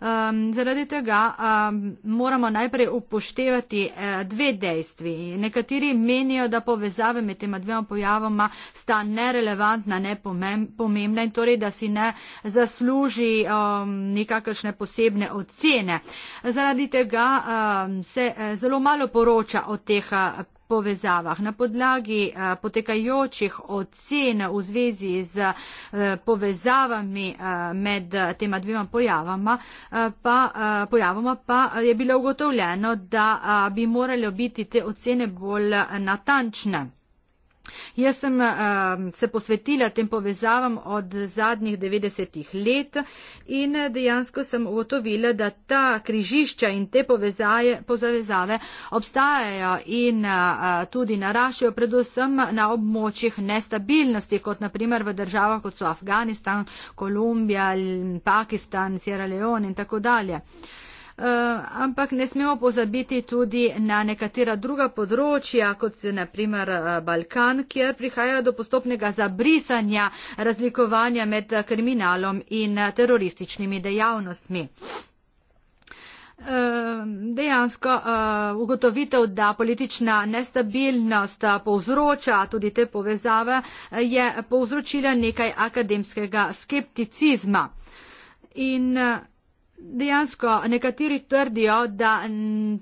Um, zaradi tega um, moramo najprej upoštevati uh, dve dejstvi. Nekateri menijo, da povezava povezave med tema dvema pojavoma sta nerelevantna, nepomembna in torej, da si ne zasluži um, nekakšne posebne ocene. Zaradi tega um, se eh, zelo malo poroča o teh eh, povezavah. Na podlagi uh, potekajočih ocen v zvezi z uh, povezavami uh, med tema dvema pojavama uh, pa, uh, pojavoma, pa je bilo ugotovljeno, da uh, bi morale biti te ocene bolj natančne. Jaz sem uh, se posvetila tem povezavam od zadnjih 90 let in eh, dejansko sem ugotovila, da ta križišča in te povezaje, povezave obstajajo in uh, tudi naraščajo predvsem na območjih nestabilnosti, kot naprimer v državah, kot so Afganistan, Kolumbija, Pakistan, Sierra Leone in tako dalje. Eh, ampak ne smemo pozabiti tudi na nekatera druga področja, kot je na primer eh, Balkan, kjer prihaja do postopnega zabrisanja razlikovanja med eh, kriminalom in terorističnimi dejavnostmi. Dejansko ugotovitev, da politična nestabilnost povzroča tudi te povezave, je povzročila nekaj akademskega skepticizma. In dejansko nekateri trdijo, da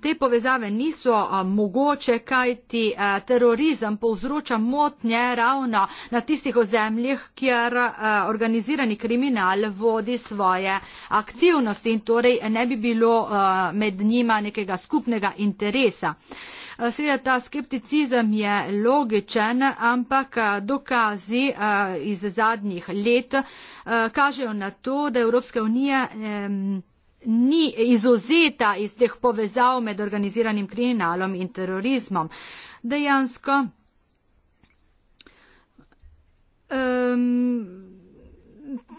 te povezave niso mogoče, kajti terorizem povzroča motnje ravno na tistih ozemljih, kjer organizirani kriminal vodi svoje aktivnosti in torej ne bi bilo med njima nekega skupnega interesa. Seveda ta skepticizem je logičen, ampak dokazi iz zadnjih let kažejo na to, da Evropska unija ni izuzeta iz teh povezav med organiziranim kriminalom in terorizmom. Dejansko um,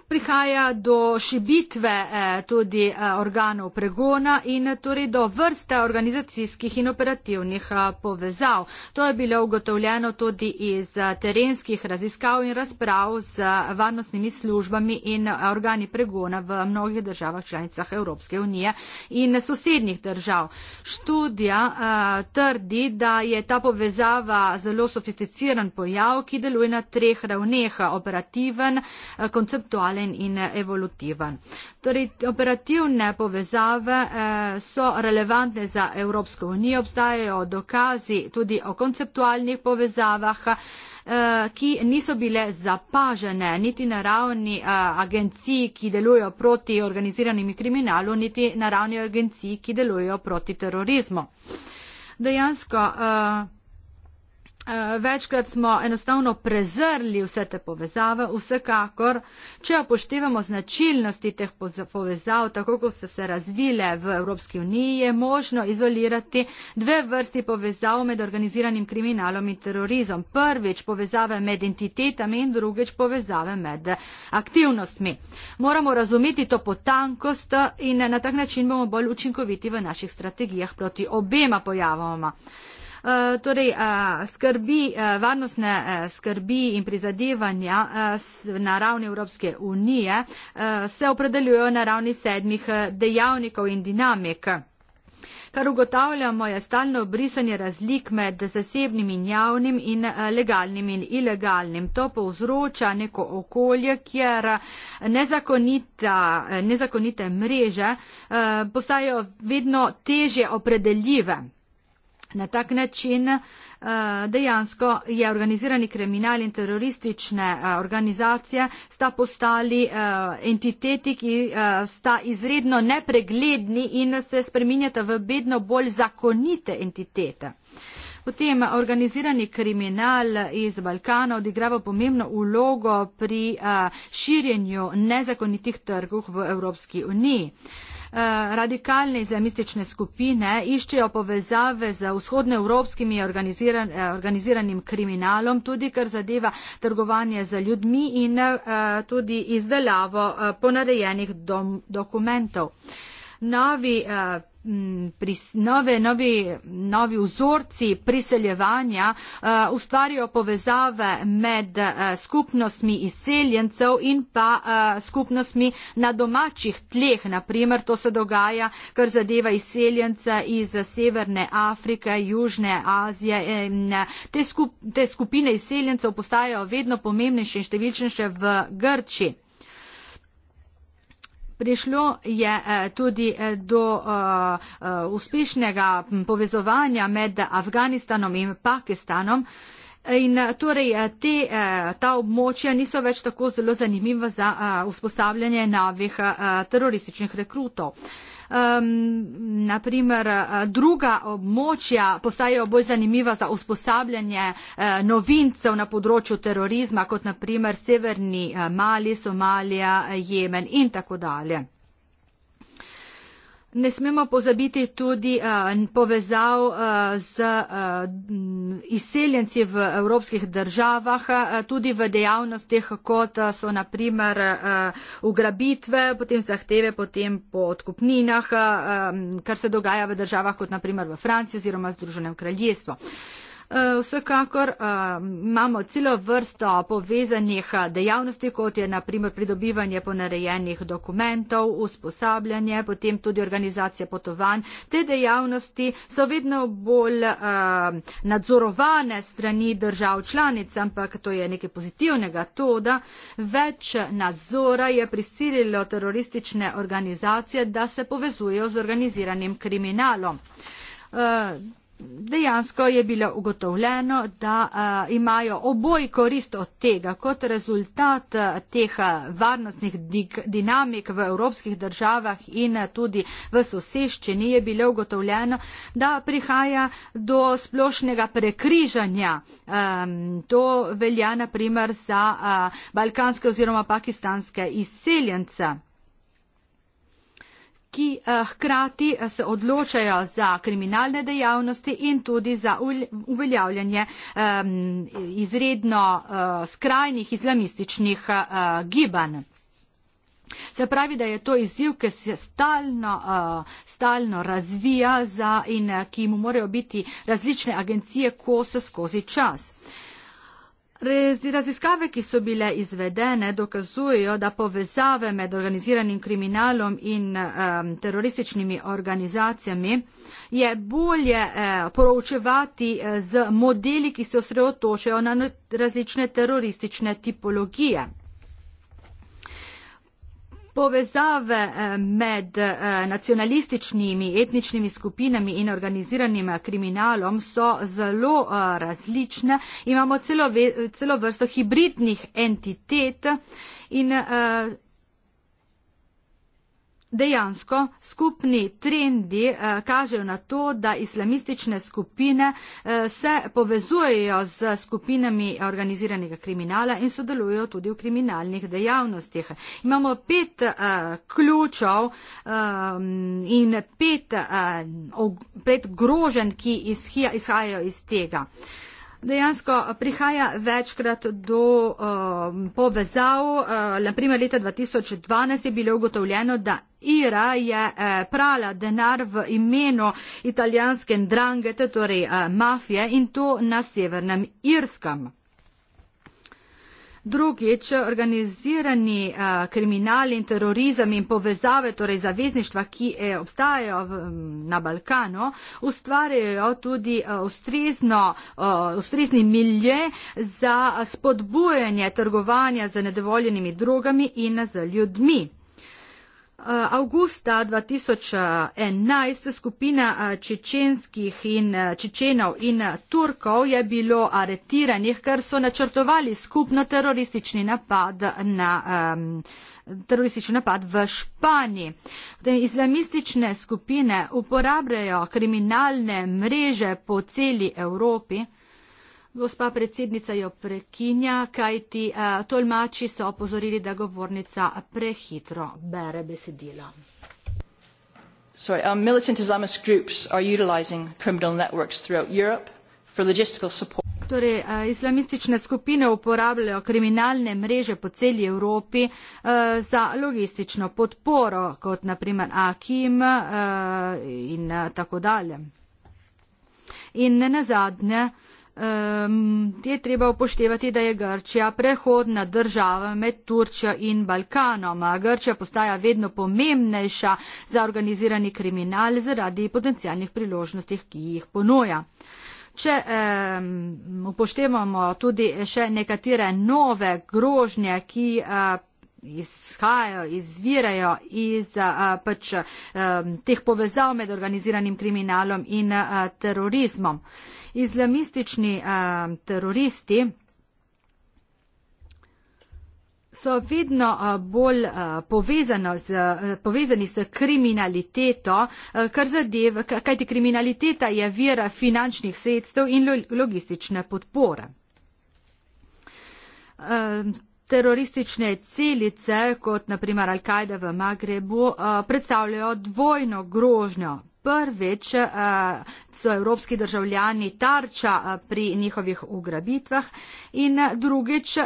prihaja do šibitve eh, tudi eh, organov pregona in eh, torej do vrste organizacijskih in operativnih povezav. To je bilo ugotovljeno tudi iz terenskih raziskav in razprav z varnostnimi službami in organi pregona v mnogih državah članicah Evropske unije in sosednjih držav. Študija trdi, da je ta povezava zelo sofisticiran pojav, ki deluje na treh ravneh operativen, konceptualen, digitalen in eh, evolutivan. Torej, operativne povezave eh, so relevantne za Evropsko unijo, obstajajo dokazi tudi o konceptualnih povezavah eh, ki niso bile zapažene niti na ravni uh, agencij, ki delujejo proti organiziranimi kriminalu, niti na ravni agencij, ki delujejo proti terorizmu. Dejansko uh, Eh, večkrat smo enostavno prezrli vse te povezave, vsekakor, če upoštevamo značilnosti teh povezav, tako kot so se razvile v Evropski uniji, je možno izolirati dve vrsti povezav med organiziranim kriminalom in terorizom. Prvič povezave med entitetami in drugič povezave med aktivnostmi. Moramo razumeti to potankost in na tak način bomo bolj učinkoviti v naših strategijah proti obema pojavoma. Eh, torej eh, skrbi, eh, varnostne skrbi in prizadevanja na ravni Evropske unije se opredeljujejo na ravni sedmih dejavnikov in dinamik. Kar ugotavljamo je stalno brisanje razlik med zasebnim in javnim in legalnim in ilegalnim. To povzroča neko okolje, kjer nezakonite mreže postajajo vedno teže opredeljive. Na tak način eh, dejansko je organizirani kriminal in teroristične eh, organizacije sta postali eh, entiteti, ki sta izredno nepregledni in se spreminjata v bedno bolj zakonite entitete. Potem organizirani kriminal iz Balkana odigrava pomembno ulogo pri širjenju nezakonitih trgov v Evropski uniji. Eh, radikalne islamistične skupine iščejo povezave z vzhodnoevropskim organiziran, eh, organiziranim kriminalom, tudi kar zadeva trgovanje z ljudmi in eh, tudi izdelavo ponarejenih dom, dokumentov. Novi Nove, novi, novi vzorci priseljevanja uh, eh, ustvarjajo povezave med uh, skupnostmi izseljencev in pa uh, skupnostmi na domačih tleh. Naprimer, to se dogaja, kar zadeva izseljence iz Severne Afrike, Južne Azije. In, te, skup, te skupine izseljencev postajajo vedno pomembnejše in številčnejše v Grči. Prišlo je eh, tudi eh, do eh, uspešnega hm, povezovanja med Afganistanom in Pakistanom. In torej te, ta območja niso več tako zelo zanimiva za uh, usposabljanje novih uh, terorističnih rekrutov. Uh, um, naprimer eh, druga območja postajajo bolj zanimiva za usposabljanje uh, novincev na področju terorizma, kot naprimer severni uh, Mali, Somalija, Jemen in tako dalje. Ne smemo pozabiti tudi a, eh, povezav a, eh, z a, eh, izseljenci v evropskih državah, a, tudi v dejavnostih, kot a, so naprimer a, ugrabitve, potem zahteve potem po odkupninah, a, a, kar se dogaja v državah, kot naprimer v Franciji oziroma Združenem kraljestvu. Eh, vsekakor eh, imamo celo vrsto povezanih eh, dejavnosti, kot je naprimer pridobivanje ponarejenih dokumentov, usposabljanje, potem tudi organizacija potovanj. Te dejavnosti so vedno bolj nadzorovane strani držav članic, ampak to je nekaj pozitivnega, to, da več nadzora je prisililo teroristične organizacije, da se povezujejo z organiziranim kriminalom dejansko je bilo ugotovljeno, da eh, imajo oboj korist od tega kot rezultat eh, teh eh, varnostnih dinamik v evropskih državah in tudi v soseščini je bilo ugotovljeno, da prihaja do splošnega prekrižanja. Ehm, to velja naprimer za balkanske oziroma pakistanske izseljence ki eh, hkrati eh, se odločajo za kriminalne dejavnosti in tudi za uveljavljanje izredno eh, skrajnih islamističnih gibanj. Se pravi, da je to izziv, ki se stalno, stalno razvija za in ki mu morajo biti različne agencije kose skozi čas. Raziskave, ki so bile izvedene, dokazujejo, da povezave med organiziranim kriminalom in um, terorističnimi organizacijami je bolje uh, eh, poročevati eh, z modeli, ki se osredotočajo na različne teroristične tipologije povezave eh, med eh, nacionalističnimi etničnimi skupinami in organiziranim eh, kriminalom so zelo različne. Imamo celo, celo vrsto hibridnih entitet in Dejansko skupni trendi eh, kažejo na to, da islamistične skupine eh, se povezujejo z skupinami organiziranega kriminala in sodelujo tudi v kriminalnih dejavnostih. Imamo pet eh, ključev eh, in pet, eh, pet grožen, ki izhija, izhajajo iz tega. Eh, Dejansko prihaja večkrat do uh, povezav. Uh, naprimer, leta 2012 je bilo ugotovljeno, da Ira je eh, prala denar v imenu italijanske drangete, torej eh, mafije, in to na severnem Irskem. Drugič, organizirani eh, kriminal in terorizem in povezave, torej zavezništva, ki eh, obstajajo na Balkanu, ustvarjajo tudi eh, ustrezno, ustrezni milje za spodbujanje trgovanja z nedovoljenimi drogami in z ljudmi. Eh, avgusta 2011 skupina eh, čečenskih in eh, čečenov in turkov je bilo aretiranih, ker so načrtovali skupno teroristični napad na um, teroristični napad v Španiji. Potem islamistične skupine uporabljajo kriminalne mreže po celi Evropi. Gospa predsednica jo prekinja, kajti eh, tolmači so opozorili, da govornica prehitro bere besedilo. Sorry, um, militant Islamist groups are utilizing criminal networks throughout Europe for logistical support. Torej, eh, islamistične skupine uporabljajo kriminalne mreže po celi Evropi eh, za logistično podporo, kot naprimer Akim eh, in eh, tako dalje. In ne nazadnje, eh, Um, je treba upoštevati, da je Grčija prehodna država med Turčjo in Balkanom. Grčija postaja vedno pomembnejša za organizirani kriminal zaradi potencijalnih priložnosti, ki jih ponuja. Če um, upoštevamo tudi še nekatere nove grožnje, ki. Uh, izhajajo, izvirajo iz eh, pač ehm, teh povezav med organiziranim kriminalom in eh, terorizmom. Islamistični a, teroristi so vedno bolj z, povezani s kriminaliteto, kar zadeva, kajti kriminaliteta je vira finančnih sredstev in logistične podpore. Teroristične celice, kot naprimer Al-Kaida v Magrebu, predstavljajo dvojno grožnjo prvič eh, so evropski državljani tarča eh, pri njihovih ugrabitvah in eh, drugič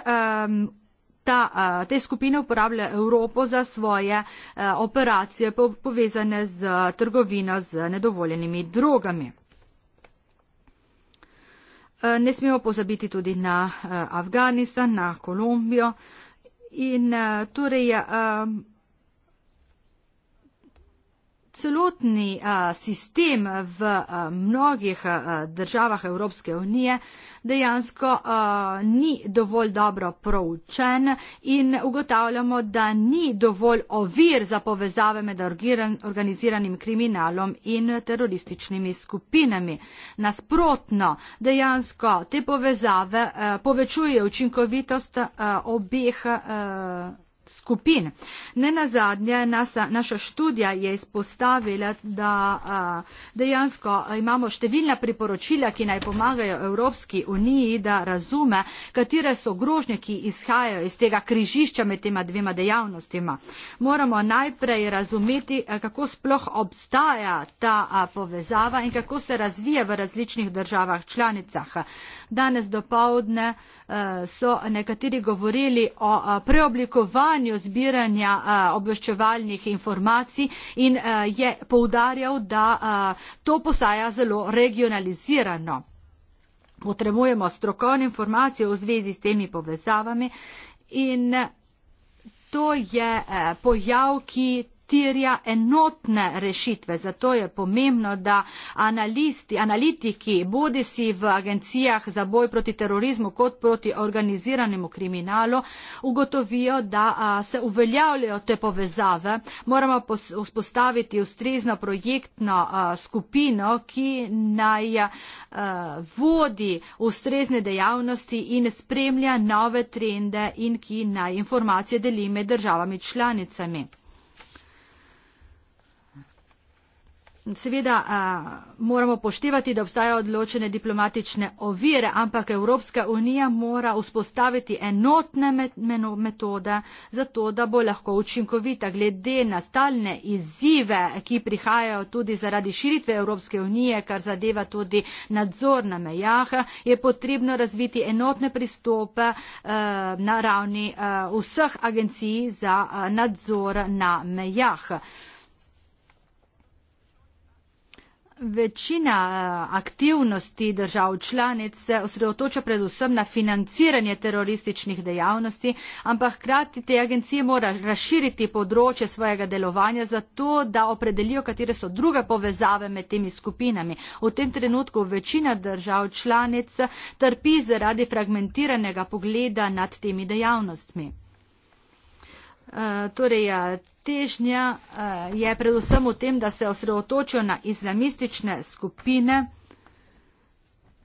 ta, te skupine uporabljajo Evropo za svoje operacije povezane z trgovino z nedovoljenimi drogami. Ne smemo pozabiti tudi na Afganistan, na Kolumbijo in torej je celotni a, sistem v a, mnogih a, državah Evropske unije dejansko a, ni dovolj dobro proučen in ugotavljamo, da ni dovolj ovir za povezave med organiziranim kriminalom in terorističnimi skupinami. Nasprotno, dejansko te povezave a, povečuje učinkovitost a, obeh. A, skupin. Ne nazadnje, nasa, naša študija je izpostavila, da a, dejansko imamo številna priporočila, ki naj pomagajo Evropski uniji, da razume, katere so grožnje, ki izhajajo iz tega križišča med tema dvema dejavnostima. Moramo najprej razumeti, a, kako sploh obstaja ta a, povezava in kako se razvije v različnih državah članicah. A, Danes dopoldne eh, so nekateri govorili o eh, preoblikovanju zbiranja eh, obveščevalnih informacij in je poudarjal, da to posaja zelo regionalizirano. Potrebujemo strokovne informacije v zvezi s temi povezavami in to je pojav, ki terja enotne rešitve. Zato je pomembno, da analisti, analitiki, bodi si v agencijah za boj proti terorizmu kot proti organiziranemu kriminalu, ugotovijo, da a, se uveljavljajo te povezave. Moramo vzpostaviti ustrezno projektno a, skupino, ki naj a, vodi ustrezne dejavnosti in spremlja nove trende in ki naj informacije deli med državami članicami. Seveda uh, moramo poštevati, da obstajajo odločene diplomatične ovire, ampak Evropska unija mora vzpostaviti enotne metode za to, da bo lahko učinkovita glede na stalne izzive, ki prihajajo tudi zaradi širitve Evropske unije, kar zadeva tudi nadzor na mejah, je potrebno razviti enotne pristope uh, na ravni uh, vseh agencij za uh, nadzor na mejah. Uh, Večina eh, aktivnosti držav članic se osredotoča predvsem na financiranje terorističnih dejavnosti, ampak hkrati te agencije mora razširiti področje svojega delovanja zato, da opredelijo, katere so druge povezave med temi skupinami. V tem trenutku večina držav članic trpi zaradi fragmentiranega pogleda nad temi dejavnostmi. Eh, torej, ja, težnja eh, je predvsem v tem, da se osredotočijo na islamistične skupine,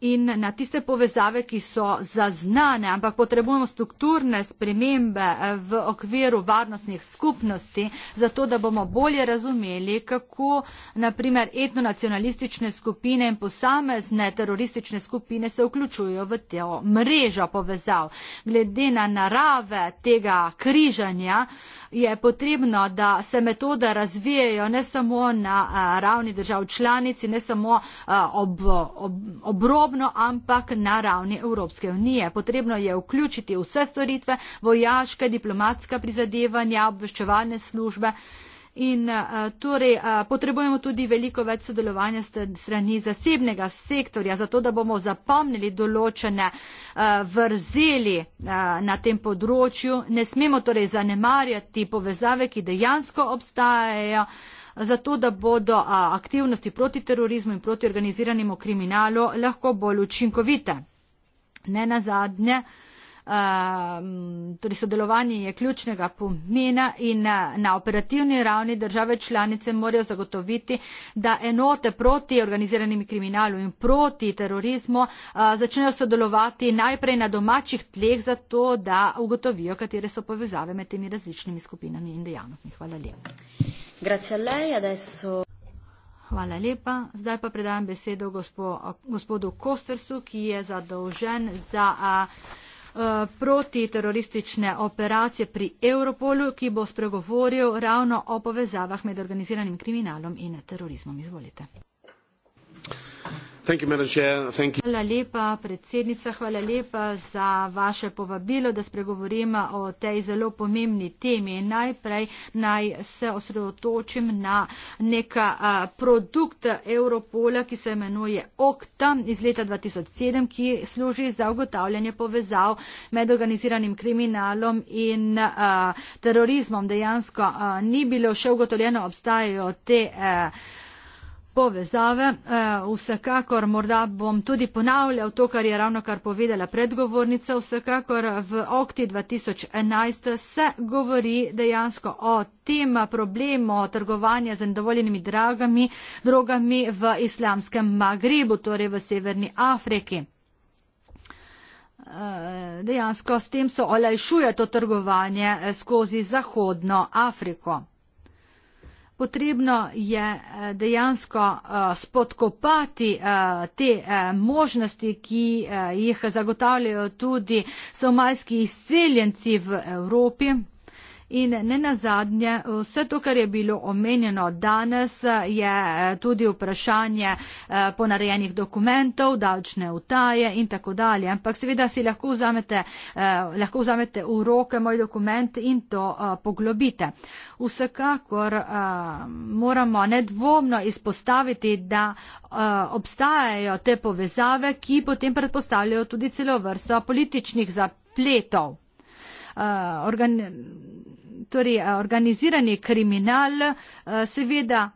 in na tiste povezave, ki so zaznane, ampak potrebujemo strukturne spremembe eh, v okviru varnostnih skupnosti, zato da bomo bolje razumeli, kako naprimer etnonacionalistične skupine in posamezne teroristične skupine se vključujo v to mrežo povezav. Glede na narave tega križanja je potrebno, da se metode razvijajo ne samo na eh, ravni držav članici, ne samo eh, ob, ob, obrobi, podobno, ampak na ravni Evropske unije. Potrebno je vključiti vse storitve, vojaške, diplomatska prizadevanja, obveščevalne službe. In eh, torej eh, potrebujemo tudi veliko več sodelovanja strani zasebnega sektorja, zato da bomo zapomnili določene eh, vrzeli na tem področju. Ne smemo torej zanemarjati povezave, ki dejansko obstajajo zato da bodo aktivnosti proti terorizmu in proti organiziranemu kriminalu lahko bolj učinkovite. Ne na zadnje, torej sodelovanje je ključnega pomena in na operativni ravni države članice morajo zagotoviti, da enote proti organiziranemu kriminalu in proti terorizmu začnejo sodelovati najprej na domačih tleh, zato da ugotovijo, katere so povezave med temi različnimi skupinami in dejavnostmi. Hvala lepa. Grazie a lei, adesso... Hvala lepa. Zdaj pa predajam besedo gospo, gospodu Kostersu, ki je zadolžen za a, a, protiteroristične operacije pri Europolu, ki bo spregovoril ravno o povezavah med organiziranim kriminalom in terorizmom. Izvolite. Hvala lepa, predsednica, hvala lepa za vaše povabilo, da spregovorimo o tej zelo pomembni temi. Najprej naj se osredotočim na neka produkt Europola, ki se imenuje OKTA iz leta 2007, ki služi za ugotavljanje povezav med organiziranim kriminalom in terorizmom. Dejansko ni bilo še ugotovljeno, obstajajo te povezave. Eh, vsekakor morda bom tudi ponavljal to, kar je ravno kar povedala predgovornica. Vsekakor v okti 2011 se govori dejansko o tem problemu trgovanja z nedovoljenimi dragami, drogami v islamskem Magrebu, torej v severni Afriki. Eh, dejansko s tem se olajšuje to trgovanje eh, skozi Zahodno Afriko potrebno je eh, dejansko eh, spodkopati eh, te možnosti, ki jih zagotavljajo tudi somalski izseljenci v Evropi. In ne nazadnje, vse to, kar je bilo omenjeno danes, je eh, tudi vprašanje eh, ponarejenih dokumentov, davčne utaje in tako dalje. Ampak seveda si lahko vzamete, eh, lahko vzamete v roke moj dokument in to poglobite. Vsekakor moramo nedvomno izpostaviti, da obstajajo te povezave, ki potem predpostavljajo tudi celo vrsto političnih zapletov. Eh, organ, torej, eh, organizirani kriminal eh, seveda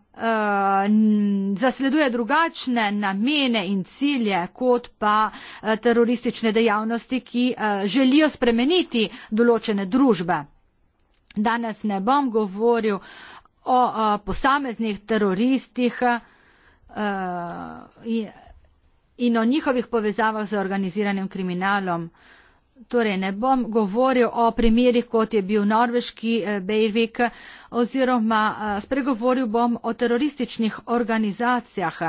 zasleduje drugačne namene in cilje kot pa teroristične dejavnosti, ki želijo spremeniti določene družbe. Danes ne bom govoril o posameznih teroristih in o njihovih povezavah z organiziranim kriminalom. Torej, ne bom govoril o primerih, kot je bil norveški eh, Beirvik, oziroma eh, spregovoril bom o terorističnih organizacijah.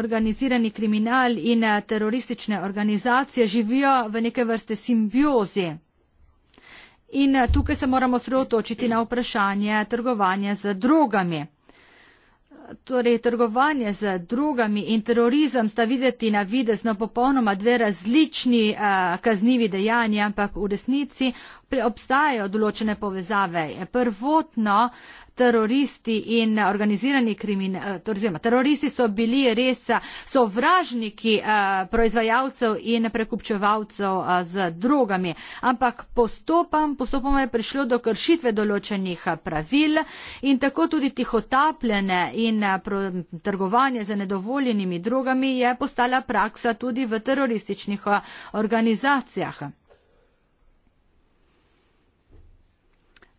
Organizirani kriminal in eh, teroristične organizacije živijo v neke vrste simbiozi. In tukaj se moramo sredotočiti na vprašanje trgovanja z drogami. Torej, trgovanje z drugami in terorizem sta videti na videz no, popolnoma dve različni a, eh, kaznivi dejanja, ampak v resnici obstajajo določene povezave. Prvotno teroristi in organizirani kriminal, eh, oziroma teroristi so bili res eh, sovražniki eh, proizvajalcev in prekupčevalcev z drogami, ampak postopam, postopoma je prišlo do kršitve določenih pravil in tako tudi tihotapljene in trgovanje z nedovoljenimi drogami je postala praksa tudi v terorističnih organizacijah.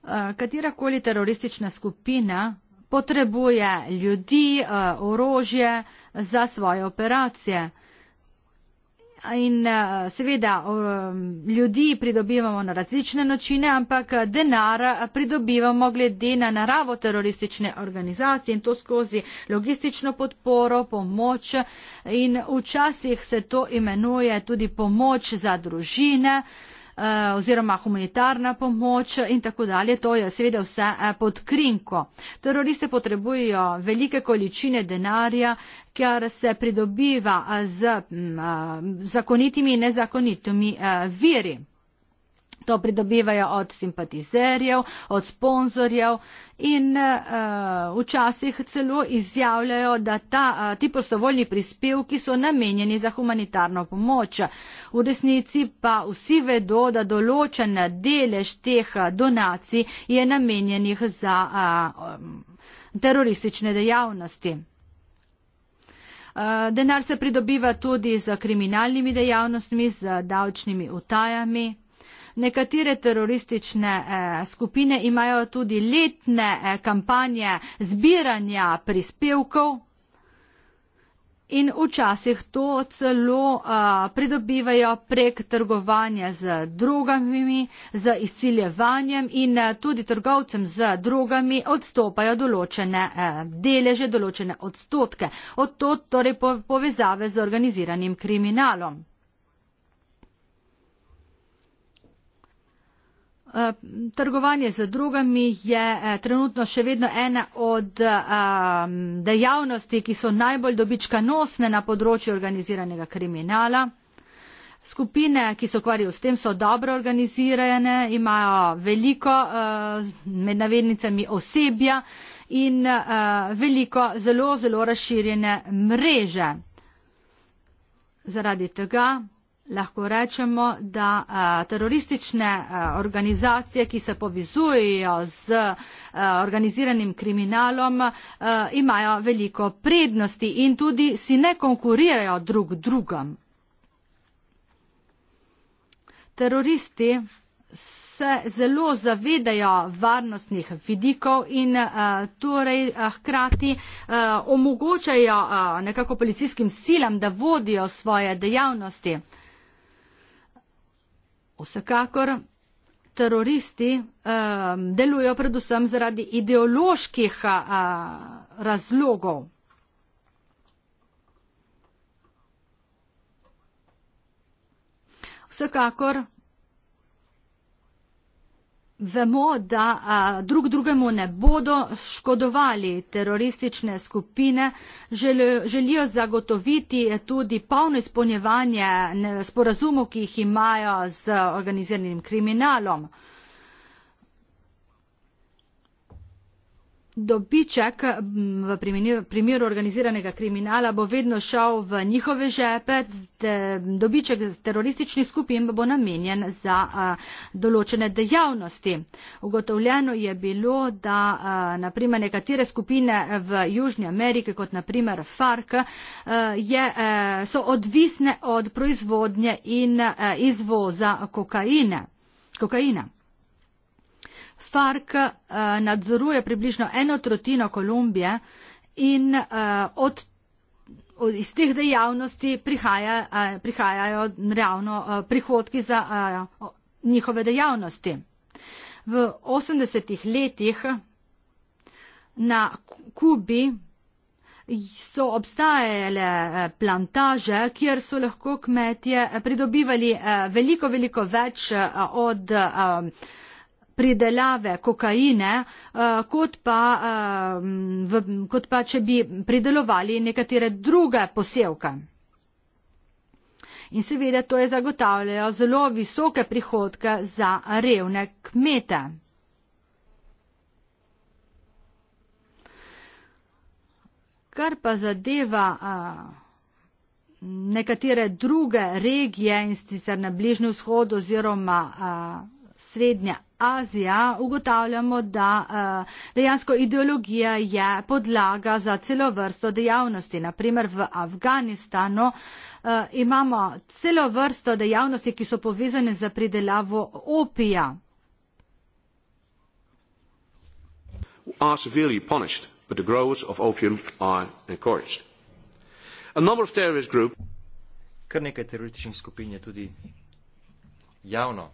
Eh, katerakoli teroristična skupina potrebuje ljudi, eh, orožje za svoje operacije. In eh, seveda ljudi pridobivamo na različne načine, ampak denar pridobivamo glede na naravo teroristične organizacije in to skozi logistično podporo, pomoč in včasih se to imenuje tudi pomoč za družine. Eh, oziroma humanitarna pomoč in tako dalje. To je seveda vse eh, pod krinko. Teroriste potrebujejo velike količine denarja, ker se pridobiva eh, z mm, zakonitimi in nezakonitimi viri. To pridobivajo od simpatizerjev, od sponzorjev in uh, včasih celo izjavljajo, da ta, uh, ti prostovoljni prispevki so namenjeni za humanitarno pomoč. V resnici pa vsi vedo, da določen delež teh eh, donacij je namenjenih za uh, teroristične dejavnosti. Uh, denar se pridobiva tudi z kriminalnimi dejavnostmi, z davčnimi utajami. Nekatere teroristične eh, skupine imajo tudi letne eh, kampanje zbiranja prispevkov in včasih to celo eh, pridobivajo prek trgovanja z drogami, z izciljevanjem in eh, tudi trgovcem z drogami odstopajo določene eh, deleže, določene odstotke. Od to torej po, povezave z organiziranim kriminalom. Eh, trgovanje z drugami je eh, trenutno še vedno ena od eh, dejavnosti, ki so najbolj dobičkanosne na področju organiziranega kriminala. Skupine, ki se ukvarjajo s tem, so dobro organizirane, imajo veliko med navednicami osebja in veliko zelo, zelo razširjene mreže. Zaradi tega lahko rečemo, da a, teroristične a, organizacije, ki se povizujejo z a, organiziranim kriminalom, a, imajo veliko prednosti in tudi si ne konkurirajo drug drugam. Teroristi se zelo zavedajo varnostnih vidikov in uh, torej uh, hkrati uh, omogočajo uh, nekako policijskim silam, da vodijo svoje dejavnosti. Uh, Vsekakor teroristi um, delujejo predvsem zaradi ideoloških a, a, razlogov. Vsekakor vemo, da a, drug drugemu ne bodo škodovali. Teroristične skupine želijo zagotoviti tudi polno izpolnjevanje sporazumov, ki jih imajo z organiziranim kriminalom. dobiček v primeru organiziranega kriminala bo vedno šel v njihove žepe, dobiček terorističnih skupin bo namenjen za določene dejavnosti. Ugotovljeno je bilo, da naprimer nekatere skupine v Južnji Ameriki, kot naprimer FARC, je, so odvisne od proizvodnje in izvoza kokaine. kokaina. FARC uh, nadzoruje približno eno tretjino Kolumbije in uh, od, od, iz teh dejavnosti prihaja, uh, prihajajo ravno uh, prihodki za uh, njihove dejavnosti. V 80-ih letih na Kubi so obstajale plantaže, kjer so lahko kmetje pridobivali veliko, veliko več od. Uh, pridelave kokaine, eh, kot pa, eh, kot pa če bi pridelovali nekatere druge posevke. In seveda to je zagotavljajo zelo visoke prihodke za revne kmete. Kar pa zadeva a, eh, nekatere druge regije in sicer na Bližnjem vzhodu oziroma a, Srednja Azija, ugotavljamo, da eh, dejansko ideologija je podlaga za celo vrsto dejavnosti. Naprimer v Afganistanu eh, imamo celo vrsto dejavnosti, ki so povezane za pridelavo opija. are severely punished, but the growers of opium are encouraged. A number of terrorist groups... Kar nekaj terorističnih skupin je tudi javno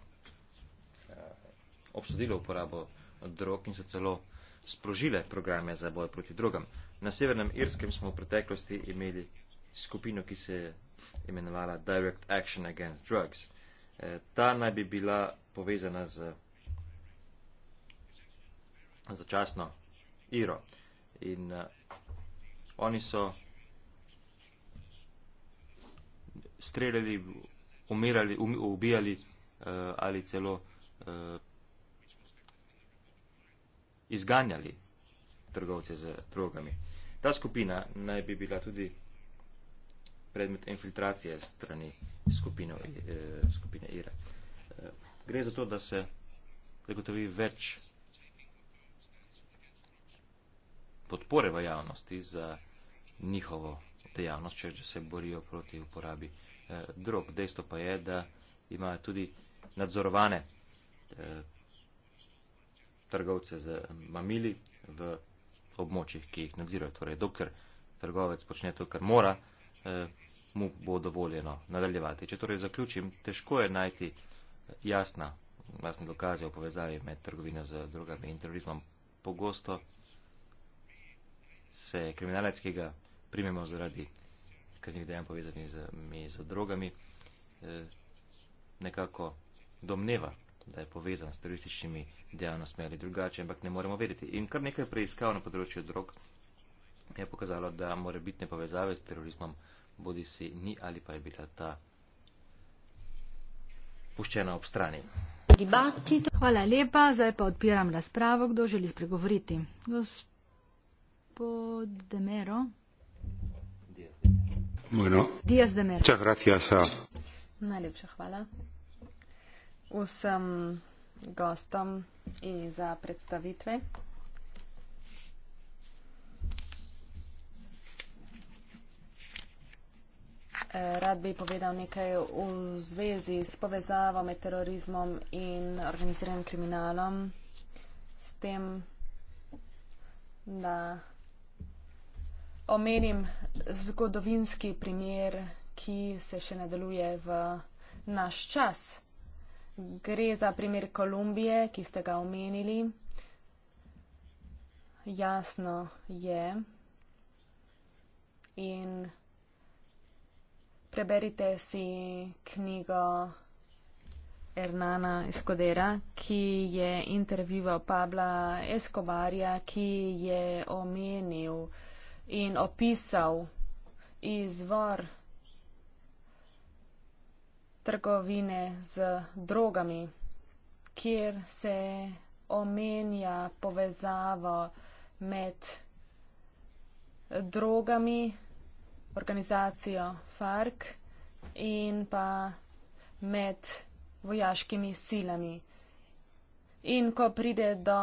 obsodile uporabo drog in so celo sprožile programe za boj proti drogam. Na Severnem Irskem smo v preteklosti imeli skupino, ki se je imenovala Direct Action Against Drugs. E, ta naj bi bila povezana z začasno Iro. In uh, oni so streljali, umirali, um, ubijali uh, ali celo uh, izganjali trgovce z drogami. Ta skupina naj bi bila tudi predmet infiltracije strani skupino, eh, skupine IRA. Eh, gre za to, da se zagotovi več podpore v javnosti za njihovo dejavnost, če se borijo proti uporabi eh, drog. Dejstvo pa je, da imajo tudi nadzorovane eh, trgovce z mamili v območjih, ki jih nadzirajo. Torej, dokler trgovec počne to, kar mora, eh, mu bo dovoljeno nadaljevati. Če torej zaključim, težko je najti eh, jasna, jasne dokaze o povezavi med trgovino z drogami in terorizmom. Pogosto se kriminalec, ki ga primemo zaradi kaznih dejanj povezanih z, z drogami, eh, nekako domneva, da je povezan s terorističnimi dejavnostmi ali drugače, ampak ne moremo vedeti. In kar nekaj preiskav na področju drog je pokazalo, da more biti povezave s terorizmom, bodi si ni ali pa je bila ta puščena ob strani. Hvala lepa, zdaj pa odpiram razpravo, kdo želi spregovoriti. Gospod Demero. Bueno. Díaz de Mer. Muchas gracias a... Najlepša hvala vsem gostom in za predstavitve. Rad bi povedal nekaj v zvezi s povezavo med terorizmom in organiziranim kriminalom, s tem, da omenim zgodovinski primer, ki se še nadaljuje v naš čas. Gre za primer Kolumbije, ki ste ga omenili. Jasno je. In preberite si knjigo Hernana Escodera, ki je intervjuval Pabla Escobarja, ki je omenil in opisal izvor trgovine z drogami, kjer se omenja povezavo med drogami, organizacijo FARC in pa med vojaškimi silami. In ko pride do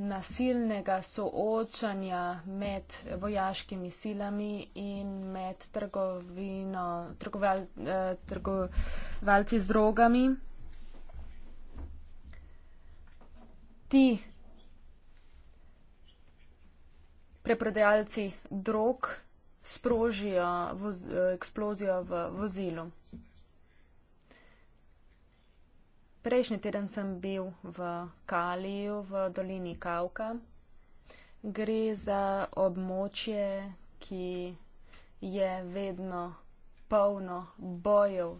nasilnega soočanja med vojaškimi silami in med trgovino, trgoval, eh, trgovalci z drogami, ti preprodajalci drog sprožijo voz, eh, eksplozijo v vozilu. Prejšnji teden sem bil v Kaliju, v dolini Kavka. Gre za območje, ki je vedno polno bojev,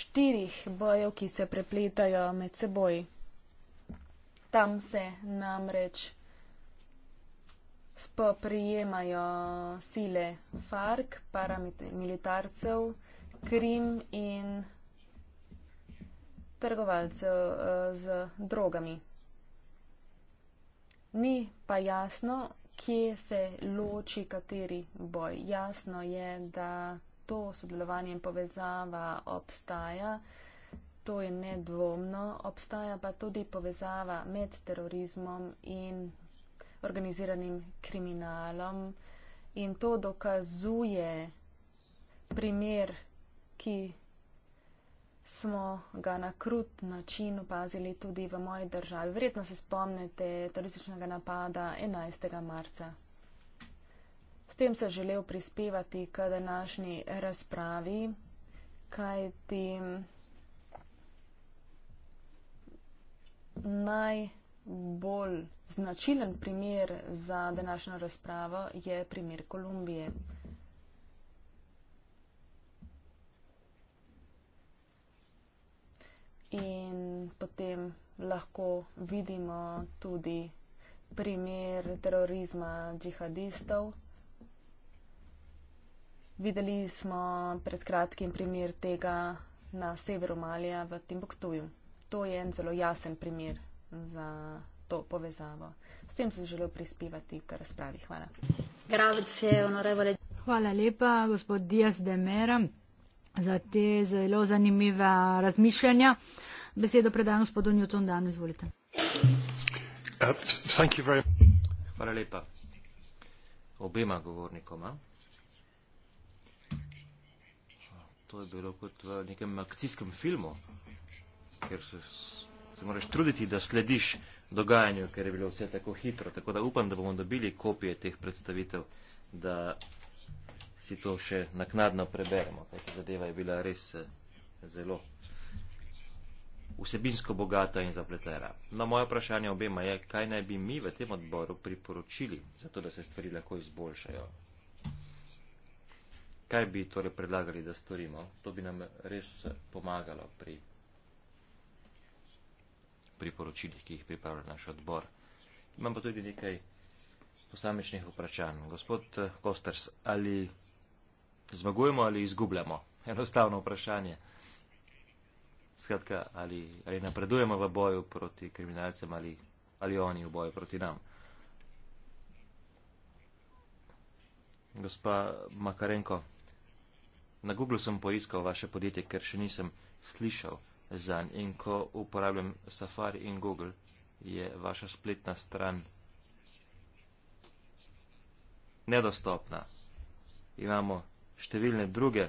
štirih bojev, ki se prepletajo med seboj. Tam se namreč spoprijemajo sile FARC, paramilitarcev, Krim in trgovalcev eh, z drogami. Ni pa jasno, kje se loči kateri boj. Jasno je, da to sodelovanje in povezava obstaja, to je nedvomno, obstaja pa tudi povezava med terorizmom in organiziranim kriminalom in to dokazuje primer, ki smo ga na krut način opazili tudi v moji državi. Verjetno se spomnite terorističnega napada 11. marca. S tem se želel prispevati k današnji razpravi, kaj ti najbolj značilen primer za današnjo razpravo je primer Kolumbije. in potem lahko vidimo tudi primer terorizma džihadistov. Videli smo pred kratkim primer tega na severu Malija v Timbuktuju. To je en zelo jasen primer za to povezavo. S tem sem želel prispevati k razpravi. Hvala. Gravice, onorevole. Hvala lepa, gospod Dias de Mera, za te zelo zanimive razmišljanja. Besedo predajam gospodu Newton Danu, izvolite. Uh, Hvala lepa obema govornikoma. To je bilo kot v nekem akcijskem filmu, ker se, se moraš truditi, da slediš dogajanju, ker je bilo vse tako hitro. Tako da upam, da bomo dobili kopije teh predstavitev, da si to še naknadno preberemo. Kajti zadeva je bila res eh, zelo vsebinsko bogata in zapletena. Na no, moje vprašanje obema je, kaj naj bi mi v tem odboru priporočili, zato da se stvari lahko izboljšajo. Kaj bi torej predlagali, da storimo? To bi nam res pomagalo pri priporočilih, ki jih pripravlja naš odbor. Imam pa tudi nekaj posamečnih vprašanj. Gospod eh, Kosters, ali zmagujemo ali izgubljamo? Enostavno vprašanje skratka, ali, ali napredujemo v boju proti kriminalcem ali, ali oni v boju proti nam. Gospa Makarenko, na Google sem poiskal vaše podjetje, ker še nisem slišal zanj. In ko uporabljam Safari in Google, je vaša spletna stran nedostopna. Imamo številne druge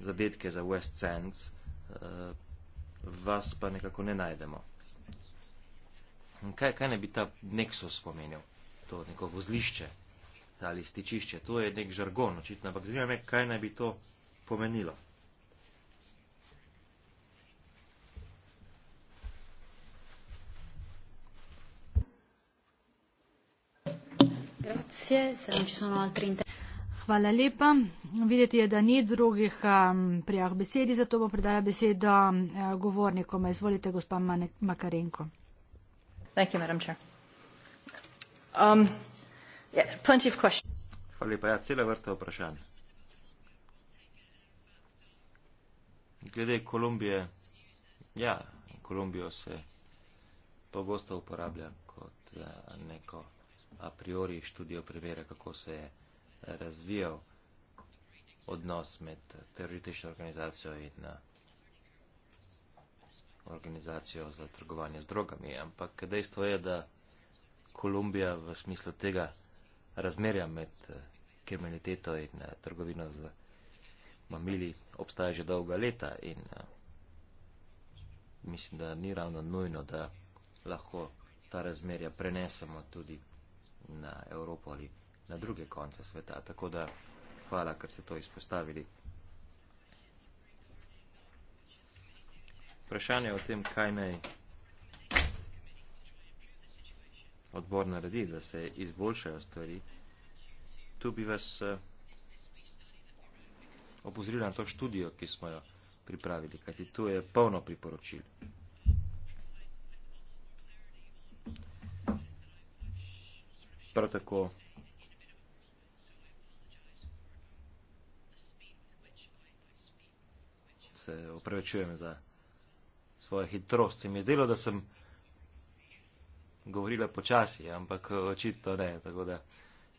zadetke za West Sands, uh, vas pa nekako ne najdemo. Kaj, kaj ne bi ta nekso spomenil? To neko vozlišče ali stičišče, to je nek žargon, očitno, ampak zanima me, kaj naj bi to pomenilo. Grazie, se non ci sono altri interventi. Hvala lepa. Videti je, da ni drugih um, prijav besedi, zato bom predala besedo um, govornikom. Izvolite, gospa Makarenko. Thank you, madam chair. Um, yeah, plenty of questions. Hvala lepa, ja, cela vrsta vprašanj. Glede Kolumbije, ja, Kolumbijo se pogosto uporablja kot uh, neko a priori študijo primere, kako se je razvijal odnos med teroristično organizacijo in eh, organizacijo za trgovanje z drogami. Ampak dejstvo je, da Kolumbija v smislu tega razmerja med eh, kriminaliteto in eh, trgovino z mamili obstaja že dolga leta in mislim, da ni ravno nujno, da lahko ta razmerja prenesemo tudi na Evropo ali na druge konce sveta. Tako da hvala, ker ste to izpostavili. Vprašanje o tem, kaj naj odbor naredi, da se izboljšajo stvari, tu bi vas eh, opozorila na to študijo, ki smo jo pripravili, kajti tu je polno priporočil. Prav tako se opravičujem za svojo hitrost. Se mi je zdelo, da sem govorila počasi, ampak očitno ne. Tako da,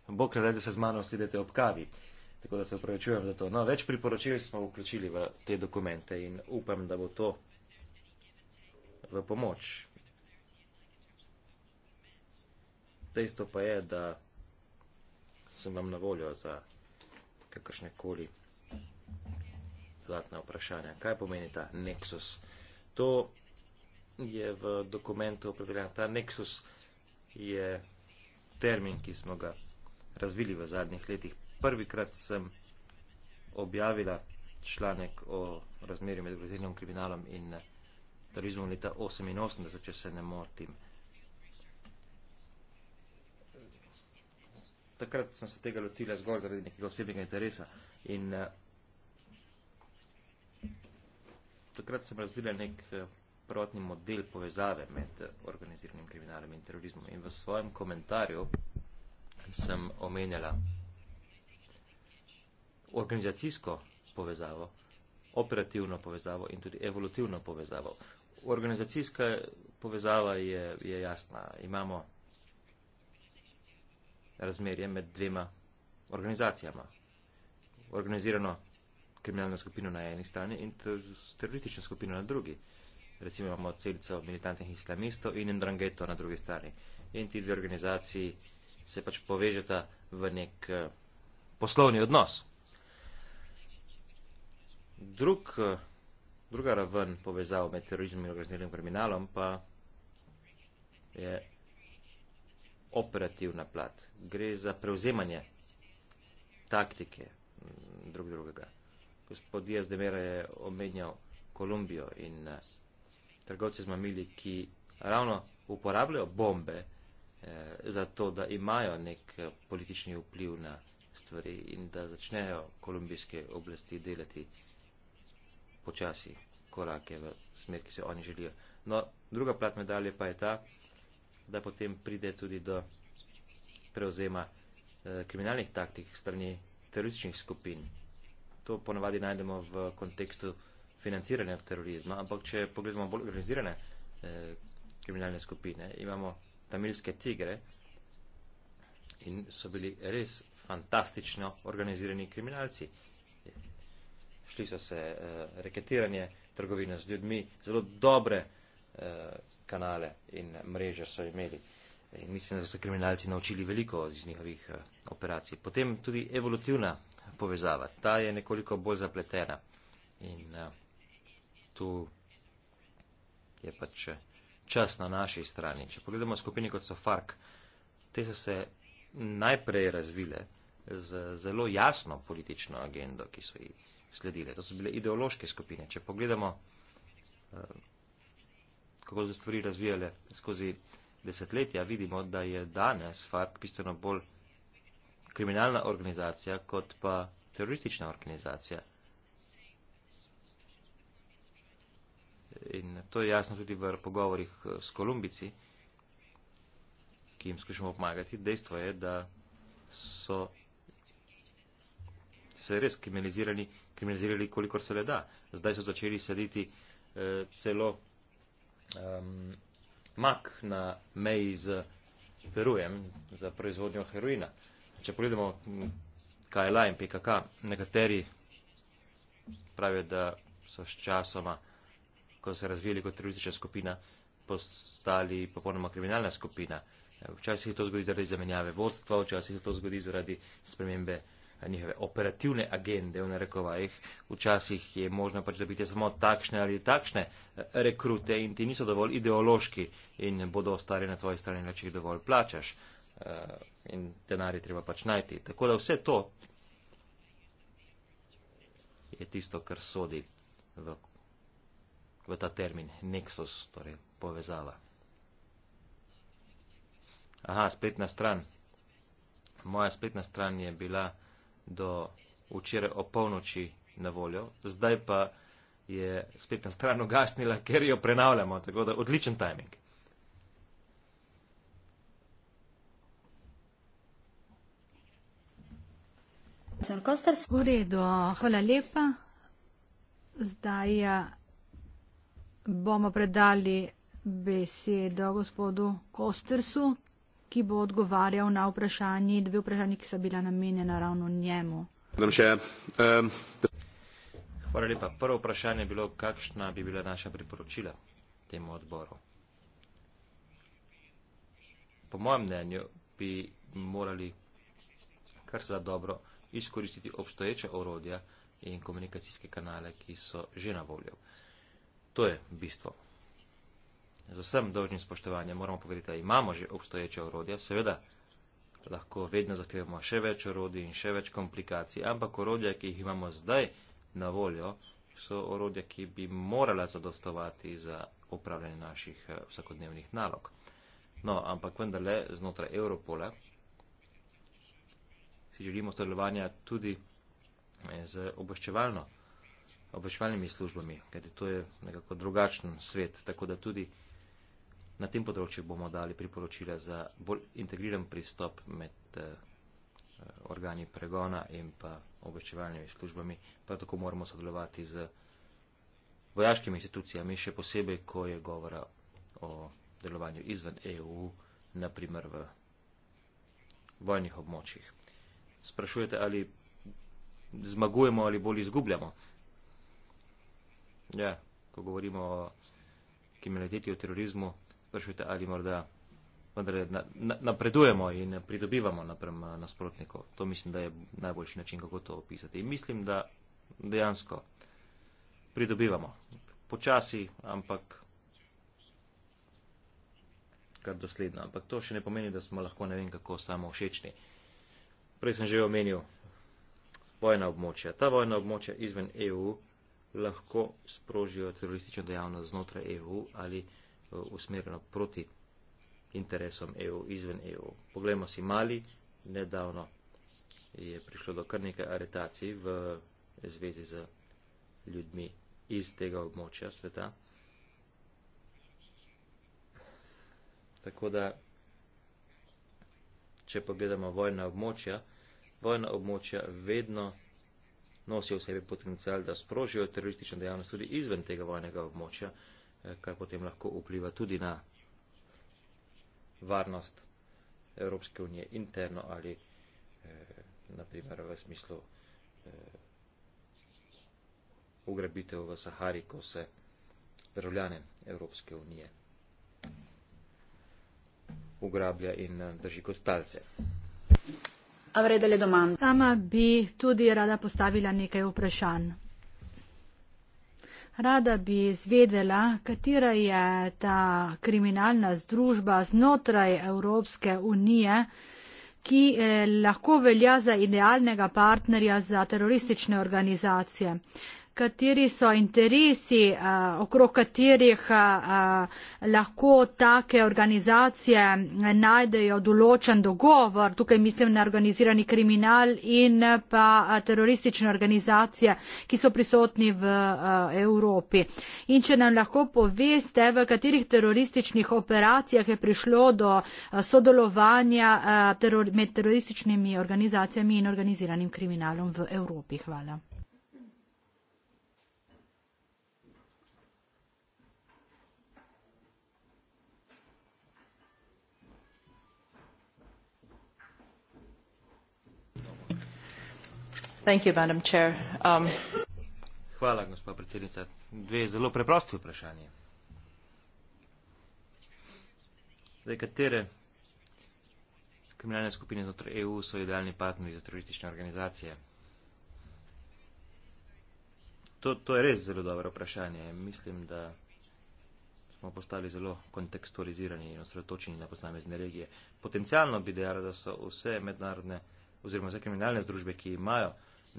bog ne da, da se z mano sedete ob kavi. Tako da se opravičujem za to. No, več priporočil smo vključili v te dokumente in upam, da bo to v pomoč. Dejstvo pa je, da sem vam na voljo za kakršne koli dodatna vprašanja. Kaj pomeni ta nexus? To je v dokumentu opredeljeno. Ta nexus je termin, ki smo ga razvili v zadnjih letih. Prvikrat sem objavila članek o razmerju med organiziranim kriminalom in terorizmom leta 1988, če se ne motim. Takrat sem se tega lotila zgolj zaradi nekega osebnega interesa in eh, takrat sem razvila nek eh, prvotni model povezave med eh, organiziranim kriminalom in terorizmom. In v svojem komentarju sem omenjala organizacijsko povezavo, operativno povezavo in tudi evolutivno povezavo. Organizacijska povezava je, je jasna. Imamo razmerje med dvema organizacijama. Organizirano kriminalno skupino na eni strani in teroristično skupino na drugi. Recimo imamo celico militantnih islamistov in Ndrangheto na drugi strani. In ti dve organizaciji se pač povežeta v nek eh, poslovni odnos. Drug, eh, druga raven povezav med terorizmom in organiziranim kriminalom pa je operativna plat. Gre za prevzemanje taktike drug drugega gospod Diaz de Mera je omenjal Kolumbijo in eh, trgovce z mamili, ki ravno uporabljajo bombe eh, za to, da imajo nek eh, politični vpliv na stvari in da začnejo kolumbijske oblasti delati počasi korake v smer, ki se oni želijo. No, druga plat medalje pa je ta, da potem pride tudi do prevzema eh, kriminalnih taktik strani terorističnih skupin, to ponavadi najdemo v kontekstu financiranja terorizma, ampak če pogledamo bolj organizirane eh, kriminalne skupine, imamo tamilske tigre in so bili res fantastično organizirani kriminalci. Šli so se eh, reketiranje, trgovina z ljudmi, zelo dobre eh, kanale in mreže so imeli. In mislim, da so se kriminalci naučili veliko iz njihovih eh, operacij. Potem tudi evolutivna povezava. Ta je nekoliko bolj zapletena in uh, tu je pač eh, čas na naši strani. Če pogledamo skupine kot so FARC, te so se najprej razvile z zelo jasno politično agendo, ki so jih sledile. To so bile ideološke skupine. Če pogledamo, eh, kako so stvari razvijale skozi desetletja, vidimo, da je danes FARC bistveno bolj kriminalna organizacija kot pa teroristična organizacija. In to je jasno tudi v pogovorih eh, s Kolumbici, ki jim skušamo pomagati. Dejstvo je, da so se res kriminalizirali, kriminalizirali kolikor se le da. Zdaj so začeli sediti eh, celo um, mak na meji z Perujem za proizvodnjo heroina. Eh, če pogledamo KLA in PKK, nekateri pravijo, da so s časoma, ko so se razvijali kot teroristična skupina, postali popolnoma kriminalna skupina. Včasih se to zgodi zaradi zamenjave vodstva, včasih se to zgodi zaradi spremembe eh, njihove operativne agende v narekovajih. Včasih je možno pač dobiti samo takšne ali takšne eh, rekrute in ti niso dovolj ideološki in bodo ostali na tvoji strani, če jih dovolj plačaš. Uh, Eh, in denar je treba pač najti. Tako da vse to je tisto, kar sodi v, v ta termin nexus, torej povezava. Aha, spletna stran. Moja spletna stran je bila do včeraj o polnoči na voljo, zdaj pa je spletna stran ugasnila, ker jo prenavljamo, tako da odličen timing. Profesor Kostars. V redu, hvala lepa. Zdaj ja, bomo predali besedo gospodu Kostersu, ki bo odgovarjal na vprašanje, dve vprašanje, ki so bila namenjena ravno njemu. Um, hvala lepa. Prvo vprašanje je bilo, kakšna bi bila naša priporočila temu odboru. Po mojem mnenju bi morali kar se da dobro izkoristiti obstoječa orodja in komunikacijske kanale, ki so že na voljo. To je bistvo. Z vsem dožnim spoštovanjem moramo povedati, da imamo že obstoječe orodja, seveda lahko vedno zahtevamo še več orodij in še več komplikacij, ampak orodja, ki jih imamo zdaj na voljo, so orodja, ki bi morala zadostovati za upravljanje naših eh, vsakodnevnih nalog. No, ampak vendarle znotraj Europola si želimo sodelovanja tudi eh, z obveščevalnimi službami, ker to je nekako drugačen svet, tako da tudi na tem področju bomo dali priporočila za bolj integriran pristop med eh, eh, organi pregona in pa obveščevalnimi službami. Prav tako moramo sodelovati z vojaškimi institucijami, še posebej, ko je govora o delovanju izven EU, naprimer v vojnih območjih sprašujete, ali zmagujemo ali bolj izgubljamo. Ja, ko govorimo o kriminaliteti, o terorizmu, sprašujete, ali morda vendar na, na, napredujemo in pridobivamo naprem eh, nasprotnikov. To mislim, da je najboljši način, kako to opisati. In mislim, da dejansko pridobivamo. Počasi, ampak kar dosledno. Ampak to še ne pomeni, da smo lahko ne vem kako samo všečni. Prej sem že omenil vojna območja. Ta vojna območja izven EU lahko sprožijo teroristično dejavnost znotraj EU ali eh, usmerjeno proti interesom EU izven EU. Poglejmo si Mali, nedavno je prišlo do kar nekaj aretacij v zvezi z ljudmi iz tega območja sveta. Tako da če pogledamo vojna območja, vojna območja vedno nosijo v sebi potencial, da sprožijo teroristično dejavnost tudi izven tega vojnega območja, eh, kar potem lahko vpliva tudi na varnost Evropske unije interno ali eh, naprimer v smislu eh, ugrabitev v Sahari, ko se državljane Evropske unije ugrablja in eh, drži kot talce. Sama bi tudi rada postavila nekaj vprašanj. Rada bi izvedela, katera je ta kriminalna združba znotraj Evropske unije, ki eh, lahko velja za idealnega partnerja za teroristične organizacije. Eh, kateri so interesi, uh, okrog katerih uh, lahko take organizacije najdejo določen dogovor. Tukaj mislim na organizirani kriminal in pa teroristične organizacije, ki so prisotni v uh, Evropi. In če nam lahko poveste, v katerih terorističnih operacijah je prišlo do uh, sodelovanja uh, teror med terorističnimi organizacijami in organiziranim kriminalom v Evropi. Hvala. Um, Hvala, gospa predsednica. Dve zelo preprosti vprašanje. Zdaj, katere kriminalne skupine znotraj EU so idealni partneri za teroristične organizacije? To, to je res zelo dobro vprašanje. Mislim, da smo postali zelo kontekstualizirani in osredotočeni na posamezne regije. Potencialno bi dejala, da so vse mednarodne oziroma vse kriminalne združbe, ki imajo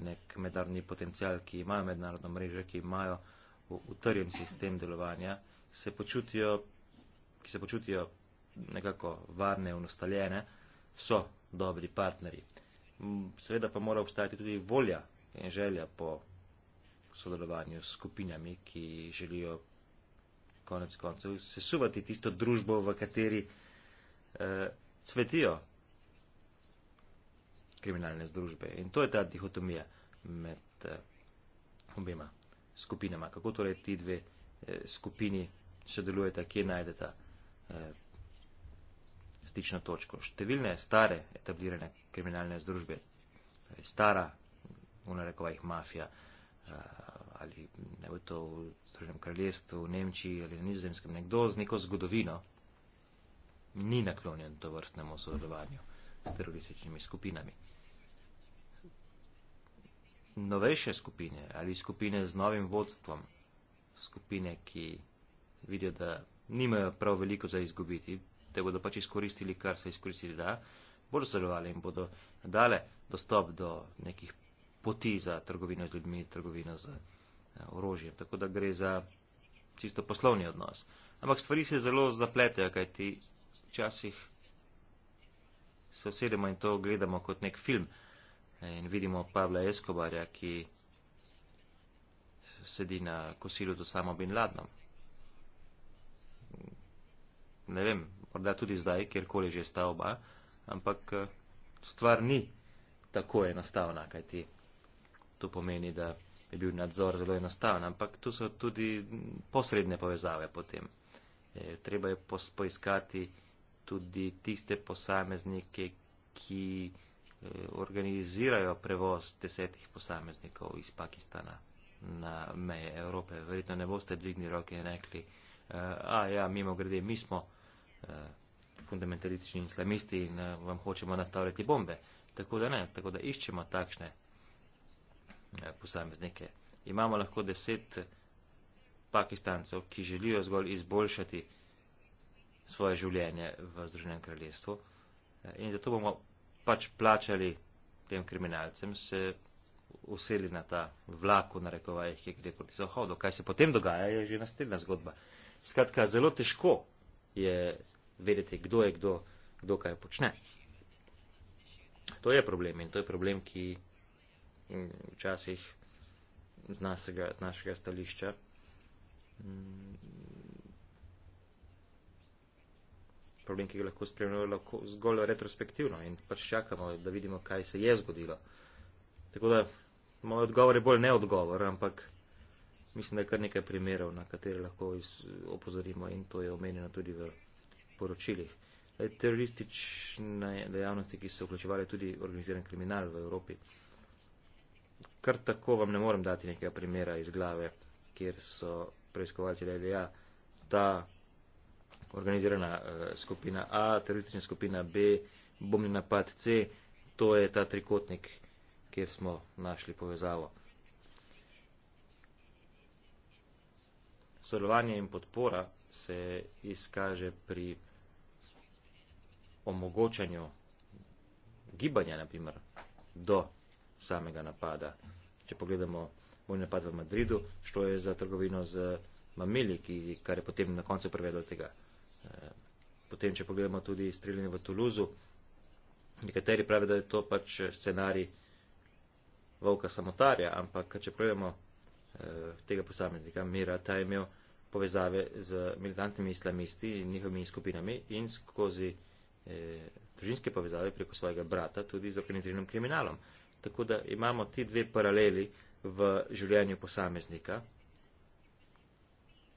nek mednarodni potencial, ki imajo mednarodno mrežo, ki imajo utrjen sistem delovanja, se počutijo, ki se počutijo nekako varne in ustaljene, so dobri partnerji. Seveda pa mora obstajati tudi volja in želja po sodelovanju s skupinjami, ki želijo konec koncev sesuvati tisto družbo, v kateri eh, cvetijo kriminalne združbe. In to je ta dihotomija med eh, obima skupinama. Kako torej ti dve eh, skupini sodelujeta, kje najdeta eh, stično točko. Številne stare etablirane kriminalne združbe, stara, v narekovajih mafija, ali ne bo to v Združenem kraljestvu, v Nemčiji ali na nizozemskem, nekdo z neko zgodovino ni naklonjen to vrstnemu sodelovanju s terorističnimi skupinami novejše skupine ali skupine z novim vodstvom, skupine, ki vidijo, da nimajo prav veliko za izgubiti, te bodo pač izkoristili, kar se izkoristili da, bodo sodelovali in bodo dale dostop do nekih poti za trgovino z ljudmi, trgovino z eh, orožjem. Tako da gre za čisto poslovni odnos. Ampak stvari se zelo zapletejo, kaj ti včasih se osedemo in to gledamo kot nek film. In vidimo Pavla Escobarja, ki sedi na kosilu z samo Bin Ladnom. Ne vem, morda tudi zdaj, kjerkoli že sta oba, ampak stvar ni tako enostavna, kaj ti to pomeni, da je bil nadzor zelo enostaven, ampak tu so tudi posredne povezave potem. E, treba je pos, poiskati tudi tiste posameznike, ki. Eh, organizirajo prevoz desetih posameznikov iz Pakistana na meje Evrope. Verjetno ne boste dvignili roke in rekli, eh, a ja, mimo grede, mi smo eh, fundamentalistični islamisti in vam hočemo nastavljati bombe. Tako da ne, tako da iščemo takšne posameznike. Imamo lahko deset pakistancev, ki želijo zgolj izboljšati svoje življenje v Združenem kraljestvu. In zato bomo pač plačali tem kriminalcem, se usili na ta vlak, v narekovajih, ki gre proti zahodu. Kaj se potem dogaja, je že naslednja zgodba. Skratka, zelo težko je vedeti, kdo je kdo, kdo kaj počne. To je problem in to je problem, ki včasih z našega, z našega stališča problem, ki ga lahko spremljamo lahko zgolj retrospektivno in pač čakamo, da vidimo, kaj se je zgodilo. Tako da moj odgovor je bolj neodgovor, ampak mislim, da je kar nekaj primerov, na katere lahko iz, opozorimo in to je omenjeno tudi v poročilih. Teroristične dejavnosti, ki so vključevali tudi organiziran kriminal v Evropi. Kar tako vam ne morem dati nekega primera iz glave, kjer so preiskovalci rekli, da ja, ta organizirana eh, skupina A, teroristična skupina B, bombni napad C, to je ta trikotnik, kjer smo našli povezavo. Sodelovanje in podpora se izkaže pri omogočanju gibanja, naprimer, do samega napada. Če pogledamo bolj napad v Madridu, što je za trgovino z mamili, ki, kar je potem na koncu prevedlo tega. Potem, če pogledamo tudi streljanje v Toulouse, nekateri pravi, da je to pač scenarij volka samotarja, ampak če pogledamo eh, tega posameznika, Mira, ta je imel povezave z militantnimi islamisti in njihovimi skupinami in skozi eh, družinske povezave preko svojega brata tudi z organiziranim kriminalom. Tako da imamo ti dve paraleli v življenju posameznika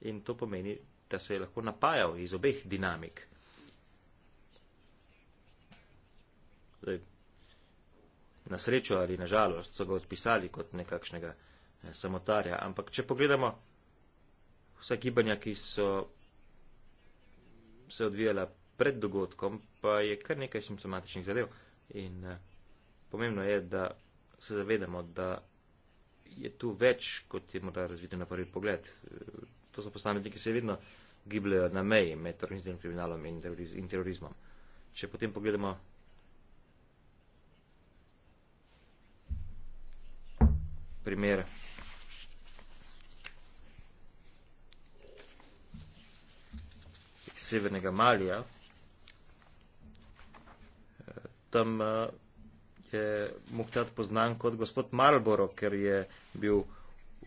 in to pomeni, da se je lahko napajal iz obeh dinamik. Zdaj, na srečo ali na žalost so ga odpisali kot nekakšnega eh, samotarja, ampak če pogledamo vsa gibanja, ki so se odvijala pred dogodkom, pa je kar nekaj simptomatičnih zadev in eh, pomembno je, da se zavedamo, da je tu več, kot je morda razvideno na prvi pogled. Eh, to so posamezniki, ki se vedno gibljajo na meji med terorističnim kriminalom in, teroriz in terorizmom. Če potem pogledamo. Primer. Severnega Malija. Tam eh, je Muhtad poznan kot gospod Marlboro, ker je bil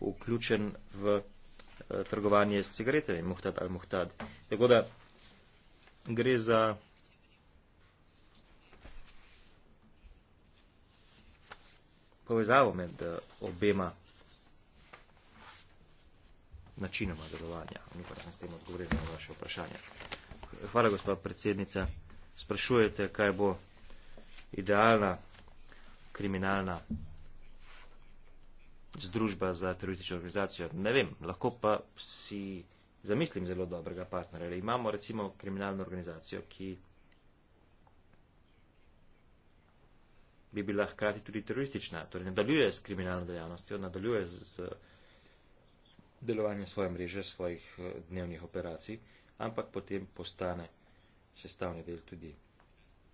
vključen v Eh, trgovanje s cigaretami, muhtad ali muhtad. Tako da gre za. Povezavo med eh, obema načinoma delovanja. Upam, da sem s tem odgovoril na vaše vprašanje. Hvala, gospa predsednica. Sprašujete, kaj bo idealna kriminalna združba za teroristično organizacijo. Ne vem, lahko pa si zamislim zelo dobrega partnerja. Imamo recimo kriminalno organizacijo, ki bi bila hkrati tudi teroristična, torej nadaljuje s kriminalno dejavnostjo, nadaljuje z delovanjem svoje mreže, svojih eh, dnevnih operacij, ampak potem postane sestavni del tudi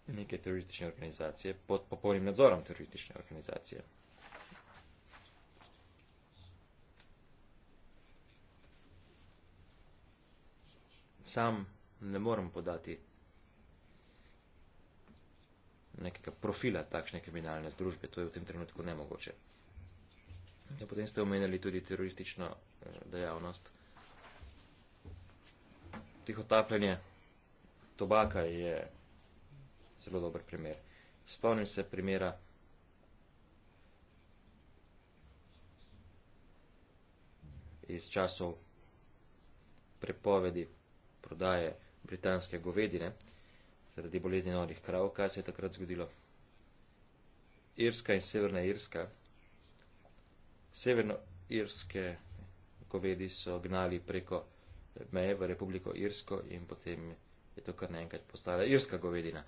neke teroristične organizacije pod popolnim nadzorom teroristične organizacije. sam ne morem podati nekega profila takšne kriminalne združbe. To je v tem trenutku nemogoče. Ja, potem ste omenjali tudi teroristično eh, dejavnost. Tihotapljanje tobaka je zelo dober primer. Spomnim se primera iz časov prepovedi prodaje britanske govedine zaradi bolezni norih krav, kaj se je takrat zgodilo. Irska in Severna Irska. Severno-irske govedi so gnali preko meje v Republiko Irsko in potem je to kar naenkrat postala irska govedina.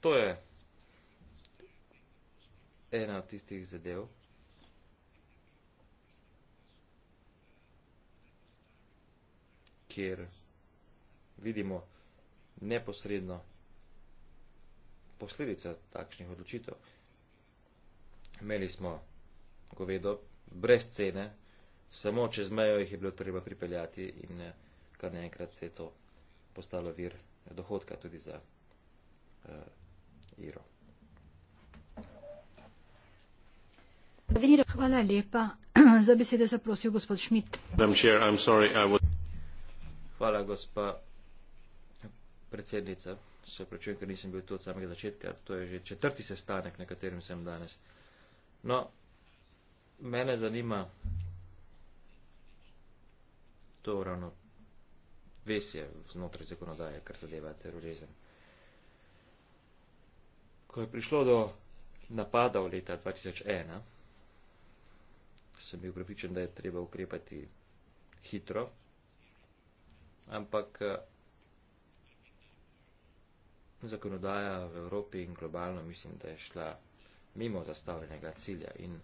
To je ena od tistih zadev, kjer vidimo neposredno posledice takšnih odločitev. Imeli smo govedo brez cene, samo čez mejo jih je bilo treba pripeljati in eh, kar naenkrat je to postalo vir dohodka tudi za uh, Iro. Hvala lepa. Za besede se prosil gospod Schmidt. Hvala, gospa predsednica. Se prečujem, ker nisem bil tu od samega začetka. To je že četrti sestanek, na katerem sem danes. No, mene zanima to ravno vesje znotraj zakonodaje, kar zadeva terorizem. Ko je prišlo do napada v leta 2001, sem bil pripričan, da je treba ukrepati hitro, ampak eh, zakonodaja v Evropi in globalno mislim, da je šla mimo zastavljenega cilja in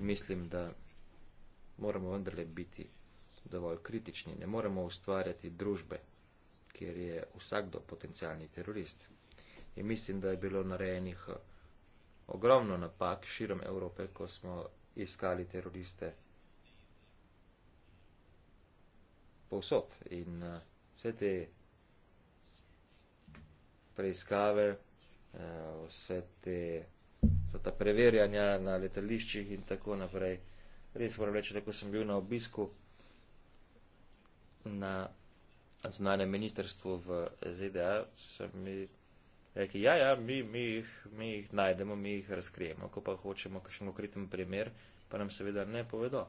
mislim, da moramo vendarle biti dovolj kritični. Ne moremo ustvarjati družbe, kjer je vsakdo potencijalni terorist. In mislim, da je bilo narejenih eh, ogromno napak širom Evrope, ko smo iskali teroriste. povsod. In uh, vse te preiskave, uh, vse te ta preverjanja na letališčih in tako naprej. Res moram reči, da ko sem bil na obisku na znanem ministerstvu v ZDA, sem mi rekel, ja, ja, mi, mi, jih, mi jih najdemo, mi jih razkrijemo, ko pa hočemo kakšen konkreten primer, pa nam seveda ne povedo,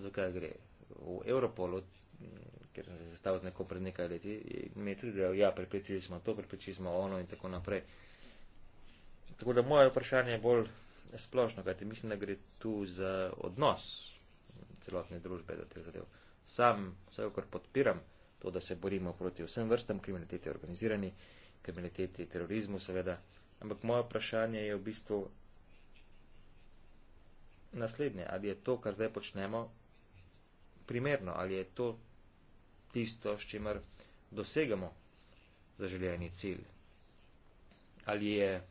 zakaj gre. V Europolu Mm, ker sem se sestavil z neko pred nekaj leti, mi je tudi rekel, ja, preprečili smo to, preprečili smo ono in tako naprej. Tako da moje vprašanje je bolj splošno, kajte mislim, da gre tu za odnos celotne družbe do teh zadev. Sam vsekakor podpiram to, da se borimo proti vsem vrstam kriminalitete, organizirani kriminaliteti, terorizmu seveda, ampak moje vprašanje je v bistvu naslednje, ali je to, kar zdaj počnemo, primerno, ali je to tisto, s čimer dosegamo zaželjeni cilj. Ali je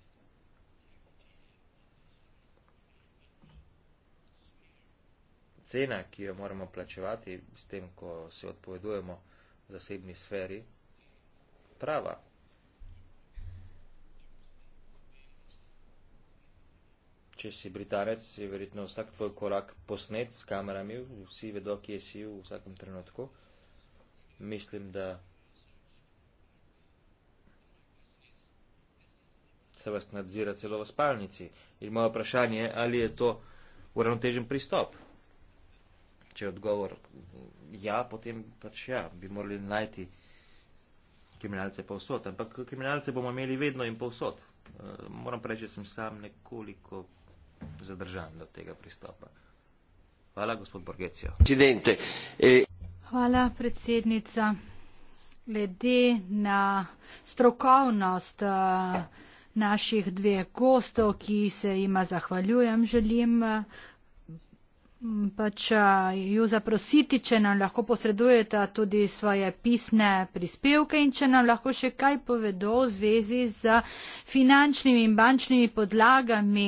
cena, ki jo moramo plačevati s tem, ko se odpovedujemo v zasebni sferi, prava? Če si britanec, je verjetno vsak tvoj korak posnet s kamerami, vsi vedo, kje si v vsakem trenutku mislim da se vas nadzira celo v spalnici. In moje vprašanje je, ali je to uravnotežen pristop. Če je odgovor ja, potem pač ja, bi morali najti kriminalce povsod. Ampak kriminalce bomo imeli vedno in povsod. Eh, moram reči, da sem sam nekoliko zadržan do tega pristopa. Hvala, gospod Borgecijo. Incidente. Eh, Hvala, predsednica. Glede na strokovnost eh, naših dveh gostov, ki se jima zahvaljujem, želim eh, pač eh, ju zaprositi, če nam lahko posredujete tudi svoje pisne prispevke in če nam lahko še kaj povedo v zvezi z finančnimi in bančnimi podlagami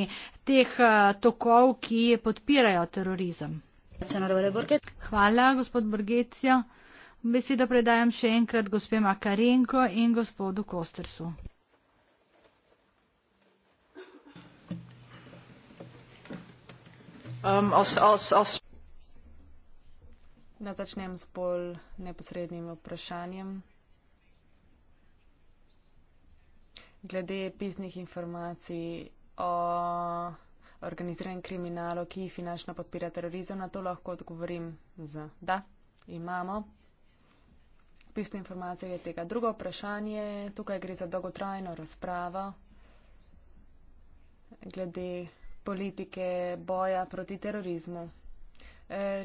teh tokov, ki podpirajo terorizem. Hvala, gospod Brgecijo. Besedo predajam še enkrat gospe Makarenko in gospodu Kostersu. Um, os, os, os. Na začnem s bolj neposrednim vprašanjem. Glede pisnih informacij o organiziranem kriminalu, ki finančno podpira terorizem, na to lahko odgovorim z da, imamo. Pisne informacije je tega. Drugo vprašanje, tukaj gre za dolgotrajno razpravo glede politike boja proti terorizmu.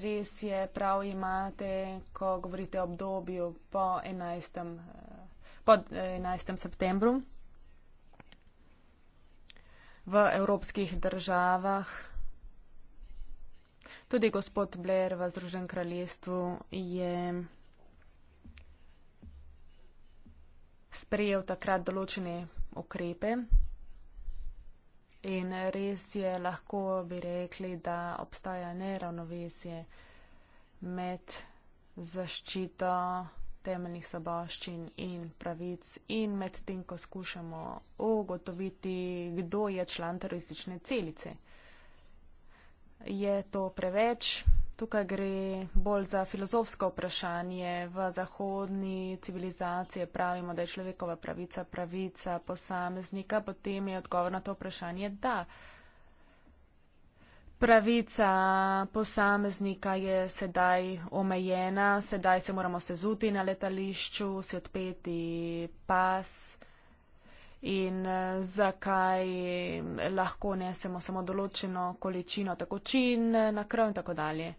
Res je, prav imate, ko govorite o obdobju po 11. Eh, po 11. Eh, septembru v evropskih državah. Tudi gospod Blair v Združenem kraljestvu je sprejel takrat določene ukrepe in res je lahko bi rekli, da obstaja neravnovesje med zaščito temeljnih sodoščin in pravic in medtem, ko skušamo ugotoviti, kdo je član teroristične celice. Je to preveč? Tukaj gre bolj za filozofsko vprašanje. V zahodni civilizaciji pravimo, da je človekova pravica pravica posameznika, potem je odgovor na to vprašanje da pravica posameznika je sedaj omejena, sedaj se moramo sezuti na letališču, si odpeti pas in eh, zakaj lahko nesemo samo določeno količino tekočin eh, na krv in tako dalje.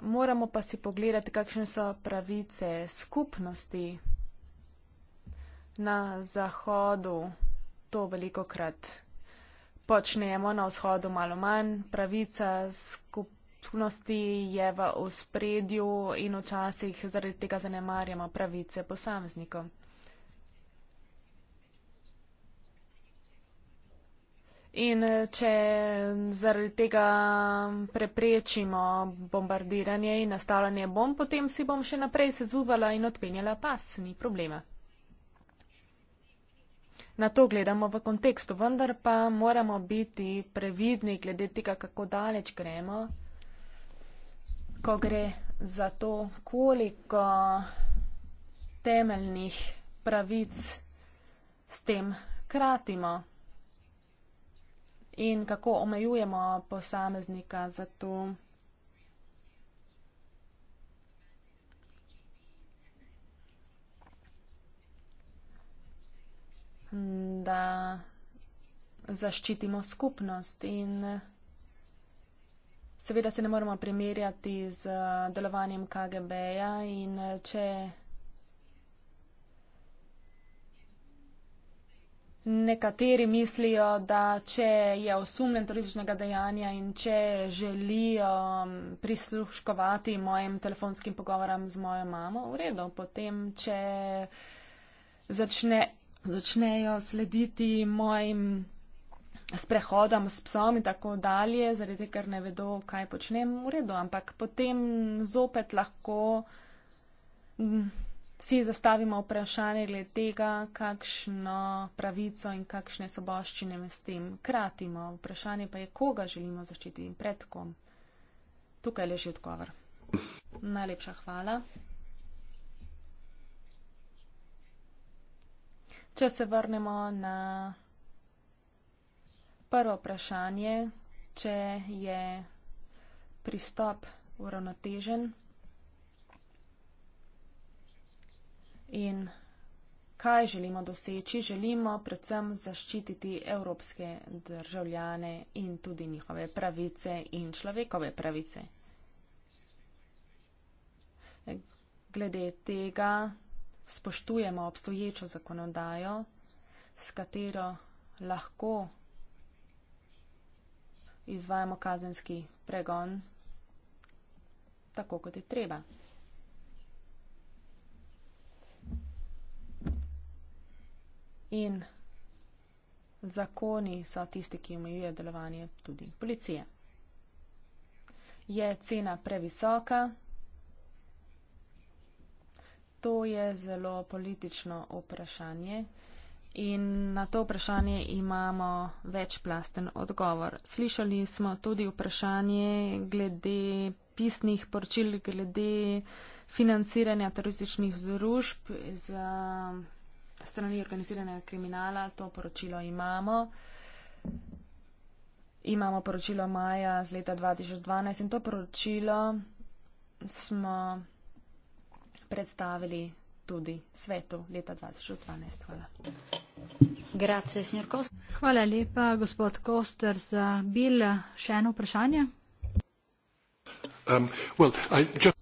Moramo pa si pogledati, kakšne so pravice skupnosti na zahodu to veliko krat počnemo na vzhodu, malo manj. Pravica skupnosti je v ospredju in včasih zaradi tega zanemarjamo pravice posameznikov. In če zaradi tega preprečimo bombardiranje in nastavljanje bomb, potem si bom še naprej sezuvala in odpenjala pas, ni problema na to gledamo v kontekstu, vendar pa moramo biti previdni glede tega, kako daleč gremo, ko gre za to, koliko temeljnih pravic s tem kratimo in kako omejujemo posameznika za to. da zaščitimo skupnost in seveda se ne moremo primerjati z eh, delovanjem KGB-ja in eh, če Nekateri mislijo, da če je osumljen terorističnega dejanja in če želijo mm, prisluškovati mojim telefonskim pogovorom z mojo mamo, v redu, potem, če začne začnejo slediti mojim sprehodom s psom in tako dalje, zaradi ker ne vedo, kaj počnem v redu, ampak potem zopet lahko mm, si zastavimo vprašanje glede tega, kakšno pravico in kakšne soboščine s tem kratimo. Vprašanje pa je, koga želimo zaščititi in pred kom. Tukaj leži odgovor. Najlepša hvala. Če se vrnemo na prvo vprašanje, če je pristop uravnotežen in kaj želimo doseči, želimo predvsem zaščititi evropske državljane in tudi njihove pravice in človekove pravice. Glede tega spoštujemo obstoječo zakonodajo, s katero lahko izvajamo kazenski pregon tako, kot je treba. In zakoni so tisti, ki omejuje delovanje tudi policije. Je cena previsoka? To je zelo politično vprašanje in na to vprašanje imamo večplasten odgovor. Slišali smo tudi vprašanje glede pisnih poročil, glede financiranja terorističnih združb z strani organiziranega kriminala. To poročilo imamo. Imamo poročilo Maja z leta 2012 in to poročilo smo predstavili tudi svetu leta 2012. Hvala. Grazie, signor Koster. Hvala lepa, gospod Koster, za bil še eno vprašanje. Um, well, just...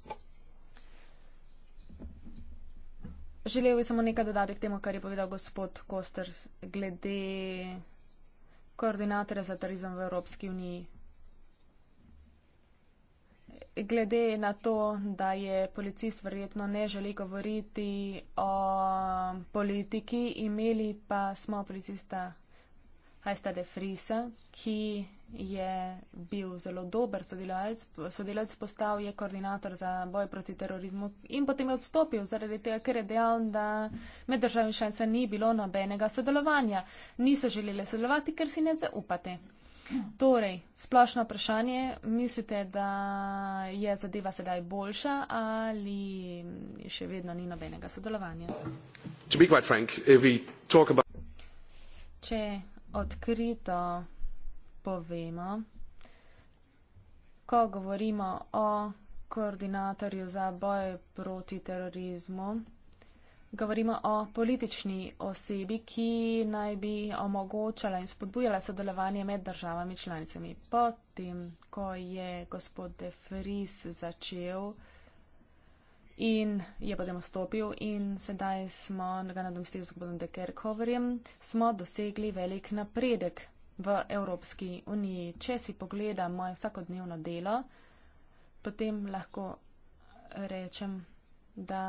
Želel bi samo nekaj dodati k temu, kar je povedal gospod Koster glede koordinatorja za turizem v Evropski uniji glede na to, da je policist verjetno ne želi govoriti o politiki, imeli pa smo policista Hajsta de Frisa, ki je bil zelo dober sodelovalec, sodelovec postal je koordinator za boj proti terorizmu in potem je odstopil zaradi tega, ker je dejal, da med državami šance ni bilo nobenega sodelovanja. Niso želeli sodelovati, ker si ne zaupate. Torej, splošno vprašanje, mislite, da je zadeva sedaj boljša ali še vedno ni nobenega sodelovanja? Frank, about... Če odkrito povemo, ko govorimo o koordinatorju za boj proti terorizmu, Govorimo o politični osebi, ki naj bi omogočala in spodbujala sodelovanje med državami članicami. Potem, ko je gospod De Vries začel in je potem vstopil in sedaj smo ga nadomestili z gospodom De Kerkhoverjem, smo dosegli velik napredek v Evropski uniji. Če si pogledam moje vsakodnevno delo, potem lahko rečem, da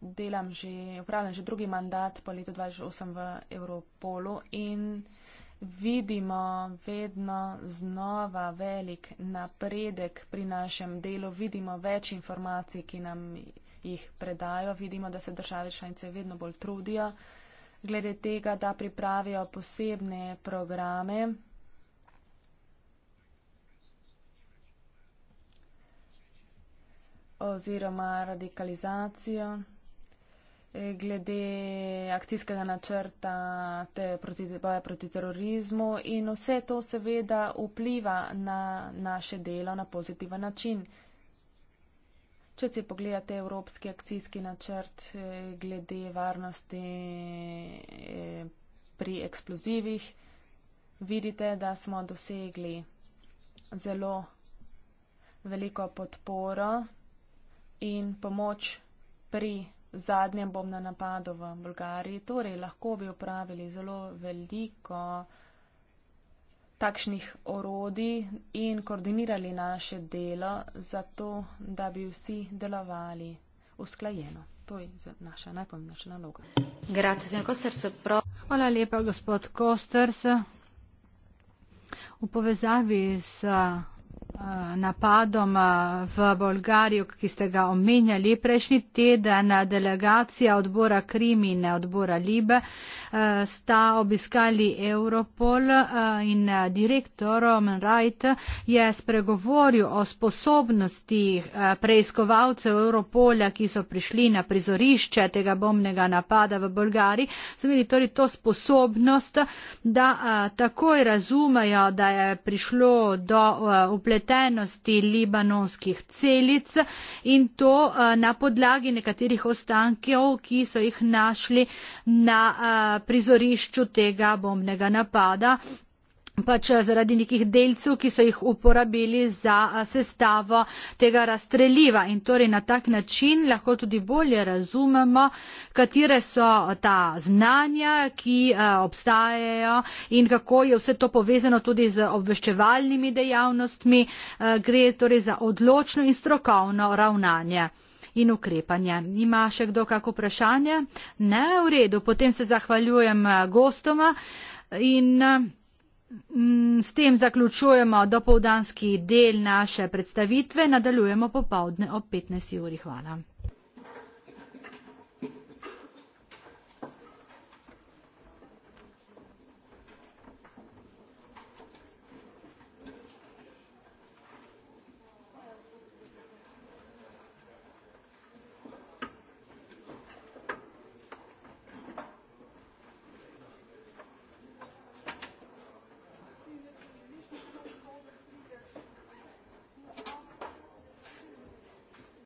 delam že, upravljam že drugi mandat po letu 2008 v Europolu in vidimo vedno znova velik napredek pri našem delu, vidimo več informacij, ki nam jih predajo, vidimo, da se države članice vedno bolj trudijo glede tega, da pripravijo posebne programe. oziroma radikalizacijo. Eh, glede akcijskega načrta te proti, boja proti terorizmu in vse to seveda vpliva na naše delo na pozitiven način. Če si pogledate Evropski akcijski načrt eh, glede varnosti eh, pri eksplozivih, vidite, da smo dosegli zelo veliko podporo in pomoč pri zadnjem bombnem napadu v Bolgariji. Torej, lahko bi upravili zelo veliko takšnih orodij in koordinirali naše delo, zato da bi vsi delovali usklajeno. To je naša najpomembnejša naloga. Grazie, signor Koster, se prav. Hvala lepa, gospod Koster. V povezavi s Eh, napadom eh, v Bolgarijo, ki ste ga omenjali. Prejšnji teden delegacija odbora Krim in odbora Libe eh, sta obiskali Europol in direktor Roman Wright je spregovoril o sposobnosti preiskovalcev Europola, ki so prišli na prizorišče tega bombnega napada v Bolgariji. So imeli torej to sposobnost, da takoj razumejo, da je prišlo do upletenja pretenosti libanonskih celic in to eh, na podlagi nekaterih ostankov, ki so jih našli na eh, prizorišču tega bombnega napada pač eh, zaradi nekih delcev, ki so jih uporabili za eh, sestavo tega razstreliva. In torej na tak način lahko tudi bolje razumemo, katere so eh, ta znanja, ki obstajajo in kako je vse to povezano tudi z obveščevalnimi dejavnostmi. Gre torej za odločno in strokovno ravnanje. In ukrepanje. Ima še kdo kako vprašanje? Ne, v redu. Potem se zahvaljujem gostoma in. Mm, s tem zaključujemo dopoldanski del naše predstavitve. Nadaljujemo popovdne ob 15. uri. Hvala.